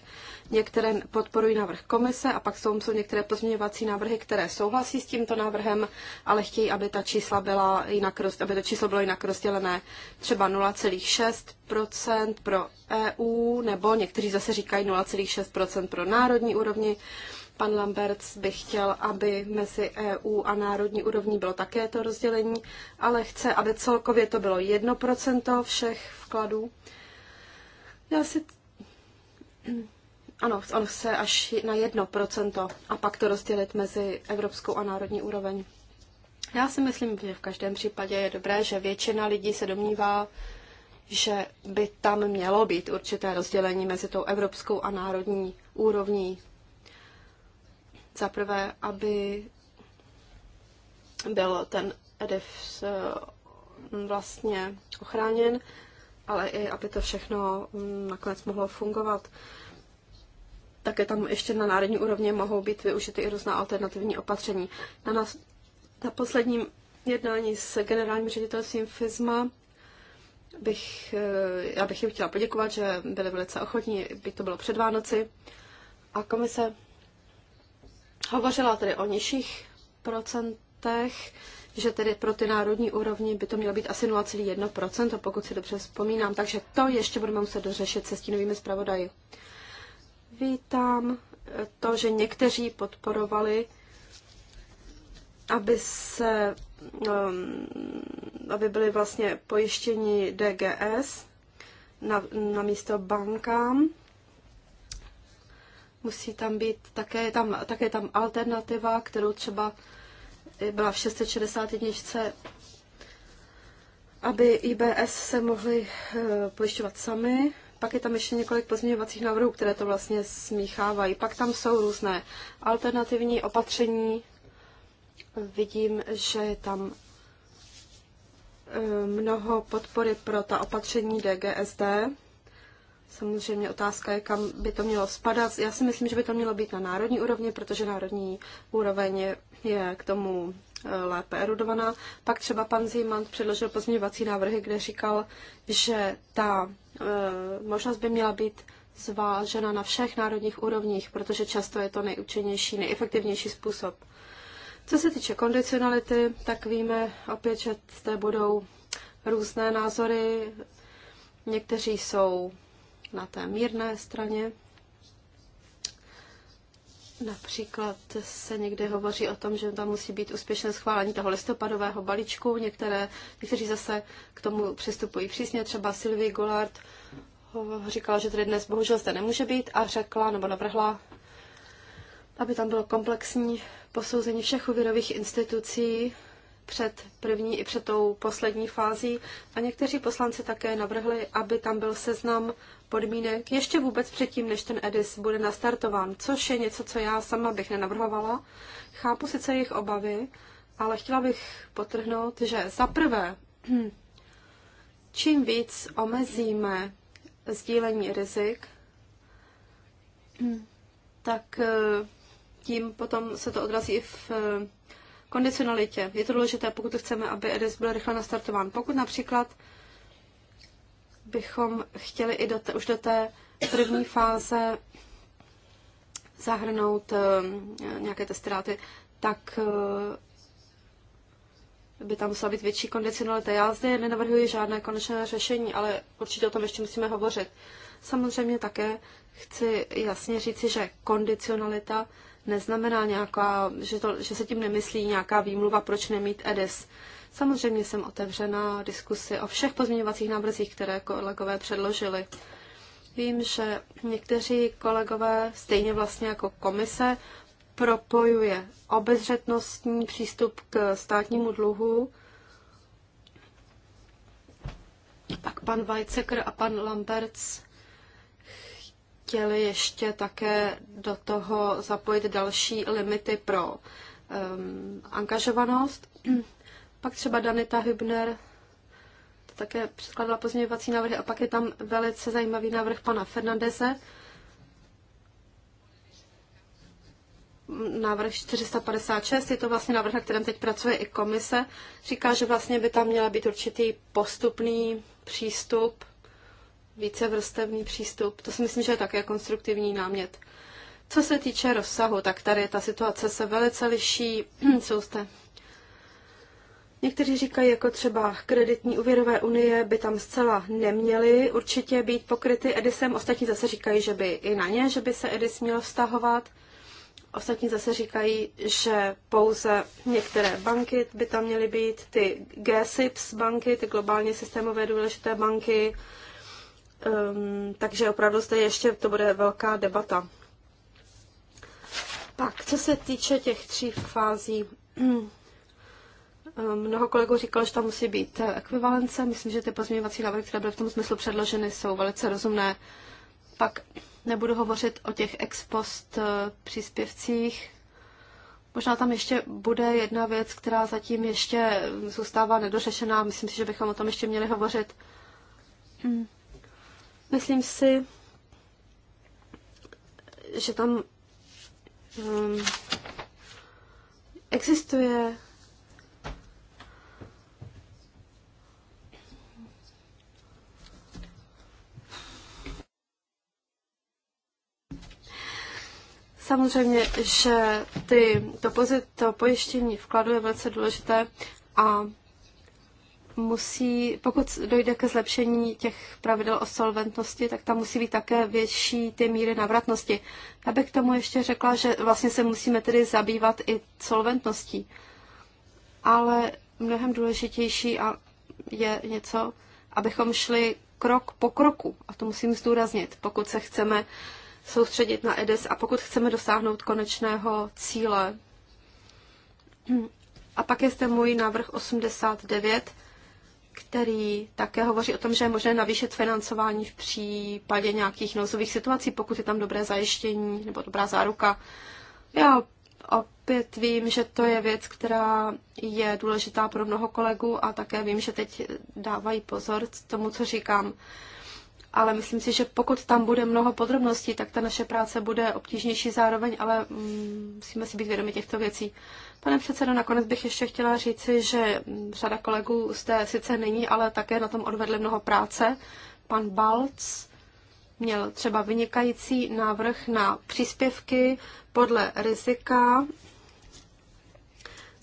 Některé podporují návrh komise a pak jsou, jsou některé pozměňovací návrhy, které souhlasí s tímto návrhem, ale chtějí, aby, ta čísla byla jinak, aby to číslo bylo jinak rozdělené. Třeba 0,6 pro EU, nebo někteří zase říkají 0,6 pro národní úrovni. Pan Lamberts by chtěl, aby mezi EU a národní úrovní bylo také to rozdělení, ale chce, aby celkově to bylo 1% všech vkladů. Já si... Ano, on chce až na 1% a pak to rozdělit mezi evropskou a národní úroveň. Já si myslím, že v každém případě je dobré, že většina lidí se domnívá, že by tam mělo být určité rozdělení mezi tou evropskou a národní úrovní za prvé, aby byl ten EDIF eh, vlastně ochráněn, ale i aby to všechno mm, nakonec mohlo fungovat. Také tam ještě na národní úrovni mohou být využity i různá alternativní opatření. Na, nás, na posledním jednání s generálním ředitelstvím FISMA bych, eh, já bych jim chtěla poděkovat, že byli velice ochotní, by to bylo před Vánoci. A komise Hovořila tedy o nižších procentech, že tedy pro ty národní úrovni by to mělo být asi 0,1%, pokud si dobře vzpomínám. Takže to ještě budeme muset dořešit se stínovými zpravodaji. Vítám eh, to, že někteří podporovali, aby se ehm, aby byli vlastně pojištění DGS na, na místo bankám. Musí tam být také tam, také tam alternativa, kterou třeba eh, byla v 661, aby IBS se mohly eh, pojišťovat sami. Pak je tam ještě několik pozměňovacích návrhů, které to vlastně smíchávají. Pak tam jsou různé alternativní opatření. Vidím, že je tam eh, mnoho podpory pro ta opatření DGSD. Samozřejmě otázka je, kam by to mělo spadat. Já si myslím, že by to mělo být na národní úrovni, protože národní úroveň je k tomu eh, lépe erudovaná. Pak třeba pan Zimant předložil pozměňovací návrhy, kde říkal, že ta eh, možnost by měla být zvážena na všech národních úrovních, protože často je to nejúčinnější, nejefektivnější způsob. Co se týče kondicionality, tak víme opět, že zde budou různé názory. Někteří jsou na té mírné straně. Například se někdy hovoří o tom, že tam musí být úspěšné schválení toho listopadového balíčku. Některé, někteří zase k tomu přistupují přísně. Třeba Sylvie Goulart říkala, že tady dnes bohužel zde nemůže být a řekla nebo navrhla, aby tam bylo komplexní posouzení všech uvěrových institucí před první i před tou poslední fází. A někteří poslanci také navrhli, aby tam byl seznam podmínek ještě vůbec předtím, než ten EDIS bude nastartován, což je něco, co já sama bych nenavrhovala. Chápu sice jejich obavy, ale chtěla bych potrhnout, že za prvé, čím víc omezíme sdílení rizik, tak eh, tím potom se to odrazí i v eh, kondicionalitě. Je to důležité, pokud chceme, aby EDIS byl rychle nastartován. Pokud například bychom chtěli i do te, už do té první fáze zahrnout eh, nějaké testy tak eh, by tam musela být větší kondicionalita. Já zde nenavrhuji žádné konečné řešení, ale určitě o tom ještě musíme hovořit. Samozřejmě také chci jasně říci, že kondicionalita neznamená nějaká, že, to, že se tím nemyslí nějaká výmluva, proč nemít EDIS. Samozřejmě jsem otevřena diskusi o všech pozměňovacích návrzích, které kolegové předložili. Vím, že někteří kolegové, stejně vlastně jako komise, propojuje obezřetnostní přístup k státnímu dluhu. Pak pan Weizsäcker a pan Lamberts chtěli ještě také do toho zapojit další limity pro um, angažovanost. Pak třeba Danita Hübner také předkladala pozměňovací návrhy a pak je tam velice zajímavý návrh pana Fernandeze. Návrh 456, je to vlastně návrh, na kterém teď pracuje i komise. Říká, že vlastně by tam měla být určitý postupný přístup, vícevrstevný přístup. To si myslím, že je také konstruktivní námět. Co se týče rozsahu, tak tady ta situace se velice liší. Jsou zde Někteří říkají, jako třeba kreditní úvěrové unie by tam zcela neměly určitě být pokryty Edisem. Ostatní zase říkají, že by i na ně, že by se Edis měl vztahovat. Ostatní zase říkají, že pouze některé banky by tam měly být, ty GSIPS banky, ty globálně systémové důležité banky. Um, takže opravdu zde ještě to bude velká debata. Pak, co se týče těch tří fází, Mnoho kolegů říkalo, že tam musí být ekvivalence. Myslím, že ty pozměňovací návrhy, které byly v tom smyslu předloženy, jsou velice rozumné. Pak nebudu hovořit o těch ex post eh, příspěvcích. Možná tam ještě bude jedna věc, která zatím ještě mm, zůstává nedořešená. Myslím si, že bychom o tom ještě měli hovořit. Mm. Myslím si, že tam um, existuje Samozřejmě, že ty, to, pozit, to pojištění vkladu je velice důležité a musí, pokud dojde ke zlepšení těch pravidel o solventnosti, tak tam musí být také větší ty míry navratnosti. Já bych k tomu ještě řekla, že vlastně se musíme tedy zabývat i solventností. Ale mnohem důležitější a je něco, abychom šli krok po kroku. A to musím zdůraznit, pokud se chceme uh, soustředit na EDIS e a pokud chceme dosáhnout konečného cíle. A pak je zde můj návrh 89, který také hovoří o tom, že je možné navýšit financování v případě nějakých nouzových situací, pokud je tam dobré zajištění nebo dobrá záruka. Já opět vím, že to je věc, která je důležitá pro mnoho kolegů a také vím, že teď dávají pozor tomu, co říkám ale myslím si, že pokud tam bude mnoho podrobností, tak ta naše práce bude obtížnější zároveň, ale mm, musíme si být vědomi těchto věcí. Pane předsedo, nakonec bych ještě chtěla říci, že mm, řada kolegů zde sice není, ale také na tom odvedli mnoho práce. Pan Balc měl třeba vynikající návrh na příspěvky podle rizika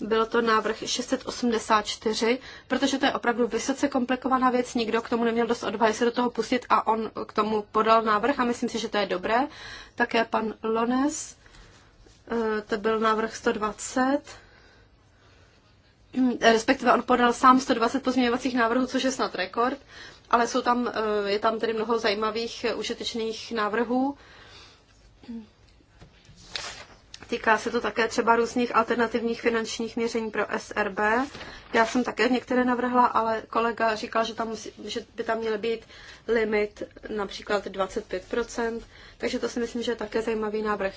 byl to návrh 684, protože to je opravdu vysoce komplikovaná věc, nikdo k tomu neměl dost odvahy se do toho pustit a on k tomu podal návrh a myslím si, že to je dobré. Také pan Lones, eh, to byl návrh 120, hm, respektive on podal sám 120 pozměňovacích návrhů, což je snad rekord, ale jsou tam, eh, je tam tedy mnoho zajímavých, eh, užitečných návrhů. Týká se to také třeba různých alternativních finančních měření pro SRB. Já jsem také některé navrhla, ale kolega říkal, že, tam musí, že by tam měl být limit například 25%, takže to si myslím, že je také zajímavý návrh.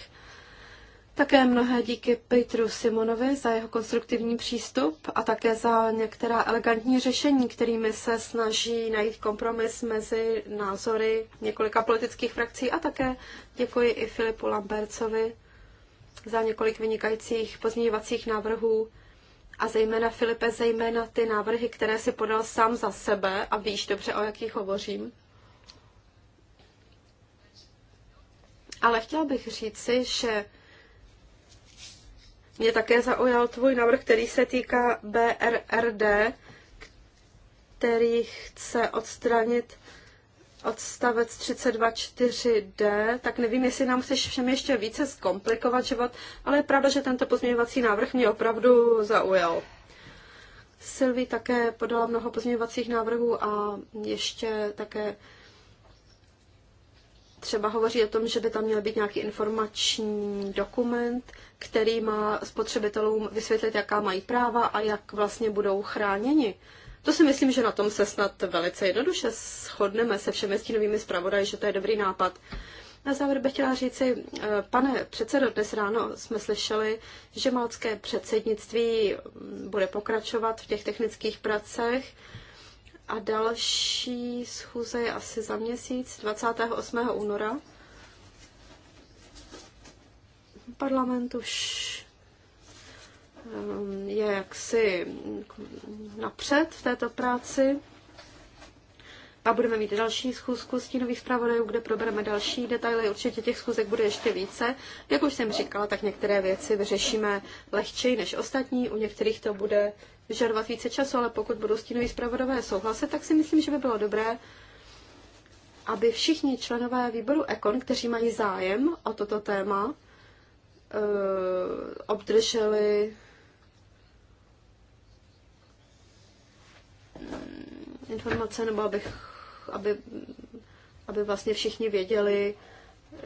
Také mnohé díky Petru Simonovi za jeho konstruktivní přístup a také za některá elegantní řešení, kterými se snaží najít kompromis mezi názory několika politických frakcí a také děkuji i Filipu Lambercovi za několik vynikajících pozměňovacích návrhů a zejména Filipe, zejména ty návrhy, které si podal sám za sebe a víš dobře, o jakých hovořím. Ale chtěla bych říci, že mě také zaujal tvůj návrh, který se týká BRRD, který chce odstranit odstavec 32.4d, tak nevím, jestli nám chceš všem ještě více zkomplikovat život, ale je pravda, že tento pozměňovací návrh mě opravdu zaujal. Silvi také podala mnoho pozměňovacích návrhů a ještě také třeba hovoří o tom, že by tam měl být nějaký informační dokument, který má spotřebitelům vysvětlit, jaká mají práva a jak vlastně budou chráněni. Uh, to si myslím, že na tom se snad velice jednoduše shodneme se všemi stínovými zpravodaji, že to je dobrý nápad. Na závěr bych chtěla říci, eh, pane předsedo, dnes ráno jsme slyšeli, že malcké předsednictví bude pokračovat v těch technických pracech a další schůze je asi za měsíc, 28. února. Parlament už Eh, je jaksi napřed v této práci. A budeme mít další schůzku stínových zpravodajů, kde probereme další detaily. Určitě těch schůzek bude ještě více. Jak už jsem říkala, tak některé věci vyřešíme lehčej než ostatní. U některých to bude vyžadovat více času, ale pokud budou stínoví zpravodové souhlasit, tak si myslím, že by bylo dobré, aby všichni členové výboru EKON, kteří mají zájem o toto téma, eh, obdrželi informace, nebo abych, aby, aby vlastně všichni věděli, eh,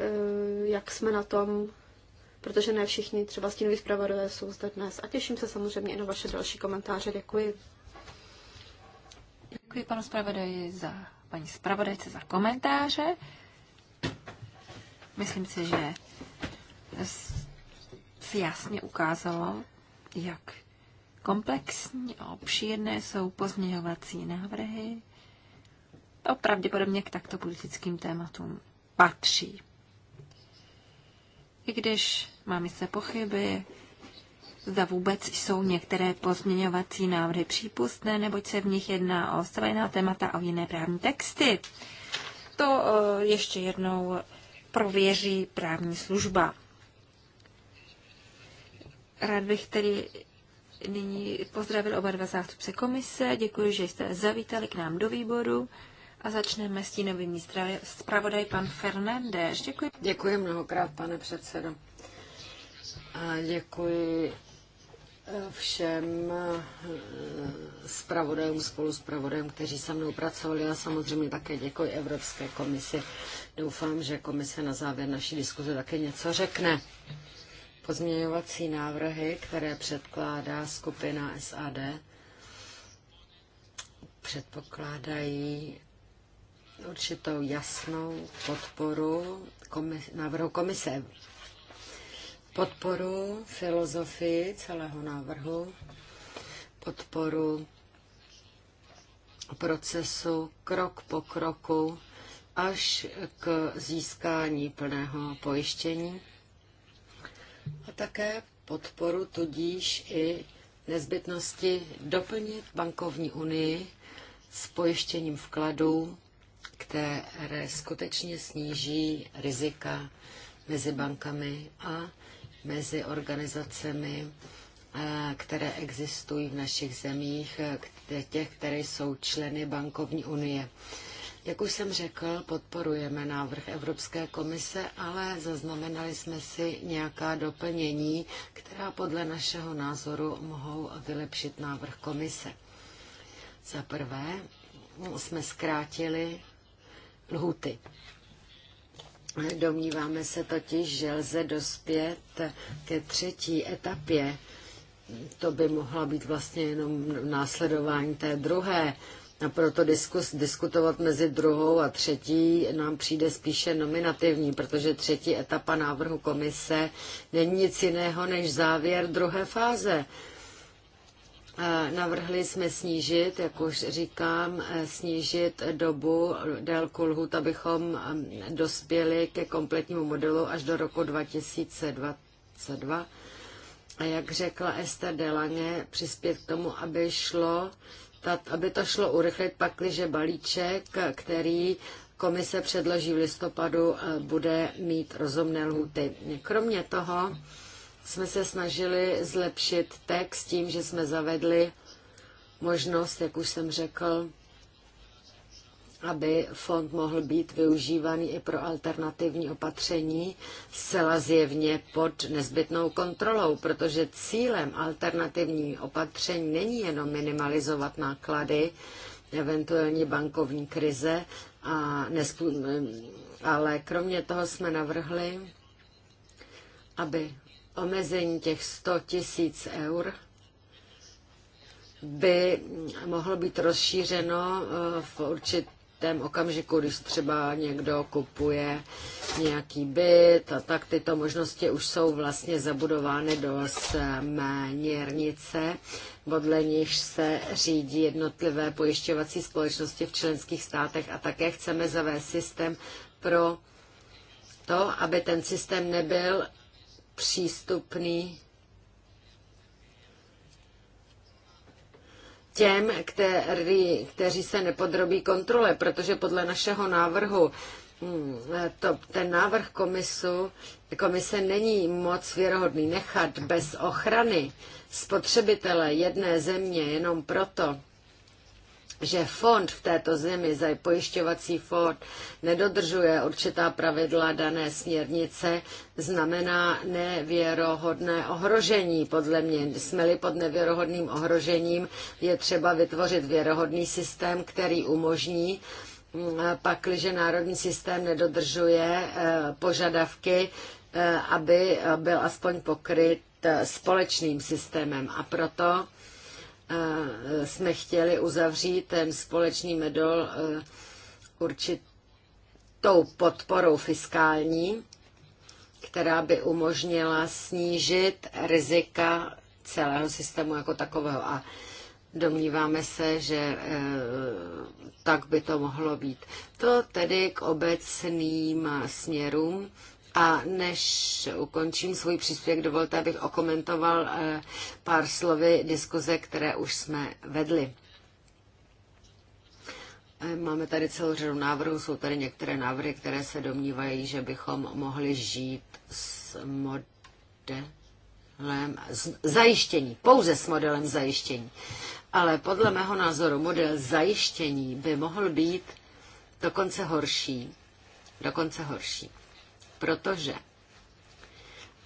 jak jsme na tom, protože ne všichni třeba stínoví zpravodové jsou zde dnes. A těším se samozřejmě i na vaše další komentáře. Děkuji. Děkuji panu zpravodaji za paní zpravodajce za komentáře. Myslím si, že se jasně ukázalo, jak komplexní a obšírné jsou pozměňovací návrhy. To pravděpodobně k takto politickým tématům patří. I když mám se pochyby, zda vůbec jsou některé pozměňovací návrhy přípustné, neboť se v nich jedná o zcela témata a o jiné právní texty. To eh, ještě jednou prověří právní služba. Rád bych tedy nyní pozdravil oba dva zástupce komise. Děkuji, že jste zavítali k nám do výboru. A začneme s tím novým zpravodaj pan Fernandéš. Děkuji. Děkuji mnohokrát, pane předsedo. A děkuji eh, všem spravodajům, eh, spolu spravodajům, kteří se mnou pracovali a samozřejmě také děkuji Evropské komisi. Doufám, že komise na závěr naší diskuze také něco řekne. Pozměňovací návrhy, které předkládá skupina SAD, předpokládají určitou jasnou podporu komis- návrhu komise. Podporu filozofii celého návrhu, podporu procesu krok po kroku až k získání plného pojištění a také podporu tudíž i nezbytnosti doplnit bankovní unii s pojištěním vkladů, které skutečně sníží rizika mezi bankami a mezi organizacemi, eh, které existují v našich zemích, těch, které jsou členy bankovní unie. Jak už jsem řekl, podporujeme návrh Evropské komise, ale zaznamenali jsme si nějaká doplnění, která podle našeho názoru mohou vylepšit návrh komise. Za prvé jsme zkrátili lhuty. Domníváme se totiž, že lze dospět ke třetí etapě. To by mohla být vlastně jenom následování té druhé a proto diskus, diskutovat mezi druhou a třetí nám přijde spíše nominativní, protože třetí etapa návrhu komise není nic jiného než závěr druhé fáze. Navrhli jsme snížit, jak už říkám, e, snížit dobu délku lhut, abychom dospěli ke kompletnímu modelu až do roku 2022. A jak řekla Esther Delange, přispět k tomu, aby šlo aby to šlo urychlit, pakliže balíček, který komise předloží v listopadu, eh, bude mít rozumné lhuty. Kromě toho jsme se snažili zlepšit text tím, že jsme zavedli možnost, jak už jsem řekl, aby fond mohl být využívaný i pro alternativní opatření, zcela zjevně pod nezbytnou kontrolou, protože cílem alternativní opatření není jenom minimalizovat náklady, eventuální bankovní krize, a nespů... ale kromě toho jsme navrhli, aby omezení těch 100 tisíc eur by mohlo být rozšířeno eh, v určit určitém okamžiku, když třeba někdo kupuje nějaký byt a tak tyto možnosti už jsou vlastně zabudovány do směrnice, podle níž se řídí jednotlivé pojišťovací společnosti v členských státech a také chceme zavést systém pro to, aby ten systém nebyl přístupný těm, který, kteří se nepodrobí kontrole, protože podle našeho návrhu hm, to, ten návrh komisu, komise není moc věrohodný nechat bez ochrany spotřebitele jedné země jenom proto, že fond v této zemi, za pojišťovací fond, nedodržuje určitá pravidla dané směrnice, znamená nevěrohodné ohrožení. Podle mě jsme-li pod nevěrohodným ohrožením, je třeba vytvořit věrohodný systém, který umožní, mm, pakliže národní systém nedodržuje eh, požadavky, eh, aby byl aspoň pokryt eh, společným systémem. A proto Eh, jsme chtěli uzavřít ten společný medol eh, určitou podporou fiskální, která by umožnila snížit rizika celého systému jako takového. A domníváme se, že eh, tak by to mohlo být. To tedy k obecným směrům a než ukončím svůj příspěvek, dovolte, abych okomentoval eh, pár slovy diskuze, které už jsme vedli. Eh, máme tady celou řadu návrhů, jsou tady některé návrhy, které se domnívají, že bychom mohli žít s modelem zajištění, pouze s modelem zajištění. Ale podle mého názoru model zajištění by mohl být dokonce horší. Dokonce horší protože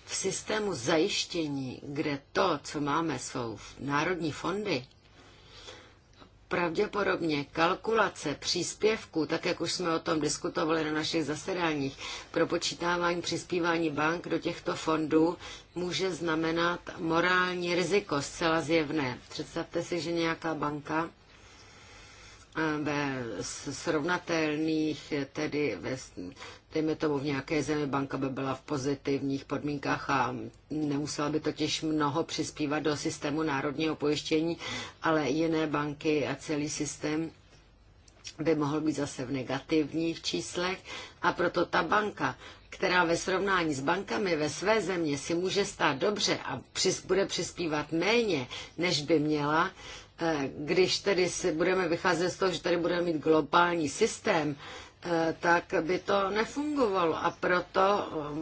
v systému zajištění, kde to, co máme, jsou národní fondy, pravděpodobně kalkulace příspěvků, tak jak už jsme o tom diskutovali na našich zasedáních, pro počítávání přispívání bank do těchto fondů může znamenat morální riziko zcela zjevné. Představte si, že nějaká banka eh, ve srovnatelných, eh, tedy ve dejme tomu v nějaké zemi banka by byla v pozitivních podmínkách a nemusela by totiž mnoho přispívat do systému národního pojištění, ale jiné banky a celý systém by mohl být zase v negativních číslech a proto ta banka, která ve srovnání s bankami ve své země si může stát dobře a přis, bude přispívat méně, než by měla, eh, když tedy si budeme vycházet z toho, že tady budeme mít globální systém, Eh, tak by to nefungovalo. A proto eh,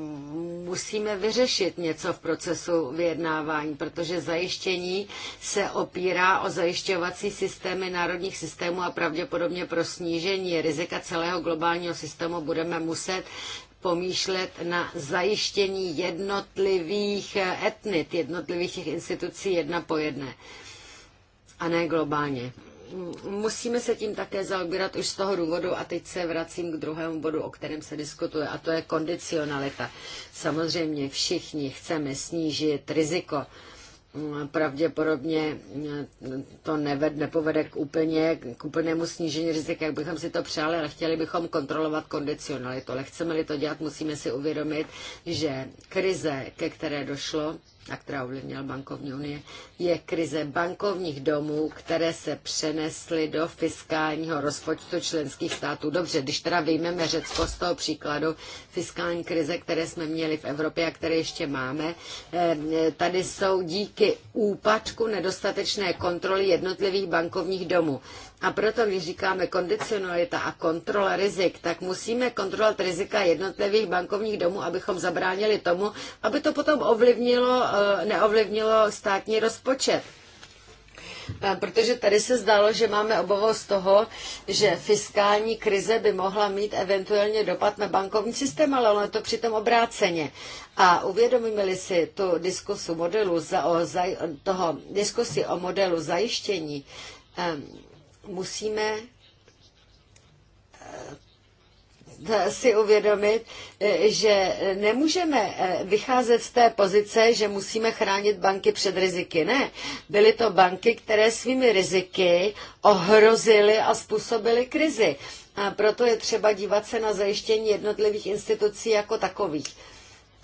musíme vyřešit něco v procesu vyjednávání, protože zajištění se opírá o zajišťovací systémy národních systémů a pravděpodobně pro snížení rizika celého globálního systému budeme muset pomýšlet na zajištění jednotlivých eh, etnit, jednotlivých těch institucí jedna po jedné a ne globálně musíme se tím také zaobírat už z toho důvodu a teď se vracím k druhému bodu, o kterém se diskutuje a to je kondicionalita. Samozřejmě všichni chceme snížit riziko, pravděpodobně to neved, nepovede k, úplně, k úplnému snížení rizika. jak bychom si to přáli, ale chtěli bychom kontrolovat kondicionalitu. Ale chceme-li to dělat, musíme si uvědomit, že krize, ke které došlo, a která ovlivnila bankovní unie, je krize bankovních domů, které se přenesly do fiskálního rozpočtu členských států. Dobře, když teda vyjmeme Řecko z toho příkladu fiskální krize, které jsme měli v Evropě a které ještě máme, eh, tady jsou díky úpadku nedostatečné kontroly jednotlivých bankovních domů. A proto, když říkáme kondicionalita a kontrola rizik, tak musíme kontrolovat rizika jednotlivých bankovních domů, abychom zabránili tomu, aby to potom ovlivnilo, eh, neovlivnilo státní rozpočet. Eh, protože tady se zdálo, že máme obavu z toho, že fiskální krize by mohla mít eventuálně dopad na bankovní systém, ale ono je to přitom obráceně. A uvědomíme-li si tu diskusu modelu za, o, za, toho, diskusi o modelu zajištění, eh, musíme eh, si uvědomit, eh, že nemůžeme eh, vycházet z té pozice, že musíme chránit banky před riziky. Ne, byly to banky, které svými riziky ohrozily a způsobily krizi. A proto je třeba dívat se na zajištění jednotlivých institucí jako takových.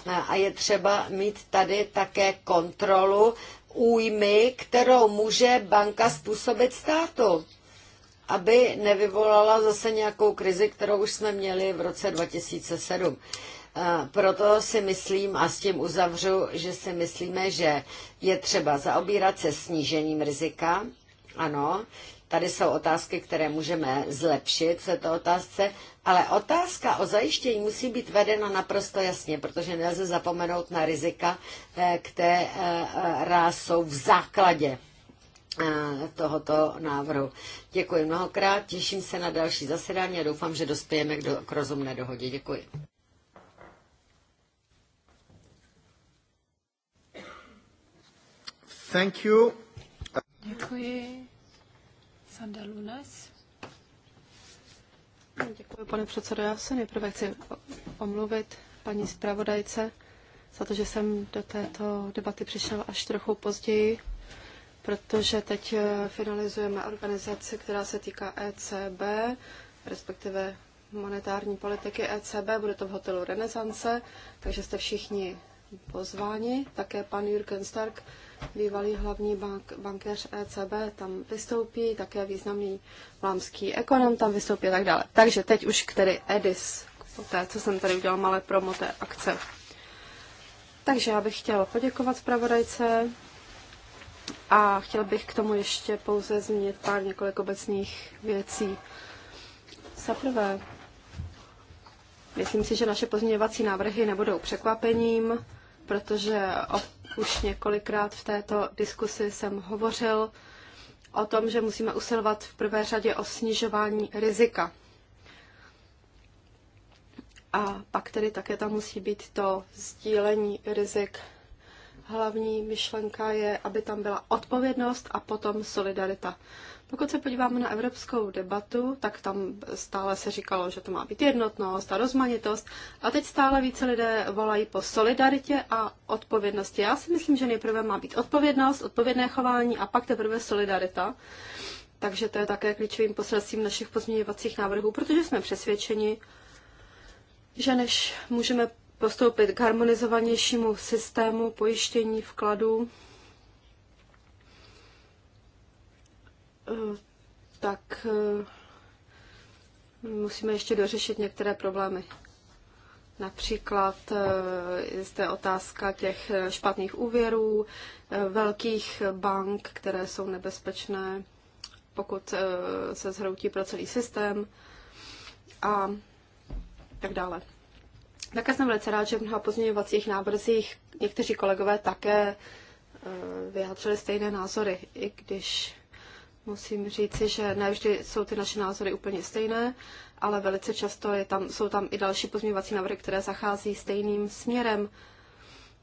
A je třeba mít tady také kontrolu újmy, kterou může banka způsobit státu aby nevyvolala zase nějakou krizi, kterou už jsme měli v roce 2007. Eh, proto si myslím a s tím uzavřu, že si myslíme, že je třeba zaobírat se snížením rizika. Ano, tady jsou otázky, které můžeme zlepšit se to otázce, ale otázka o zajištění musí být vedena naprosto jasně, protože nelze zapomenout na rizika, eh, která jsou v základě Eh, tohoto návrhu. Děkuji mnohokrát, těším se na další zasedání a doufám, že dospějeme k, do, k rozumné dohodě. Děkuji. Thank you. Děkuji. Sanda Lunes. Děkuji, pane předsedo. Já se nejprve chci omluvit paní zpravodajce za to, že jsem do této debaty přišel až trochu později protože teď eh, finalizujeme organizaci, která se týká ECB, respektive monetární politiky ECB, bude to v hotelu Renesance, takže jste všichni pozváni. Také pan Jürgen Stark, bývalý hlavní bank, bankéř ECB, tam vystoupí, také významný vlámský ekonom tam vystoupí a tak dále. Takže teď už k tedy Edis, po té, co jsem tady udělal malé promo té akce. Takže já bych chtěla poděkovat zpravodajce a chtěl bych k tomu ještě pouze zmínit pár několik obecných věcí. Za prvé, myslím si, že naše pozměňovací návrhy nebudou překvapením, protože o, už několikrát v této diskusi jsem hovořil o tom, že musíme usilovat v prvé řadě o snižování rizika. A pak tedy také tam musí být to sdílení rizik Hlavní myšlenka je, aby tam byla odpovědnost a potom solidarita. Pokud se podíváme na evropskou debatu, tak tam stále se říkalo, že to má být jednotnost a rozmanitost. A teď stále více lidé volají po solidaritě a odpovědnosti. Já si myslím, že nejprve má být odpovědnost, odpovědné chování a pak teprve solidarita. Takže to je také klíčovým posledstvím našich pozměňovacích návrhů, protože jsme přesvědčeni, že než můžeme postoupit k harmonizovanějšímu systému pojištění vkladů. Eh, tak eh, musíme ještě dořešit některé problémy. Například eh, je zde otázka těch špatných úvěrů, velkých bank, které jsou nebezpečné, pokud se zhroutí pro celý systém a tak dále. Také jsem velice rád, že v mnoha pozměňovacích návrzích někteří kolegové také e, vyjádřili stejné názory, i když musím říci, že nevždy jsou ty naše názory úplně stejné, ale velice často je tam, jsou tam i další pozměňovací návrhy, které zachází stejným směrem.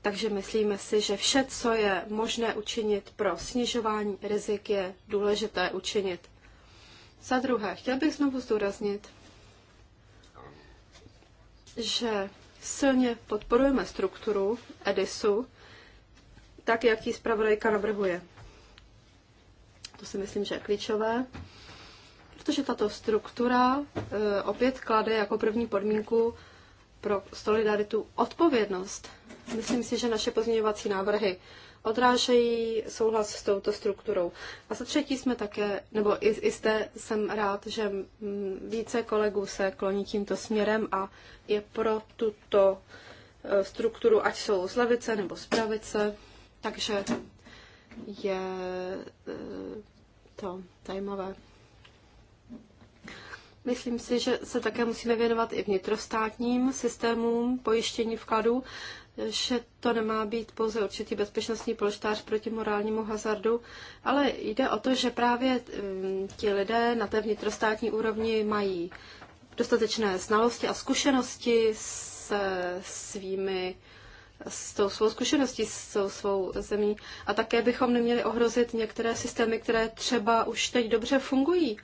Takže myslíme si, že vše, co je možné učinit pro snižování rizik, je důležité učinit. Za druhé, chtěl bych znovu zdůraznit, že silně podporujeme strukturu EDISu, tak, jak ji zpravodajka navrhuje. To si myslím, že je klíčové, protože tato struktura eh, opět klade jako první podmínku pro solidaritu odpovědnost. Myslím si, že naše pozměňovací návrhy odrážejí souhlas s touto strukturou. A za třetí jsme také, nebo i, i zde jsem rád, že více kolegů se kloní tímto směrem a je pro tuto e, strukturu, ať jsou z levice nebo z pravice, takže je e, to zajímavé. Myslím si, že se také musíme věnovat i vnitrostátním systémům pojištění vkladů že to nemá být pouze určitý bezpečnostní polštář proti morálnímu hazardu, ale jde o to, že právě mm, ti lidé na té vnitrostátní úrovni mají dostatečné znalosti a zkušenosti se svými s tou svou zkušeností, s tou svou zemí. A také bychom neměli ohrozit některé systémy, které třeba už teď dobře fungují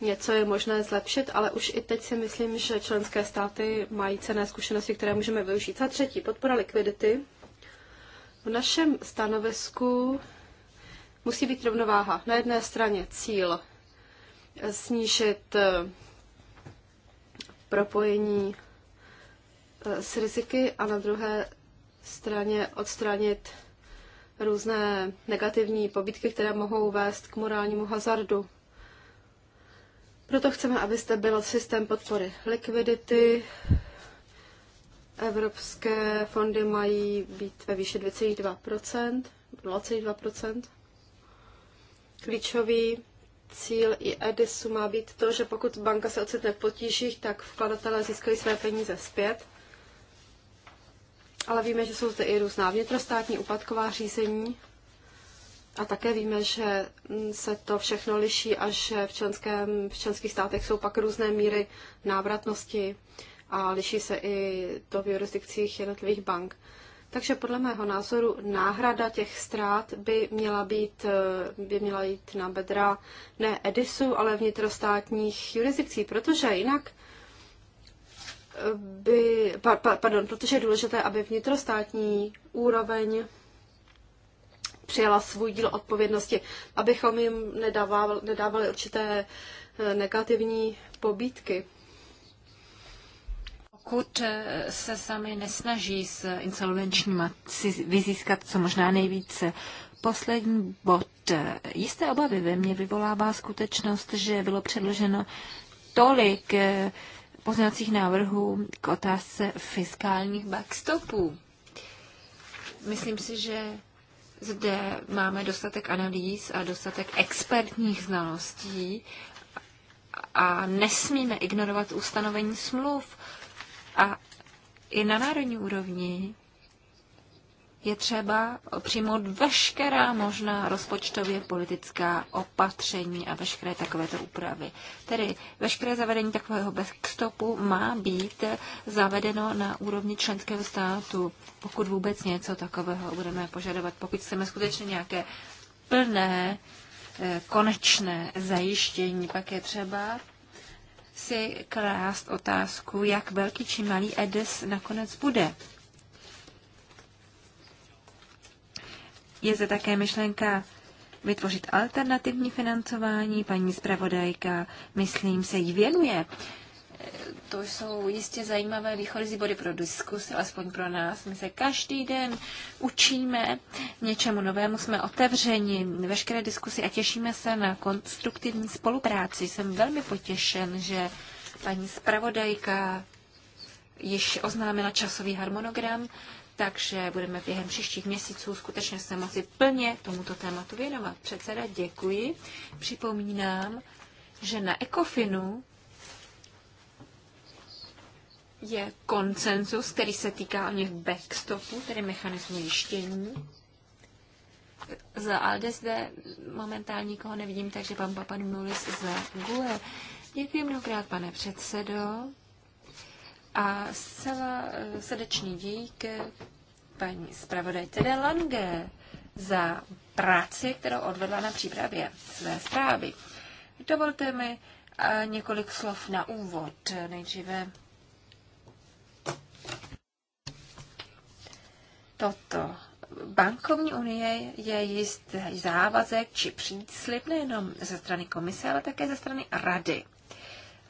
něco je možné zlepšit, ale už i teď si myslím, že členské státy mají cené zkušenosti, které můžeme využít. Za třetí, podpora likvidity. V našem stanovisku musí být rovnováha. Na jedné straně cíl snížit eh, propojení eh, s riziky a na druhé straně odstranit různé negativní pobytky, které mohou vést k morálnímu hazardu. Proto chceme, abyste byl systém podpory likvidity. Evropské fondy mají být ve výši 2,2%, 0,2%. Klíčový cíl i Edisu má být to, že pokud banka se ocitne v potížích, tak vkladatelé získají své peníze zpět. Ale víme, že jsou zde i různá vnitrostátní upadková řízení, a také víme, že mm, se to všechno liší a že v, členském, v členských státech jsou pak různé míry návratnosti a liší se i to v jurisdikcích jednotlivých bank. Takže podle mého názoru náhrada těch ztrát by měla být, eh, by měla jít na bedra ne Edisu, ale vnitrostátních jurisdikcí, protože jinak eh, by, pardon, protože je důležité, aby vnitrostátní úroveň přijala svůj díl odpovědnosti, abychom jim nedávali, nedávali určité eh, negativní pobídky. Pokud eh, se sami nesnaží s insolvenčníma vyzískat co možná nejvíce Poslední bod. Eh, jisté obavy ve mně vyvolává skutečnost, že bylo předloženo tolik poznacích návrhů k otázce fiskálních backstopů. Myslím si, že zde máme dostatek analýz a dostatek expertních znalostí a nesmíme ignorovat ustanovení smluv. A i na národní úrovni je třeba přijmout veškerá možná rozpočtově politická opatření a veškeré takovéto úpravy. Tedy veškeré zavedení takového backstopu má být zavedeno na úrovni členského státu, pokud vůbec něco takového budeme požadovat, pokud chceme skutečně nějaké plné, eh, konečné zajištění, pak je třeba si klást otázku, jak velký či malý Edes nakonec bude. Je zde také myšlenka vytvořit alternativní financování. Paní zpravodajka, myslím, se jí věnuje. To jsou jistě zajímavé výchozí body pro diskus, alespoň pro nás. My se každý den učíme něčemu novému, jsme otevřeni veškeré diskusy a těšíme se na konstruktivní spolupráci. Jsem velmi potěšen, že paní zpravodajka již oznámila časový harmonogram takže budeme během příštích měsíců skutečně se moci plně tomuto tématu věnovat. Předseda, děkuji. Připomínám, že na ECOFINu je konsenzus, který se týká o něch backstopů, tedy mechanismu jištění. Za ALDE zde momentálně nikoho nevidím, takže pan Papanulis za GUE. Děkuji mnohokrát, pane předsedo. A zcela eh, srdečný dík eh, paní zpravodajce de Lange za práci, kterou odvedla na přípravě své zprávy. Dovolte mi eh, několik slov na úvod. Nejdříve toto. Bankovní unie je jistý závazek či příslip nejenom ze strany komise, ale také ze strany rady.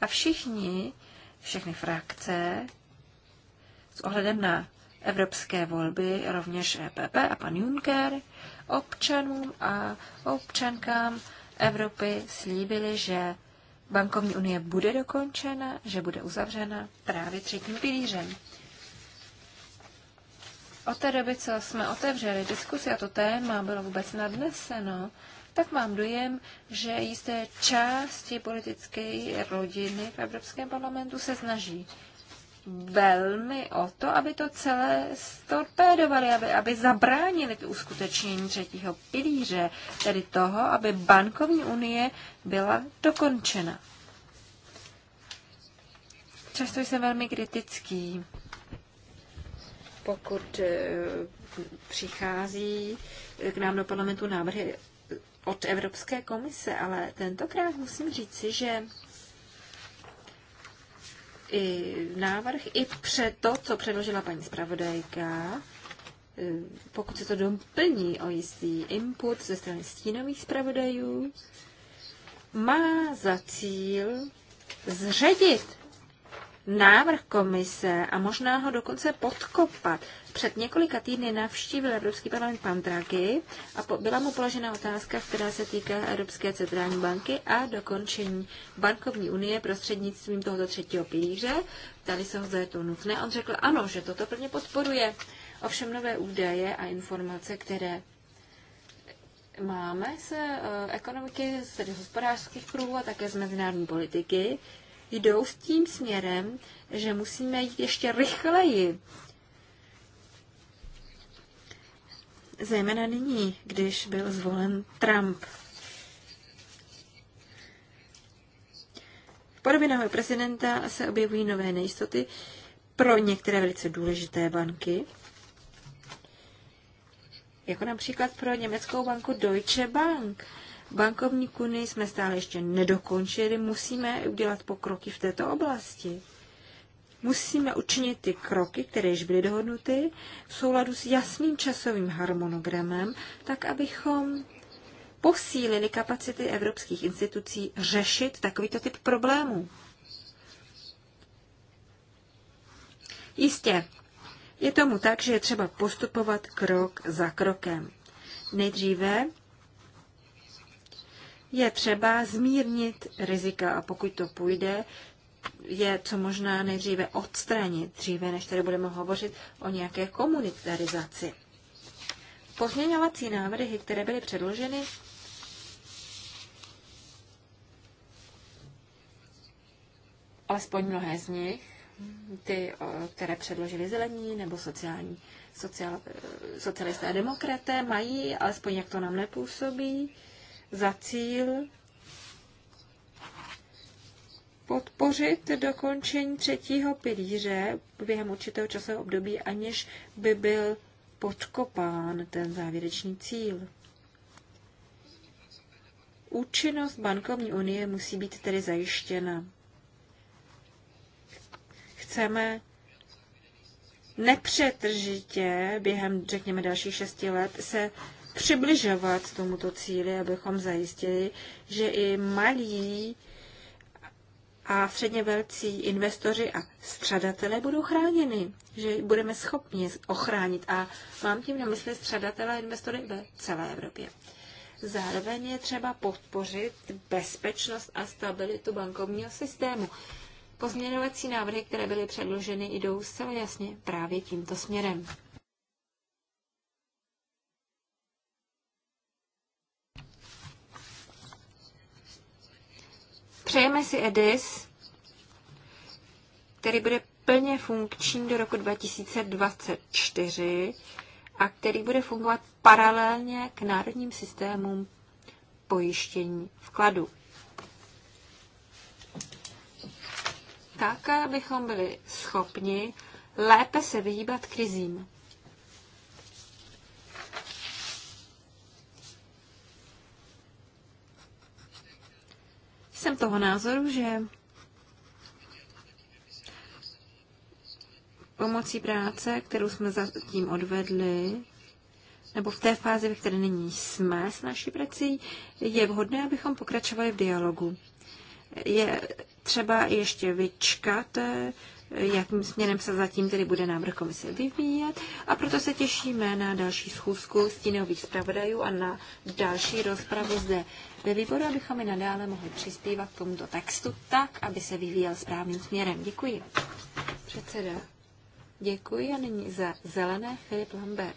A všichni všechny frakce s ohledem na evropské volby, rovněž EPP a pan Juncker, občanům a občankám Evropy slíbili, že bankovní unie bude dokončena, že bude uzavřena právě třetím pilířem. Od té doby, co jsme otevřeli diskusi a to téma bylo vůbec nadneseno, tak mám dojem, že jisté části politické rodiny v Evropském parlamentu se snaží velmi o to, aby to celé storpédovali, aby, aby zabránili k uskutečnění třetího pilíře, tedy toho, aby bankovní unie byla dokončena. Často jsem velmi kritický, pokud eh, přichází k nám do parlamentu návrhy od Evropské komise, ale tentokrát musím říci, že i návrh, i před to, co předložila paní zpravodajka, eh, pokud se to doplní o jistý input ze strany stínových zpravodajů, má za cíl zředit návrh komise a možná ho dokonce podkopat. Před několika týdny navštívil Evropský parlament pan Draghi a po, byla mu položena otázka, která se týká Evropské centrální banky a dokončení bankovní unie prostřednictvím tohoto třetího pilíře. Tady se ho, je to nutné. On řekl ano, že toto plně podporuje. Ovšem nové údaje a informace, které máme z eh, ekonomiky, z hospodářských kruhů a také z mezinárodní politiky, jdou s tím směrem, že musíme jít ještě rychleji. Zejména nyní, když byl zvolen Trump. V podobě nového prezidenta se objevují nové nejistoty pro některé velice důležité banky, jako například pro německou banku Deutsche Bank. Bankovní kuny jsme stále ještě nedokončili, musíme udělat pokroky v této oblasti. Musíme učinit ty kroky, které již byly dohodnuty, v souladu s jasným časovým harmonogramem, tak abychom posílili kapacity evropských institucí řešit takovýto typ problémů. Jistě, je tomu tak, že je třeba postupovat krok za krokem. Nejdříve je třeba zmírnit rizika a pokud to půjde, je co možná nejdříve odstranit, dříve než tady budeme hovořit o nějaké komunitarizaci. Pozměňovací návrhy, které byly předloženy, alespoň mnohé z nich, ty, které předložili zelení nebo sociální, sociál eh, socialisté a demokraté, mají, alespoň jak to nám nepůsobí, za cíl podpořit dokončení třetího pilíře během určitého časového období, aniž by byl podkopán ten závěrečný cíl. Účinnost bankovní unie musí být tedy zajištěna. Chceme nepřetržitě během, řekněme, dalších šesti let se přibližovat tomuto cíli, abychom zajistili, že i malí a středně velcí investoři a střadatelé budou chráněni, že budeme schopni ochránit. A mám tím na mysli střadatelé a investory ve celé Evropě. Zároveň je třeba podpořit bezpečnost a stabilitu bankovního systému. Pozměňovací návrhy, které byly předloženy, jdou zcela jasně právě tímto směrem. Přejeme si EDIS, který bude plně funkční do roku 2024 a který bude fungovat paralelně k národním systémům pojištění vkladu. Tak, abychom byli schopni lépe se vyhýbat krizím. Jsem toho názoru, že pomocí práce, kterou jsme zatím odvedli, nebo v té fázi, ve které nyní jsme s naší prací, je vhodné, abychom pokračovali v dialogu. Je třeba ještě vyčkat jakým směrem se zatím tedy bude návrh komise vyvíjet. A proto se těšíme na další schůzku stínových zpravodajů a na další rozpravu zde ve výboru, abychom i nadále mohli přispívat k tomuto textu tak, aby se vyvíjel správným směrem. Děkuji. Předseda. Děkuji a nyní za zelené Filip Lambert.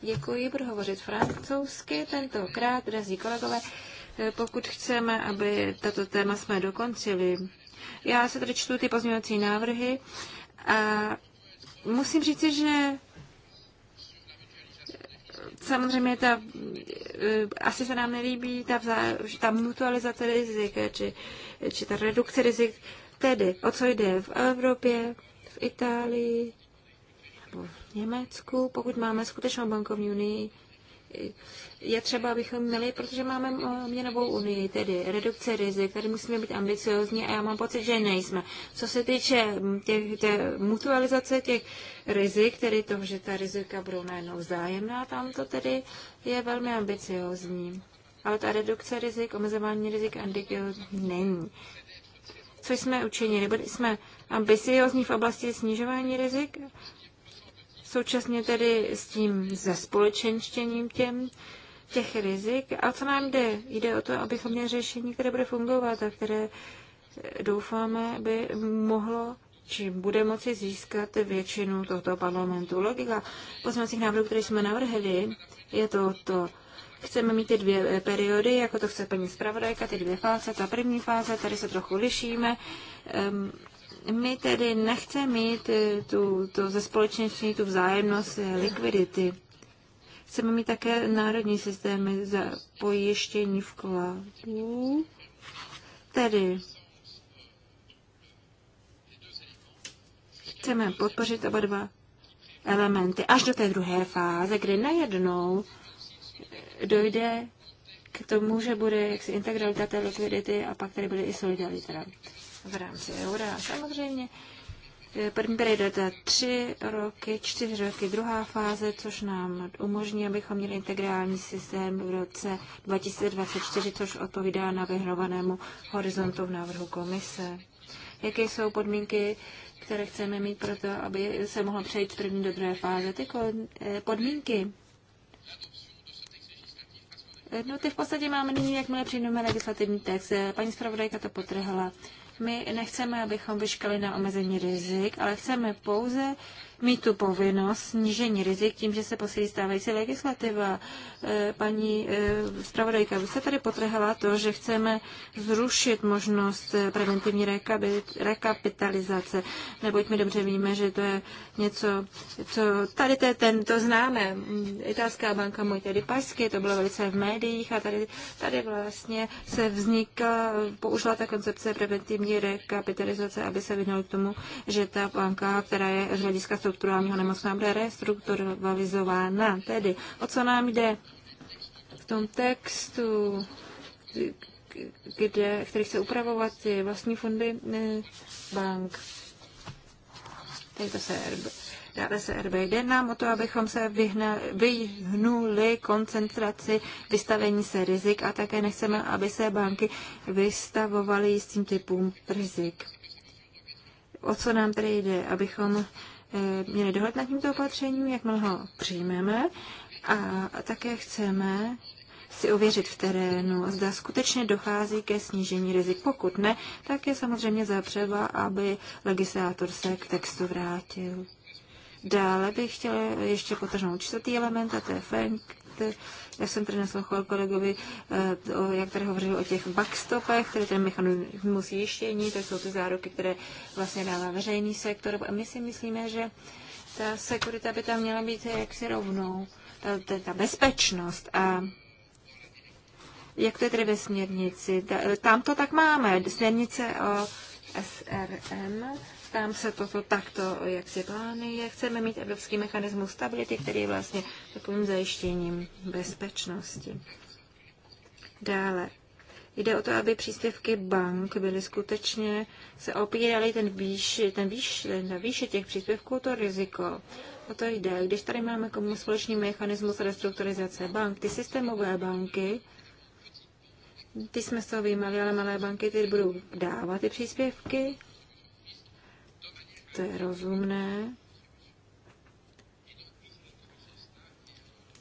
Děkuji, budu hovořit francouzsky tentokrát, drazí kolegové. Pokud chceme, aby tato téma jsme dokončili, já se tady čtu ty pozměňovací návrhy a musím říci, že samozřejmě ta, eh, asi se nám nelíbí ta, vzá, ta mutualizace rizik, eh, či, či ta redukce rizik, tedy o co jde v Evropě, v Itálii, nebo v Německu, pokud máme skutečnou bankovní unii, je třeba, abychom měli, protože máme eh, měnovou unii, tedy redukce rizik, tady musíme být ambiciozní a já mám pocit, že nejsme. Co se týče hm, těch, té mutualizace těch rizik, tedy toho, že ta rizika budou najednou vzájemná, tam to tedy je velmi ambiciozní. Ale ta redukce rizik, omezování rizik ambiciozní není. Co jsme učinili? Byli jsme ambiciozní v oblasti snižování rizik, současně tedy s tím společenštěním těm, těch rizik. A co nám jde? Jde o to, abychom měli řešení, které bude fungovat a které eh, doufáme, by mohlo či bude moci získat většinu tohoto parlamentu. Logika poslancích návrhů, které jsme navrhli, je to, to chceme mít ty dvě eh, periody, jako to chce paní zpravodajka, ty dvě fáze. Ta první fáze, tady se trochu lišíme. Um, my tedy nechceme mít eh, tu, tu ze společenství tu vzájemnost eh, likvidity. Chceme mít také národní systémy za pojištění vkladů. Tedy chceme podpořit oba dva elementy až do té druhé fáze, kdy najednou eh, dojde k tomu, že bude jaksi integralita té likvidity a pak tady bude i solidarita v rámci eura. Samozřejmě eh, první periodita tři roky, čtyři roky, druhá fáze, což nám umožní, abychom měli integrální systém v roce 2024, což odpovídá vyhrovanému horizontu v návrhu komise. Jaké jsou podmínky, které chceme mít pro to, aby se mohlo přejít z první do druhé fáze? Ty eh, podmínky eh, No ty v podstatě máme nyní, jakmile přijmeme legislativní text. Paní zpravodajka to potrhla. My nechceme, abychom vyškali na omezení rizik, ale chceme pouze mít tu povinnost snížení rizik tím, že se posílí stávající legislativa. Eh, paní eh, zpravodajka, vy jste tady potrhala to, že chceme zrušit možnost eh, preventivní rekapitalizace, neboť my dobře víme, že to je něco, co tady to, je ten, to známe. Italská banka můj tedy pasky, to bylo velice v médiích a tady, tady vlastně se vznikla, použila ta koncepce preventivní rekapitalizace, aby se vyhnul k tomu, že ta banka, která je z hlediska strukturálního nemocná bude restrukturalizována. Tedy o co nám jde v tom textu, kde, který chce upravovat ty vlastní fondy eh, bank. Tady to se dále se RB. Jde nám o to, abychom se vyhnali, vyhnuli koncentraci vystavení se rizik a také nechceme, aby se banky vystavovaly jistým typům rizik. O co nám tedy jde? Abychom Eh, měli dohled nad tímto opatřením, jakmile ho přijmeme. A také chceme si ověřit v terénu, zda skutečně dochází ke snížení rizik. Pokud ne, tak je samozřejmě zapřeba, aby legislátor se k textu vrátil. Dále bych chtěla ještě potrhnout čtvrtý element, a to je Frank já jsem tady naslouchal kolegovi, eh, jak tady hovořil o těch backstopech, které ten mechanismus jištění, to jsou ty záruky, které vlastně dává veřejný sektor. A my si myslíme, že ta sekurita by tam měla být jaksi rovnou, ta, ta, ta bezpečnost. A jak to je tedy ve směrnici? Tam to tak máme, směrnice o SRM, tam se toto takto, jak si plánuje. Chceme mít evropský mechanismus stability, který je vlastně takovým zajištěním bezpečnosti. Dále. Jde o to, aby příspěvky bank byly skutečně, se opíraly ten výši, ten výši, ten, výši těch příspěvků, to riziko. O to jde. Když tady máme komu společný mechanismus restrukturizace bank, ty systémové banky, ty jsme z toho vyjímali, ale malé banky ty budou dávat ty příspěvky to je rozumné.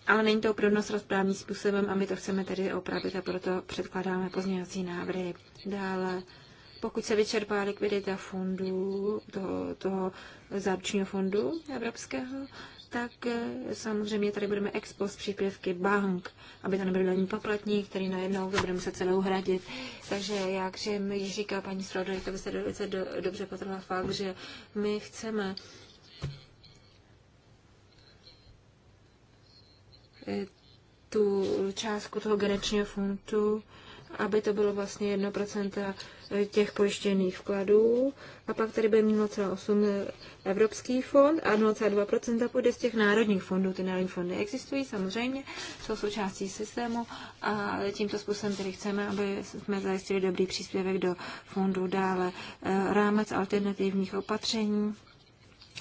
Ale není to obdobnost rozprávným způsobem a my to chceme tedy opravit a proto předkládáme pozměňovací návrhy. Dále, pokud se vyčerpá likvidita fondů, toho, toho záručního fondu evropského, tak eh, samozřejmě tady budeme ex post přípěvky bank, aby to nebyl ani poplatní, který najednou to bude muset celou hradit. Takže jak že mi říká paní Strodoj, to byste velice do, dobře potrhla fakt, že my chceme eh, tu částku toho generačního fondu aby to bylo vlastně 1% těch pojištěných vkladů. A pak tady bude mít 0,8 Evropský fond a 0,2% půjde z těch národních fondů. Ty národní fondy existují samozřejmě, jsou součástí systému a tímto způsobem tedy chceme, aby jsme zajistili dobrý příspěvek do fondu dále. Eh, rámec alternativních opatření.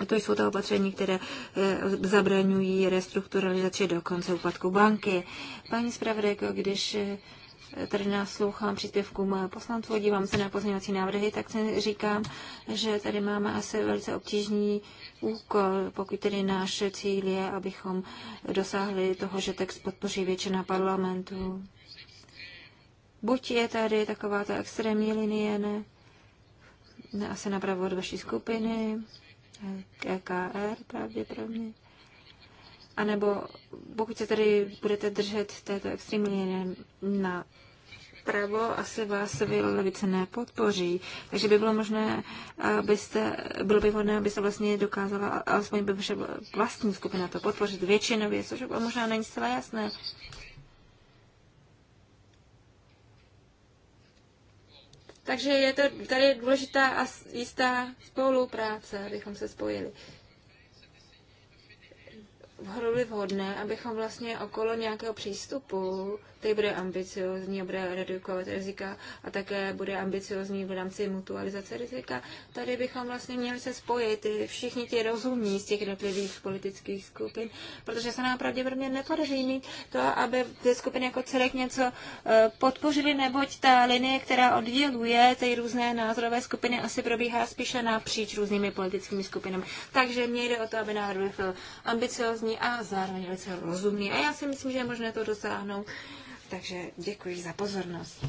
To jsou ta opatření, které eh, zabraňují restrukturalizaci dokonce úpadku banky. Paní zpravodajko, když eh, tady naslouchám příspěvkům poslanců, dívám se na pozměňovací návrhy, tak si říkám, že tady máme asi velice obtížný úkol, pokud tedy náš cíl je, abychom dosáhli toho, že text podpoří většina parlamentu. Buď je tady taková ta extrémní linie, ne? asi napravo od vaší skupiny, KKR pravděpodobně. A nebo pokud se tady budete držet této extrémní linie na vpravo, asi vás levice nepodpoří. Takže by bylo možné, abyste, bylo by vhodné, abyste vlastně dokázala, alespoň by vaše vlastní skupina to podpořit většinově, což možná není zcela jasné. Takže je to, tady je důležitá a jistá spolupráce, abychom se spojili by vhodné, abychom vlastně okolo nějakého přístupu, který bude ambiciozní a bude redukovat rizika a také bude ambiciozní v rámci mutualizace rizika, tady bychom vlastně měli se spojit všichni ti rozumní z těch jednotlivých politických skupin, protože se nám pravděpodobně nepodaří mít to, aby ty skupiny jako celek něco eh, podpořily, neboť ta linie, která odděluje ty různé názorové skupiny, asi probíhá spíše napříč různými politickými skupinami. Takže mě jde o to, aby národ byl ambiciozní krásný a zároveň velice rozumný. A já si myslím, že je možné to dosáhnout. Takže děkuji za pozornost.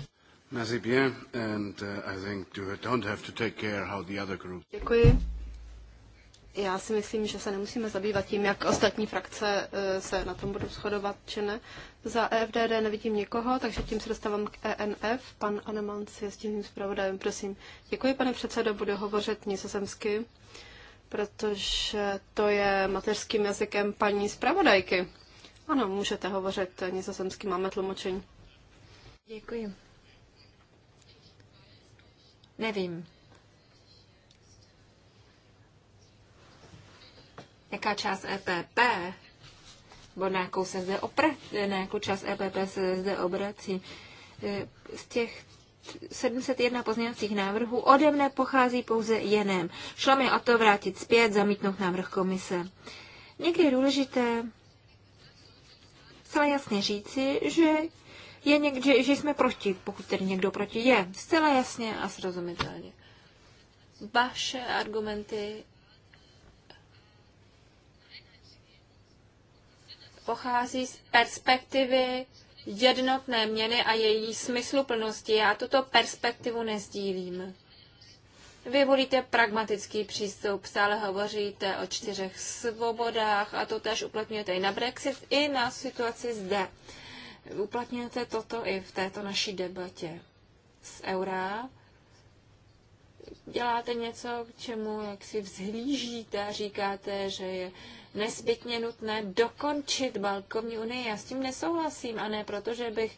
Merci bien, and uh, I think you don't have to take care how the other group... Děkuji. Já si myslím, že se nemusíme zabývat tím, jak ostatní frakce eh, se na tom budou shodovat, či ne. Za EFDD nevidím nikoho, takže tím se dostávám k ENF. Pan Anemans je s tím zpravodajem, prosím. Děkuji, pane předsedo, budu hovořit nizozemsky. Uh, protože to je mateřským jazykem paní zpravodajky. Ano, můžete hovořit nizozemsky, máme tlumočení. Děkuji. Nevím. Jaká část EPP, bo na jakou se zde opra, na jakou část EPP se zde obrací, eh, z těch 701 pozměňovacích návrhů ode mne pochází pouze jenem. Šlo mi o to vrátit zpět, zamítnout návrh komise. Někdy je důležité zcela jasně říci, že, je někde, že jsme proti, pokud tedy někdo proti je. Zcela jasně a srozumitelně. Vaše argumenty pochází z perspektivy jednotné měny a její smysluplnosti. Já tuto perspektivu nezdílím. Vy volíte pragmatický přístup, stále hovoříte o čtyřech svobodách a to tež uplatňujete i na Brexit, i na situaci zde. Uplatňujete toto i v této naší debatě z eura. Děláte něco, k čemu jak si vzhlížíte a říkáte, že je nezbytně nutné dokončit bankovní unii. Já s tím nesouhlasím a ne proto, že bych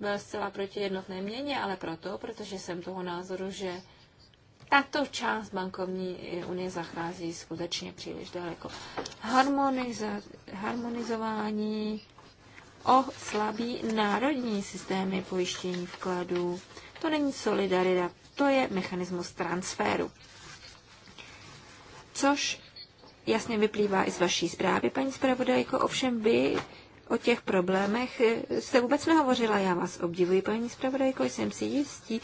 byl zcela proti jednotné měně, ale proto, protože jsem toho názoru, že tato část bankovní unie zachází skutečně příliš daleko. Harmoniza- harmonizování oslabí národní systémy pojištění vkladů. To není solidarita, to je mechanismus transferu. Což jasně vyplývá i z vaší zprávy, paní zpravodajko, ovšem vy o těch problémech eh, jste vůbec nehovořila. Já vás obdivuji, paní zpravodajko, jsem si jistí,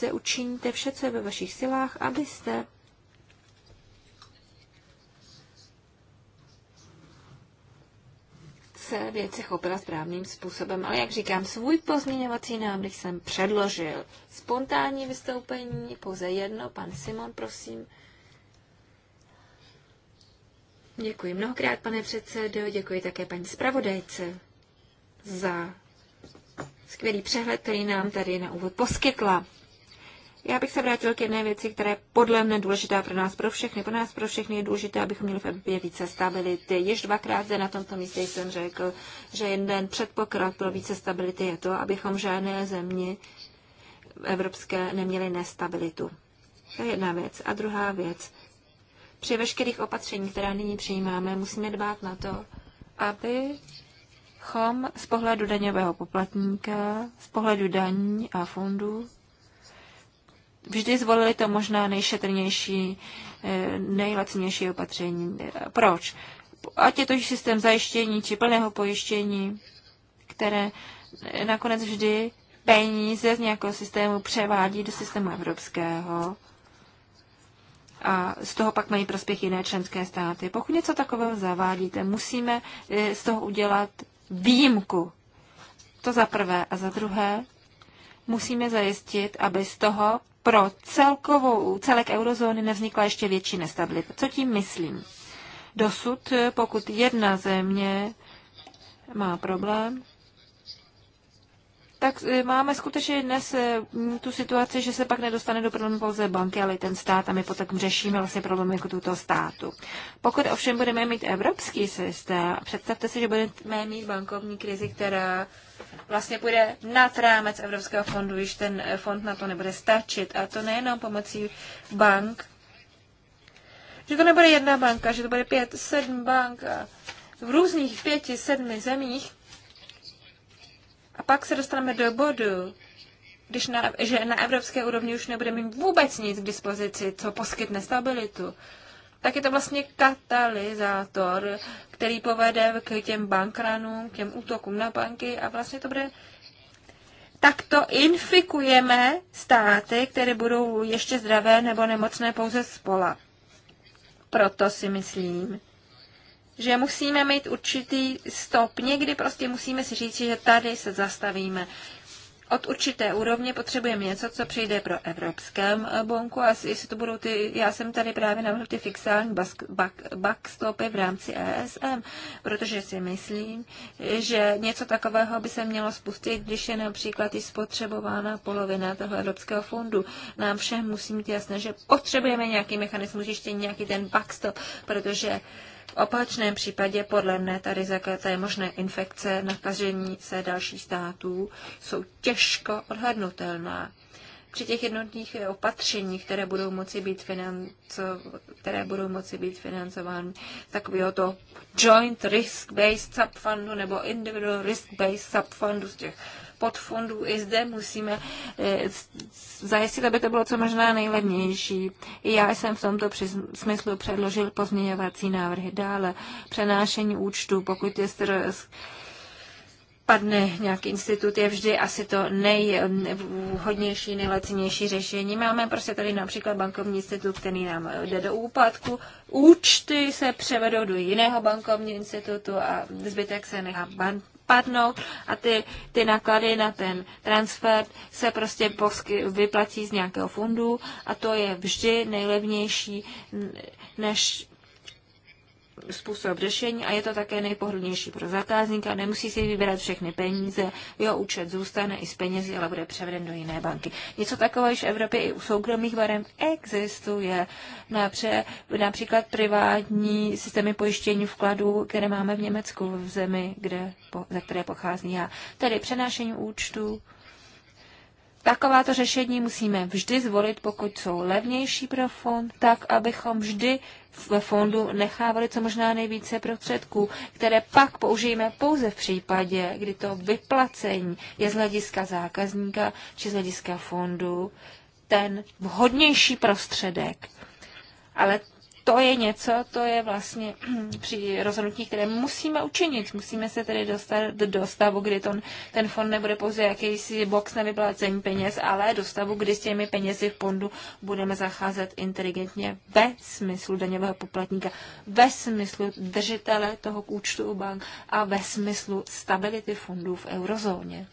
že učiníte vše, co je ve vašich silách, abyste se věci chopila správným způsobem. Ale jak říkám, svůj pozměňovací návrh jsem předložil. Spontánní vystoupení, pouze jedno. Pan Simon, prosím. Děkuji mnohokrát, pane předsedo, děkuji také paní zpravodajce za skvělý přehled, který nám tady na úvod poskytla. Já bych se vrátil k jedné věci, která je podle mne důležitá pro nás, pro všechny. Pro nás, pro všechny je důležité, abychom měli v Evropě více stability. Již dvakrát zde na tomto místě jsem řekl, že jeden předpoklad pro více stability je to, abychom žádné země evropské neměli nestabilitu. To je jedna věc. A druhá věc při veškerých opatření, která nyní přijímáme, musíme dbát na to, aby chom z pohledu daňového poplatníka, z pohledu daní a fondů vždy zvolili to možná nejšetrnější, eh, nejlacnější opatření. Proč? Ať je to systém zajištění či plného pojištění, které nakonec vždy peníze z nějakého systému převádí do systému evropského a z toho pak mají prospěch jiné členské státy. Pokud něco takového zavádíte, musíme eh, z toho udělat výjimku. To za prvé. A za druhé, musíme zajistit, aby z toho pro celkovou, celek eurozóny nevznikla ještě větší nestabilita. Co tím myslím? Dosud, eh, pokud jedna země má problém, tak e, máme skutečně dnes e, tu situaci, že se pak nedostane do problému pouze banky, ale i ten stát a my potom řešíme vlastně problémy jako tuto státu. Pokud ovšem budeme mít evropský systém, představte si, že budeme mít bankovní krizi, která vlastně půjde nad rámec Evropského fondu, když ten fond na to nebude stačit. A to nejenom pomocí bank, že to nebude jedna banka, že to bude pět, sedm bank v různých pěti, sedmi zemích, a pak se dostaneme do bodu, když na, že na evropské úrovni už nebudeme mít vůbec nic k dispozici, co poskytne stabilitu, tak je to vlastně katalyzátor, který povede k těm bankranům, k těm útokům na banky a vlastně to bude tak to infikujeme státy, které budou ještě zdravé nebo nemocné pouze spola. Proto si myslím, že musíme mít určitý stop. Někdy prostě musíme si říct, že tady se zastavíme. Od určité úrovně potřebujeme něco, co přijde pro evropském bonku a jestli to budou ty, já jsem tady právě navrhl ty fixální backstopy v rámci ESM, protože si myslím, že něco takového by se mělo spustit, když je například i spotřebována polovina toho evropského fondu. Nám všem musí být jasné, že potřebujeme nějaký mechanismus, ještě nějaký ten backstop, protože opačném případě podle mne tady zakaté možné infekce, nakažení se dalších států jsou těžko odhadnutelná. Při těch jednotných opatřeních, které budou moci být, financo, které budou moci být financovány takového to joint risk-based subfundu nebo individual risk-based subfundu z těch podfondů. I zde musíme eh, zajistit, aby to bylo co možná nejlevnější. I já jsem v tomto smyslu předložil pozměňovací návrhy dále. Přenášení účtu, pokud je padne nějaký institut, je vždy asi to nejvhodnější, eh, nejlacinější řešení. Máme prostě tady například bankovní institut, který nám eh, jde do úpadku, účty se převedou do jiného bankovního institutu a zbytek se nechá padnou a ty, ty náklady na ten transfer se prostě posky, vyplatí z nějakého fondu a to je vždy nejlevnější než způsob řešení a je to také nejpohodlnější pro zákazníka. Nemusí si vybírat všechny peníze, jeho účet zůstane i z penězi, ale bude převeden do jiné banky. Něco takového již v Evropě i u soukromých barem existuje. Napře, například privátní systémy pojištění vkladů, které máme v Německu, v zemi, kde, po, ze které pochází já. Tedy přenášení účtu, Takováto řešení musíme vždy zvolit, pokud jsou levnější pro fond, tak abychom vždy ve fondu nechávali co možná nejvíce prostředků, které pak použijeme pouze v případě, kdy to vyplacení je z hlediska zákazníka či z hlediska fondu ten vhodnější prostředek. Ale to je něco, to je vlastně při rozhodnutí, které musíme učinit. Musíme se tedy dostat do stavu, kdy ton, ten fond nebude pouze jakýsi box na vyplácení peněz, ale do stavu, kdy s těmi penězi v fondu budeme zacházet inteligentně ve smyslu daňového poplatníka, ve smyslu držitele toho účtu u bank a ve smyslu stability fondů v eurozóně.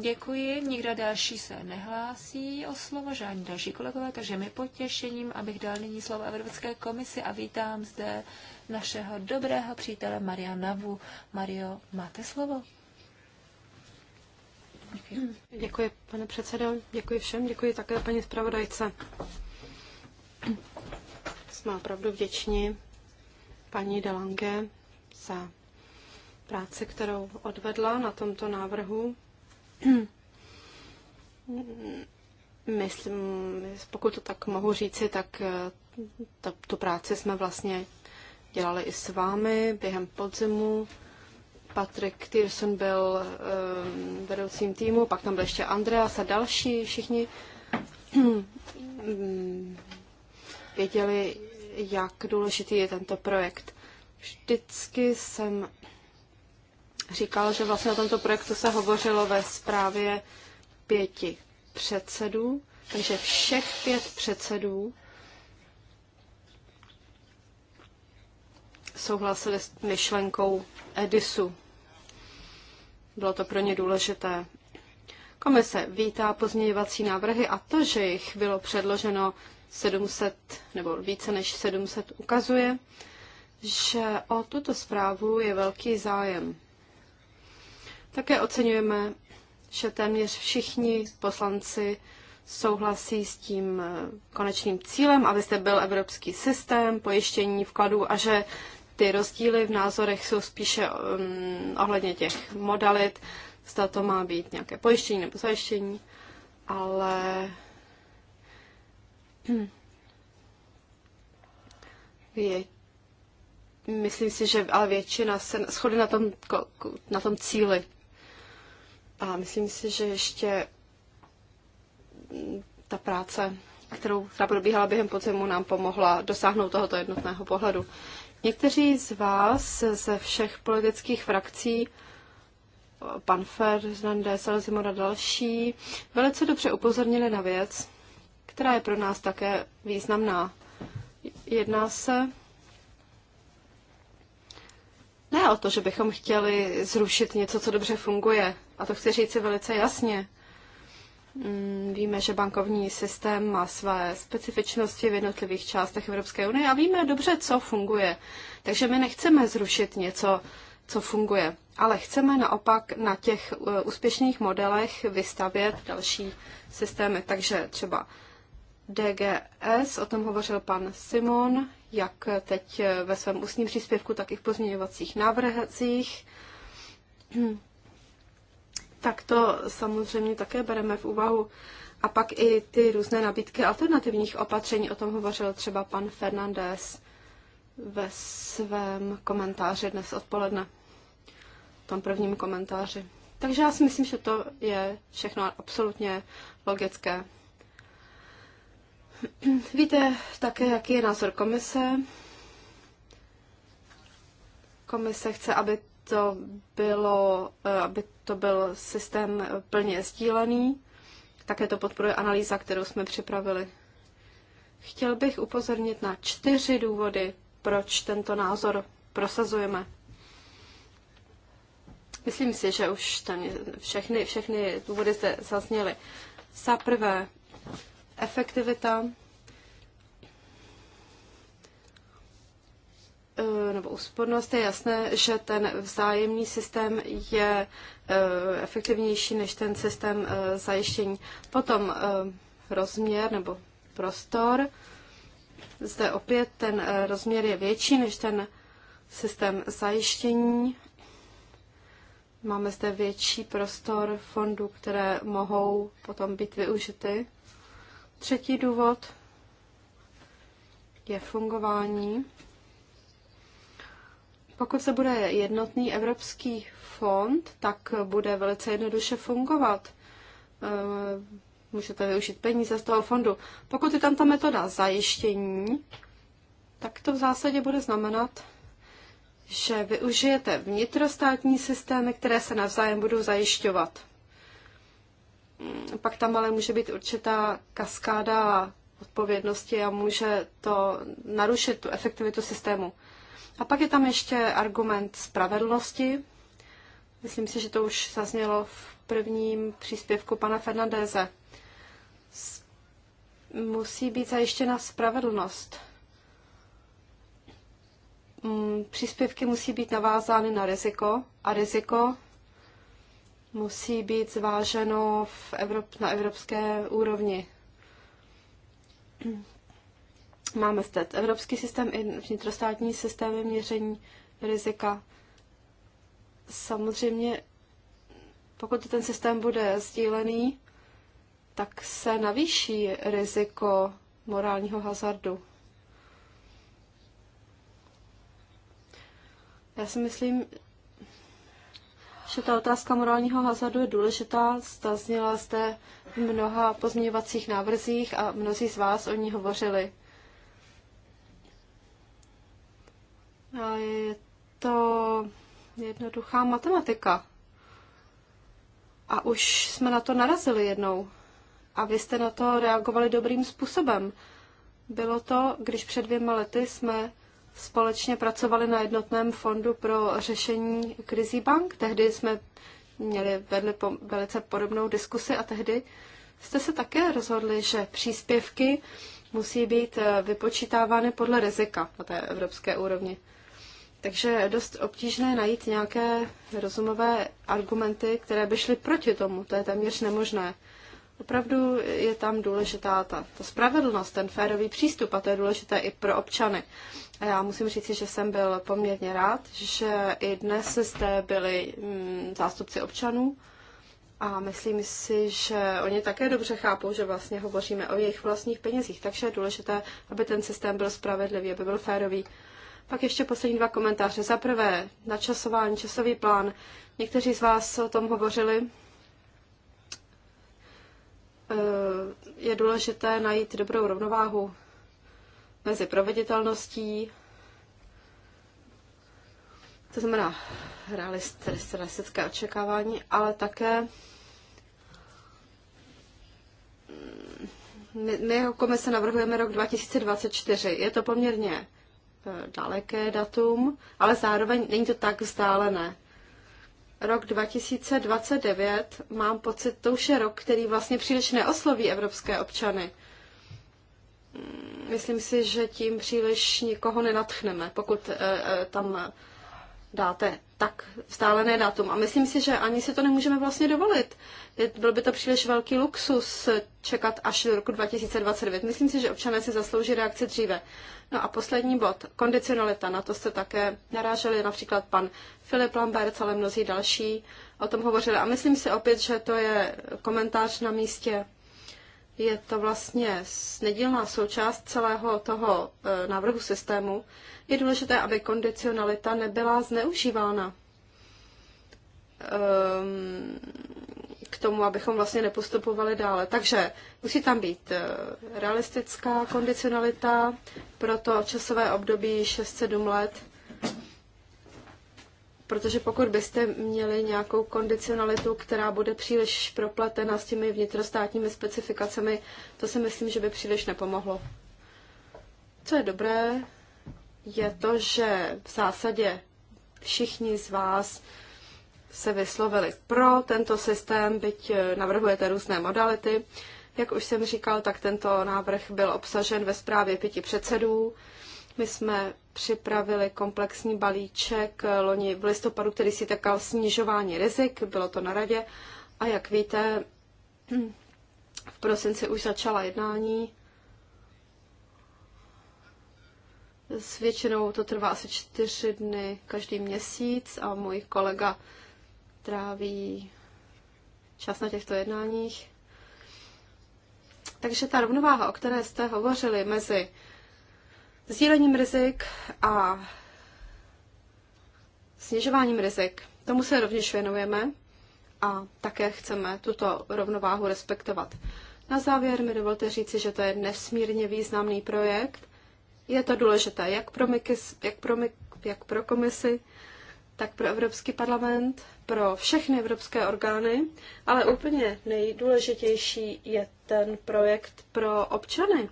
Děkuji, nikdo další se nehlásí o slovo, žádní další kolegové, takže my potěšením, abych dal nyní slovo Evropské komisi a vítám zde našeho dobrého přítele Maria Navu. Mario, máte slovo? Děkuji. děkuji, pane předsedo, děkuji všem, děkuji také paní zpravodajce. Jsme opravdu vděční paní Delange za práci, kterou odvedla na tomto návrhu Myslím, pokud to tak mohu říci, tak eh, ta, tu práci jsme vlastně dělali i s vámi během podzimu. Patrick Pearson byl um, vedoucím týmu, pak tam byl ještě Andreas a další, všichni věděli, jak důležitý je tento projekt. Vždycky jsem říkal, že vlastně o tomto projektu se hovořilo ve zprávě pěti předsedů, takže všech pět předsedů souhlasili s myšlenkou Edisu. Bylo to pro ně důležité. Komise vítá pozměňovací návrhy a to, že jich bylo předloženo 700 nebo více než 700 ukazuje, že o tuto zprávu je velký zájem. Také oceňujeme, že téměř všichni poslanci souhlasí s tím eh, konečným cílem, aby zde byl evropský systém pojištění vkladů a že ty rozdíly v názorech jsou spíše um, ohledně těch modalit, zda to má být nějaké pojištění nebo zajištění, ale Vě... Hm, myslím si, že ale většina se shodne na tom, na tom cíli. A myslím si, že ještě mm, ta práce, kterou, ta probíhala během podzimu, nám pomohla dosáhnout tohoto jednotného pohledu. Někteří z vás ze všech politických frakcí, pan Fer, Fernandez, Salzimora, další, velice dobře upozornili na věc, která je pro nás také významná. Jedná se ne o to, že bychom chtěli zrušit něco, co dobře funguje. A to chci říct si velice jasně. Mm, víme, že bankovní systém má své specifičnosti v jednotlivých částech Evropské unie a víme dobře, co funguje. Takže my nechceme zrušit něco, co funguje, ale chceme naopak na těch e, úspěšných modelech vystavět další systémy. Takže třeba DGS, o tom hovořil pan Simon, jak teď ve svém ústním příspěvku, tak i v pozměňovacích návrhcích. Tak to samozřejmě také bereme v úvahu. A pak i ty různé nabídky alternativních opatření, o tom hovořil třeba pan Fernandez ve svém komentáři dnes odpoledne, v tom prvním komentáři. Takže já si myslím, že to je všechno absolutně logické. Víte také, jaký je názor komise? Komise chce, aby to, bylo, eh, aby to byl systém plně sdílený. Také to podporuje analýza, kterou jsme připravili. Chtěl bych upozornit na čtyři důvody, proč tento názor prosazujeme. Myslím si, že už tam všechny, všechny důvody zde zazněly. Za prvé, efektivita eh, nebo úspornost, je jasné, že ten vzájemný systém je eh, efektivnější než ten systém eh, zajištění. Potom rozměr nebo prostor. Zde opět ten rozměr je větší než ten systém zajištění. Máme zde větší prostor fondů, které mohou potom být využity. Třetí důvod je fungování. Pokud se bude jednotný evropský fond, tak bude velice jednoduše fungovat. Eh, můžete využít peníze z toho fondu. Pokud je tam ta metoda zajištění, tak to v zásadě bude znamenat, že využijete vnitrostátní systémy, které se navzájem budou zajišťovat pak tam ale může být určitá kaskáda odpovědnosti a může to narušit tu efektivitu systému. A pak je tam ještě argument spravedlnosti. Myslím si, že to už zaznělo v prvním příspěvku pana Fernandéze. Musí být zajištěna spravedlnost. Mm, příspěvky musí být navázány na riziko a riziko musí být zváženo v Evrop, na evropské úrovni. Máme zde evropský systém i vnitrostátní systémy měření rizika. Samozřejmě, pokud ten systém bude sdílený, tak se navýší riziko morálního hazardu. Já si myslím, že ta otázka morálního hazardu je důležitá. Zazněla jste v mnoha pozměňovacích návrzích a mnozí z vás o ní hovořili. A je to jednoduchá matematika. A už jsme na to narazili jednou. A vy jste na to reagovali dobrým způsobem. Bylo to, když před dvěma lety jsme společně pracovali na jednotném fondu pro řešení krizí bank. Tehdy jsme měli, vedli po, velice podobnou diskusi a tehdy jste se také rozhodli, že příspěvky musí být eh, vypočítávány podle rizika na té evropské úrovni. Takže je dost obtížné najít nějaké rozumové argumenty, které by šly proti tomu. To je téměř nemožné. Opravdu je tam důležitá ta, ta spravedlnost, ten férový přístup a to je důležité i pro občany. A já musím říct, že jsem byl poměrně rád, že i dnes jste byli mm, zástupci občanů a myslím si, že oni také dobře chápou, že vlastně hovoříme o jejich vlastních penězích, takže je důležité, aby ten systém byl spravedlivý, aby byl férový. Pak ještě poslední dva komentáře. Za prvé, načasování, časový plán. Někteří z vás o tom hovořili, Eh, je důležité najít dobrou rovnováhu mezi proveditelností, to znamená realistické očekávání, ale také mm, my, my jako komise navrhujeme rok 2024. Je to poměrně eh, daleké datum, ale zároveň není to tak vzdálené rok 2029, mám pocit, to už je rok, který vlastně příliš neosloví evropské občany. Hmm, myslím si, že tím příliš nikoho nenatchneme, pokud eh, eh, tam eh, dáte tak vzdálené datum. A myslím si, že ani si to nemůžeme vlastně dovolit. Byl by to příliš velký luxus čekat až do roku 2029. Myslím si, že občané si zaslouží reakci dříve. No a poslední bod, kondicionalita. Na to jste také naráželi například pan Filip Lambert, ale mnozí další o tom hovořili. A myslím si opět, že to je komentář na místě. Je to vlastně nedílná součást celého toho e, návrhu systému. Je důležité, aby kondicionalita nebyla zneužívána ehm, k tomu, abychom vlastně nepostupovali dále. Takže musí tam být e, realistická kondicionalita pro to časové období 6-7 let Protože pokud byste měli nějakou kondicionalitu, která bude příliš propletena s těmi vnitrostátními specifikacemi, to si myslím, že by příliš nepomohlo. Co je dobré, je to, že v zásadě všichni z vás se vyslovili pro tento systém, byť eh, navrhujete různé modality. Jak už jsem říkal, tak tento návrh byl obsažen ve zprávě pěti předsedů. My jsme připravili komplexní balíček eh, loni v listopadu, který si takal snižování rizik, bylo to na radě. A jak víte, v prosinci už začala jednání. S většinou to trvá asi čtyři dny každý měsíc a můj kolega tráví čas na těchto jednáních. Takže ta rovnováha, o které jste hovořili mezi Sdílením rizik a snižováním rizik, tomu se rovněž věnujeme a také chceme tuto rovnováhu respektovat. Na závěr mi dovolte říci, že to je nesmírně významný projekt. Je to důležité jak pro, Mikis, jak pro, Mik, jak pro komisi, tak pro Evropský parlament, pro všechny evropské orgány, ale úplně nejdůležitější je ten projekt pro občany,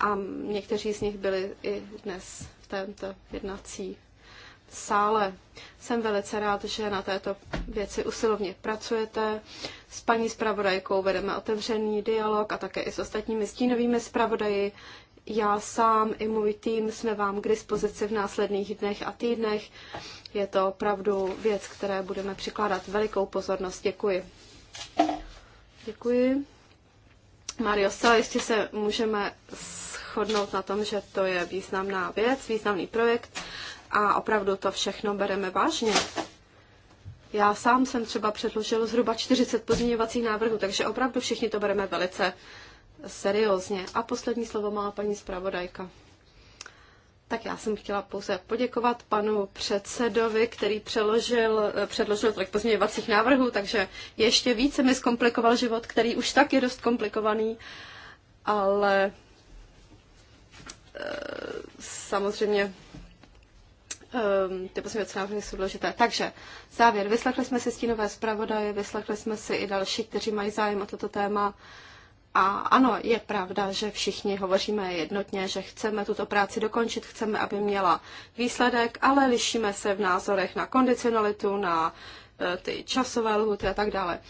a někteří z nich byli i dnes v této jednací sále. Jsem velice rád, že na této věci usilovně pracujete. S paní zpravodajkou vedeme otevřený dialog a také i s ostatními stínovými zpravodaji. Já sám i můj tým jsme vám k dispozici v následných dnech a týdnech. Je to opravdu věc, které budeme přikládat velikou pozornost. Děkuji. Děkuji. Mario, zcela jistě se můžeme shodnout na tom, že to je významná věc, významný projekt a opravdu to všechno bereme vážně. Já sám jsem třeba předložil zhruba 40 pozměňovacích návrhů, takže opravdu všichni to bereme velice seriózně. A poslední slovo má paní zpravodajka. Tak já jsem chtěla pouze poděkovat panu předsedovi, který přeložil, předložil tolik pozměňovacích návrhů, takže ještě více mi zkomplikoval život, který už tak je dost komplikovaný, ale Eh, samozřejmě ehm, ty pozměňovací návrhy jsou důležité. Takže závěr. Vyslechli jsme si stínové zpravodaje, vyslechli jsme si i další, kteří mají zájem o toto téma. A ano, je pravda, že všichni hovoříme jednotně, že chceme tuto práci dokončit, chceme, aby měla výsledek, ale lišíme se v názorech na kondicionalitu, na eh, ty časové lhuty a tak dále. Uh,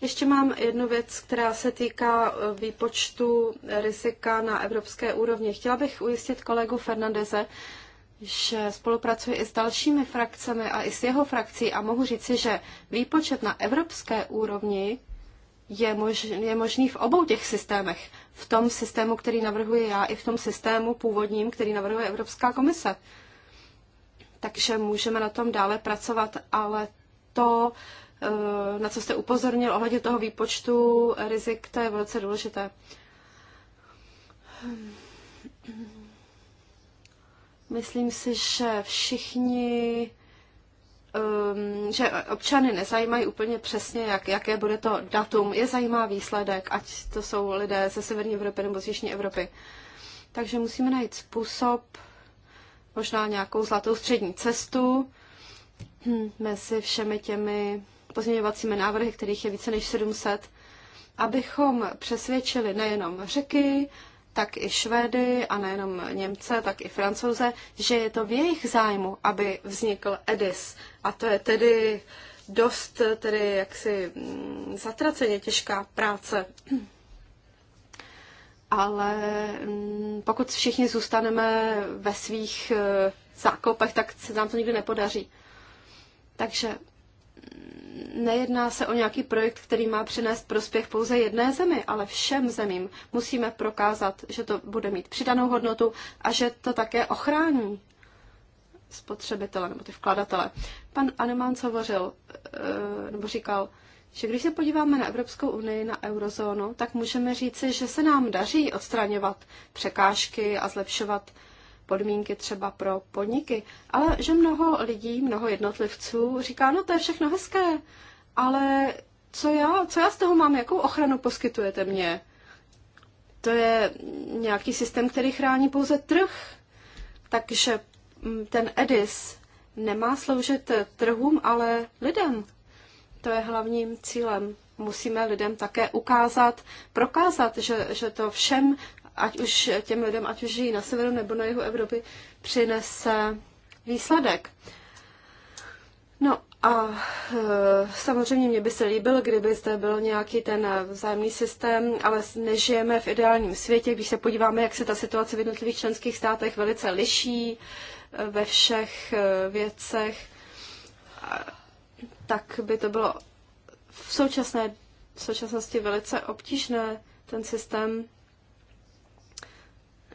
ještě mám jednu věc, která se týká eh, výpočtu rizika na evropské úrovni. Chtěla bych ujistit kolegu Fernandeze, že spolupracuji i s dalšími frakcemi a i s jeho frakcí a mohu říci, že výpočet na evropské úrovni je, mož, je možný v obou těch systémech. V tom systému, který navrhuji já, i v tom systému původním, který navrhuje Evropská komise. Takže můžeme na tom dále pracovat, ale to Eh, na co jste upozornil ohledně toho výpočtu rizik, to je velice důležité. Myslím si, že všichni, ehm, že občany nezajímají úplně přesně, jak, jaké bude to datum. Je zajímá výsledek, ať to jsou lidé ze severní Evropy nebo z jižní Evropy. Takže musíme najít způsob, možná nějakou zlatou střední cestu hm, mezi všemi těmi pozměňovacími návrhy, kterých je více než 700, abychom přesvědčili nejenom řeky, tak i Švédy a nejenom Němce, tak i Francouze, že je to v jejich zájmu, aby vznikl EDIS. A to je tedy dost tedy jaksi mm, zatraceně těžká práce. Ale mm, pokud všichni zůstaneme ve svých e, zákopech, tak se nám to nikdy nepodaří. Takže mm, nejedná se o nějaký projekt, který má přinést prospěch pouze jedné zemi, ale všem zemím. Musíme prokázat, že to bude mít přidanou hodnotu a že to také ochrání spotřebitele nebo ty vkladatele. Pan Anemans hovořil, eh, nebo říkal, že když se podíváme na Evropskou unii, na eurozónu, tak můžeme říci, že se nám daří odstraňovat překážky a zlepšovat podmínky třeba pro podniky, ale že mnoho lidí, mnoho jednotlivců říká, no to je všechno hezké, ale co já, co já z toho mám, jakou ochranu poskytujete mě? To je nějaký systém, který chrání pouze trh. Takže mm, ten EDIS nemá sloužit trhům, ale lidem. To je hlavním cílem. Musíme lidem také ukázat, prokázat, že, že to všem ať už těm lidem, ať už žijí na severu nebo na jihu Evropy, přinese výsledek. No a e, samozřejmě mě by se líbil, kdyby zde byl nějaký ten vzájemný systém, ale nežijeme v ideálním světě. Když se podíváme, jak se ta situace v jednotlivých členských státech velice liší e, ve všech e, věcech, tak by to bylo v, současné, v současnosti velice obtížné ten systém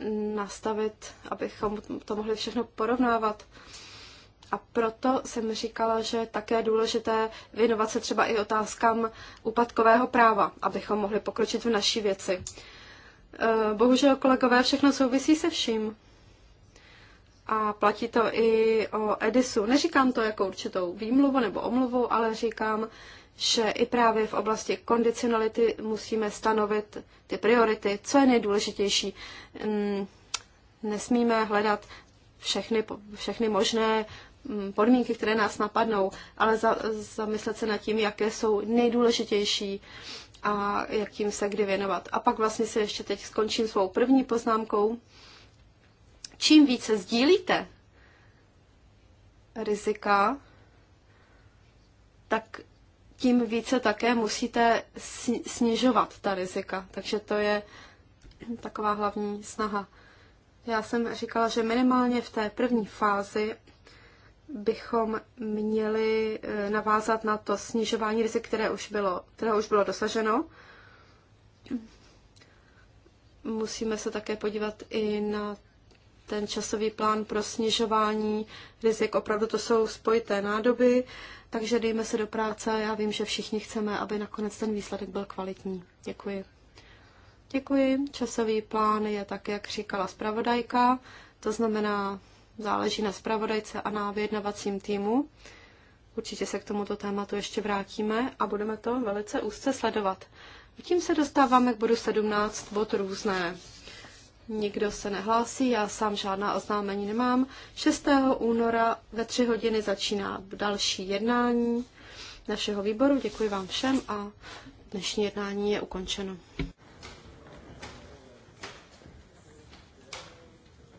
nastavit, abychom to mohli všechno porovnávat. A proto jsem říkala, že také důležité věnovat se třeba i otázkám úpadkového práva, abychom mohli pokročit v naší věci. E, bohužel, kolegové, všechno souvisí se vším. A platí to i o Edisu. Neříkám to jako určitou výmluvu nebo omluvu, ale říkám, že i právě v oblasti kondicionality musíme stanovit ty priority, co je nejdůležitější. Mm, nesmíme hledat všechny, všechny možné mm, podmínky, které nás napadnou, ale za, zamyslet se nad tím, jaké jsou nejdůležitější a jakým se kdy věnovat. A pak vlastně se ještě teď skončím svou první poznámkou. Čím více sdílíte rizika, tak tím více také musíte snižovat ta rizika. Takže to je taková hlavní snaha. Já jsem říkala, že minimálně v té první fázi bychom měli e, navázat na to snižování rizik, které už bylo, které už bylo dosaženo. Musíme se také podívat i na ten časový plán pro snižování rizik. Opravdu to jsou spojité nádoby. Takže dejme se do práce. Já vím, že všichni chceme, aby nakonec ten výsledek byl kvalitní. Děkuji. Děkuji. Časový plán je tak, jak říkala zpravodajka. To znamená, záleží na zpravodajce a na vyjednavacím týmu. Určitě se k tomuto tématu ještě vrátíme a budeme to velice úzce sledovat. Tím se dostáváme k bodu 17, bod různé. Nikdo se nehlásí, já sám žádná oznámení nemám. 6. února ve 3 hodiny začíná další jednání našeho výboru. Děkuji vám všem a dnešní jednání je ukončeno.